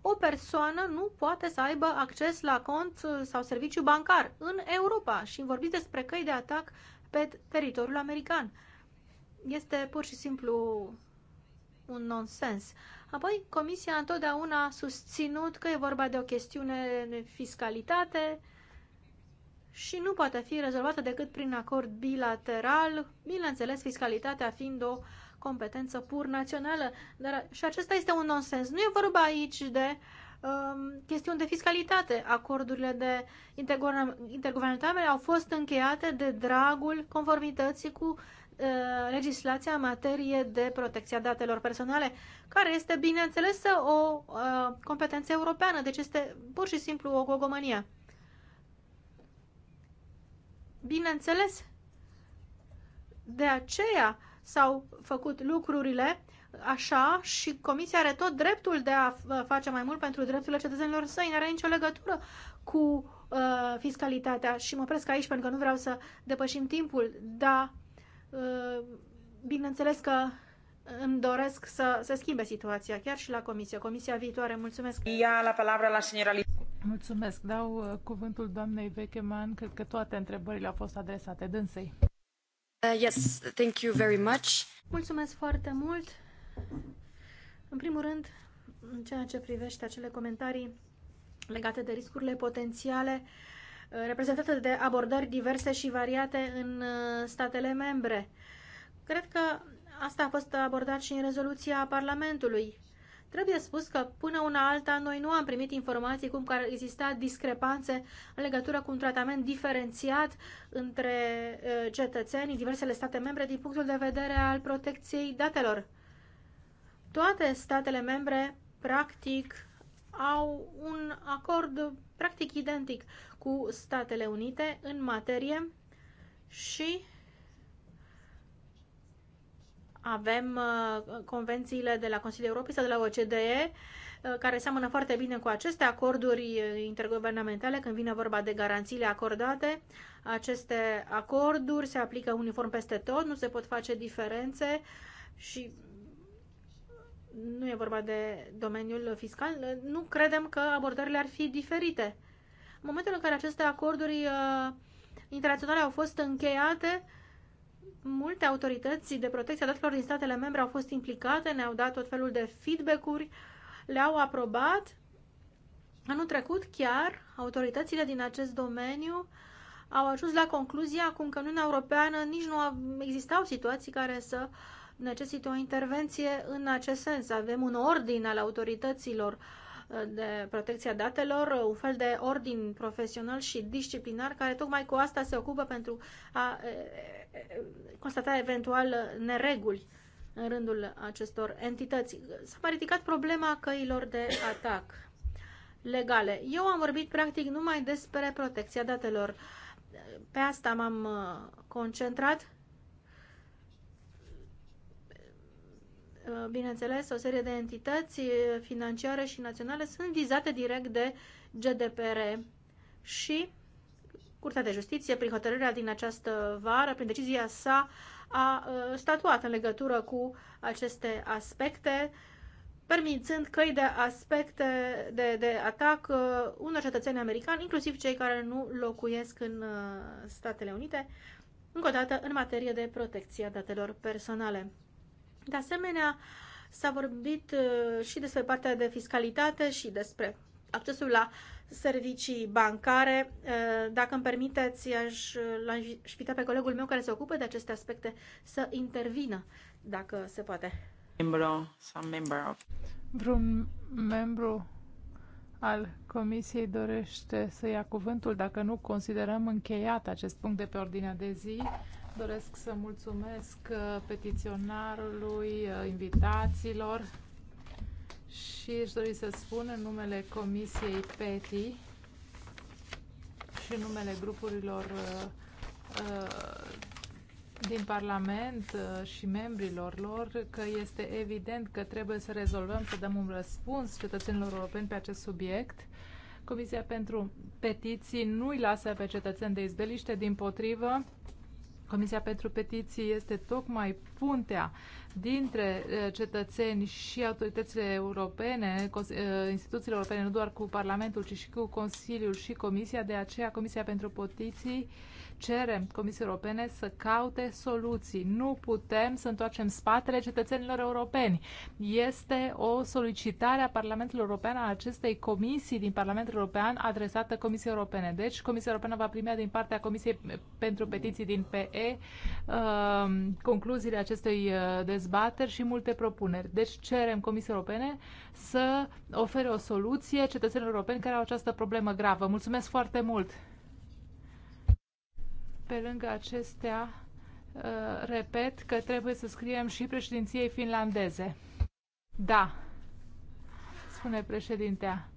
o persoană nu poate să aibă acces la cont sau serviciu bancar în Europa și vorbiți despre căi de atac pe teritoriul american. Este pur și simplu un nonsens. Apoi, Comisia întotdeauna a susținut că e vorba de o chestiune de fiscalitate, și nu poate fi rezolvată decât prin acord bilateral, bineînțeles fiscalitatea fiind o competență pur națională. Dar și acesta este un nonsens. Nu e vorba aici de um, chestiuni de fiscalitate. Acordurile de interguvernamentale au fost încheiate de dragul conformității cu uh, legislația în materie de protecția datelor personale, care este, bineînțeles, o uh, competență europeană, deci este pur și simplu o gogomanie. Bineînțeles, de aceea s-au făcut lucrurile așa și Comisia are tot dreptul de a face mai mult pentru drepturile cetățenilor săi, nu are nicio legătură cu uh, fiscalitatea și mă opresc aici pentru că nu vreau să depășim timpul, dar uh, bineînțeles că îmi doresc să se schimbe situația, chiar și la comisie, comisia viitoare. Mulțumesc. Ia la palabra la señora Mulțumesc. Dau uh, cuvântul doamnei Vecheman. Cred că toate întrebările au fost adresate dânsei. Uh, yes, thank you very much. Mulțumesc foarte mult. În primul rând, în ceea ce privește acele comentarii legate de riscurile potențiale uh, reprezentate de abordări diverse și variate în uh, statele membre. Cred că asta a fost abordat și în rezoluția Parlamentului. Trebuie spus că până una alta noi nu am primit informații cum că ar exista discrepanțe în legătură cu un tratament diferențiat între cetățenii diversele state membre din punctul de vedere al protecției datelor. Toate statele membre, practic, au un acord practic identic cu Statele Unite în materie și avem uh, convențiile de la Consiliul Europei sau de la OCDE uh, care seamănă foarte bine cu aceste acorduri uh, interguvernamentale când vine vorba de garanțiile acordate. Aceste acorduri se aplică uniform peste tot, nu se pot face diferențe și nu e vorba de domeniul fiscal, nu credem că abordările ar fi diferite. În momentul în care aceste acorduri internaționale au fost încheiate, uh, multe autorități de protecție a datelor din statele membre au fost implicate, ne-au dat tot felul de feedback-uri, le-au aprobat. Anul trecut chiar, autoritățile din acest domeniu au ajuns la concluzia cum că în Uniunea Europeană nici nu existau situații care să necesite o intervenție în acest sens. Avem un ordin al autorităților uh, de protecția datelor, uh, un fel de ordin profesional și disciplinar care tocmai cu asta se ocupă pentru a uh, constata eventual nereguli în rândul acestor entități. S-a mai ridicat problema căilor de atac legale. Eu am vorbit practic numai despre protecția datelor. Pe asta m-am uh, concentrat. Uh, bineînțeles, o serie de entități uh, financiare și naționale sunt vizate direct de GDPR și Curtea de Justiție, prin hotărârea din această vară, prin decizia sa, a uh, statuat în legătură cu aceste aspecte, permițând căi de aspecte de, de atac uh, unor cetățeni americani, inclusiv cei care nu locuiesc în uh, Statele Unite, încă o dată în materie de protecție a datelor personale. De asemenea, s-a vorbit și despre partea de fiscalitate și despre accesul la uh, servicii bancare. Eh, dacă îmi permiteți, aș aș invita pe colegul meu care se ocupă de aceste aspecte să intervină, dacă se poate. Membru, Vreun membru al Comisiei dorește să ia cuvântul. Dacă nu, considerăm încheiat acest punct de pe ordinea de zi. Doresc să mulțumesc eh, petiționarului, eh, invitațiilor și își dori să spun în numele Comisiei PETI și în numele grupurilor uh, uh, din Parlament uh, și membrilor lor că este evident că trebuie să rezolvăm, să dăm un răspuns cetățenilor europeni pe acest subiect. Comisia pentru Petiții nu îi lasă pe cetățeni de izbeliște, din potrivă, Comisia pentru Petiții este tocmai puntea uh, dintre eh, cetățeni și autoritățile europene, eh, instituțiile europene, nu doar cu Parlamentul, ci și cu Consiliul și Comisia. De aceea, Comisia pentru Petiții cerem Comisiei Europene să caute soluții. Nu putem să întoarcem spatele cetățenilor europeni. Este o solicitare a Parlamentului European, a acestei comisii din Parlamentul European adresată Comisiei Europene. Deci, Comisia Europeană va primea din partea Comisiei pentru Petiții din PE um, concluziile acestei uh, dezbateri și multe propuneri. Deci, cerem Comisiei Europene să ofere o soluție cetățenilor europeni care au această problemă gravă. Mulțumesc foarte mult! Pe lângă acestea, uh, repet că trebuie să scriem și președinției finlandeze. Da, spune președintea.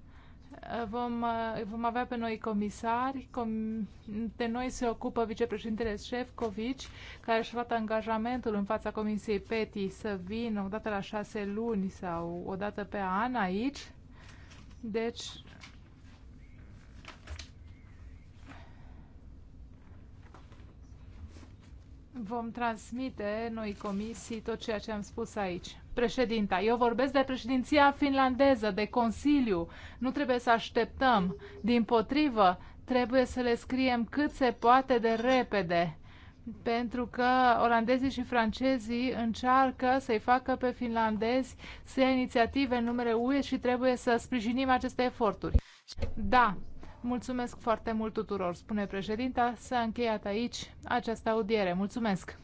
Uh, vom, uh, vom avea pe noi comisari, com, de noi se ocupă vicepreședintele Șefcovici, care și-a luat angajamentul în fața Comisiei PETI să vină odată la șase luni sau odată pe an aici. Deci Vom transmite noi comisii tot ceea ce am spus aici. Președinta, eu vorbesc de președinția finlandeză, de Consiliu. Nu trebuie să așteptăm. Din potrivă, trebuie să le scriem cât se poate de repede. Pentru că olandezii și francezii încearcă să-i facă pe finlandezi să ia inițiative în numele UE și trebuie să sprijinim aceste eforturi. Da, Mulțumesc foarte mult tuturor, spune președinta. S-a încheiat aici această audiere. Mulțumesc!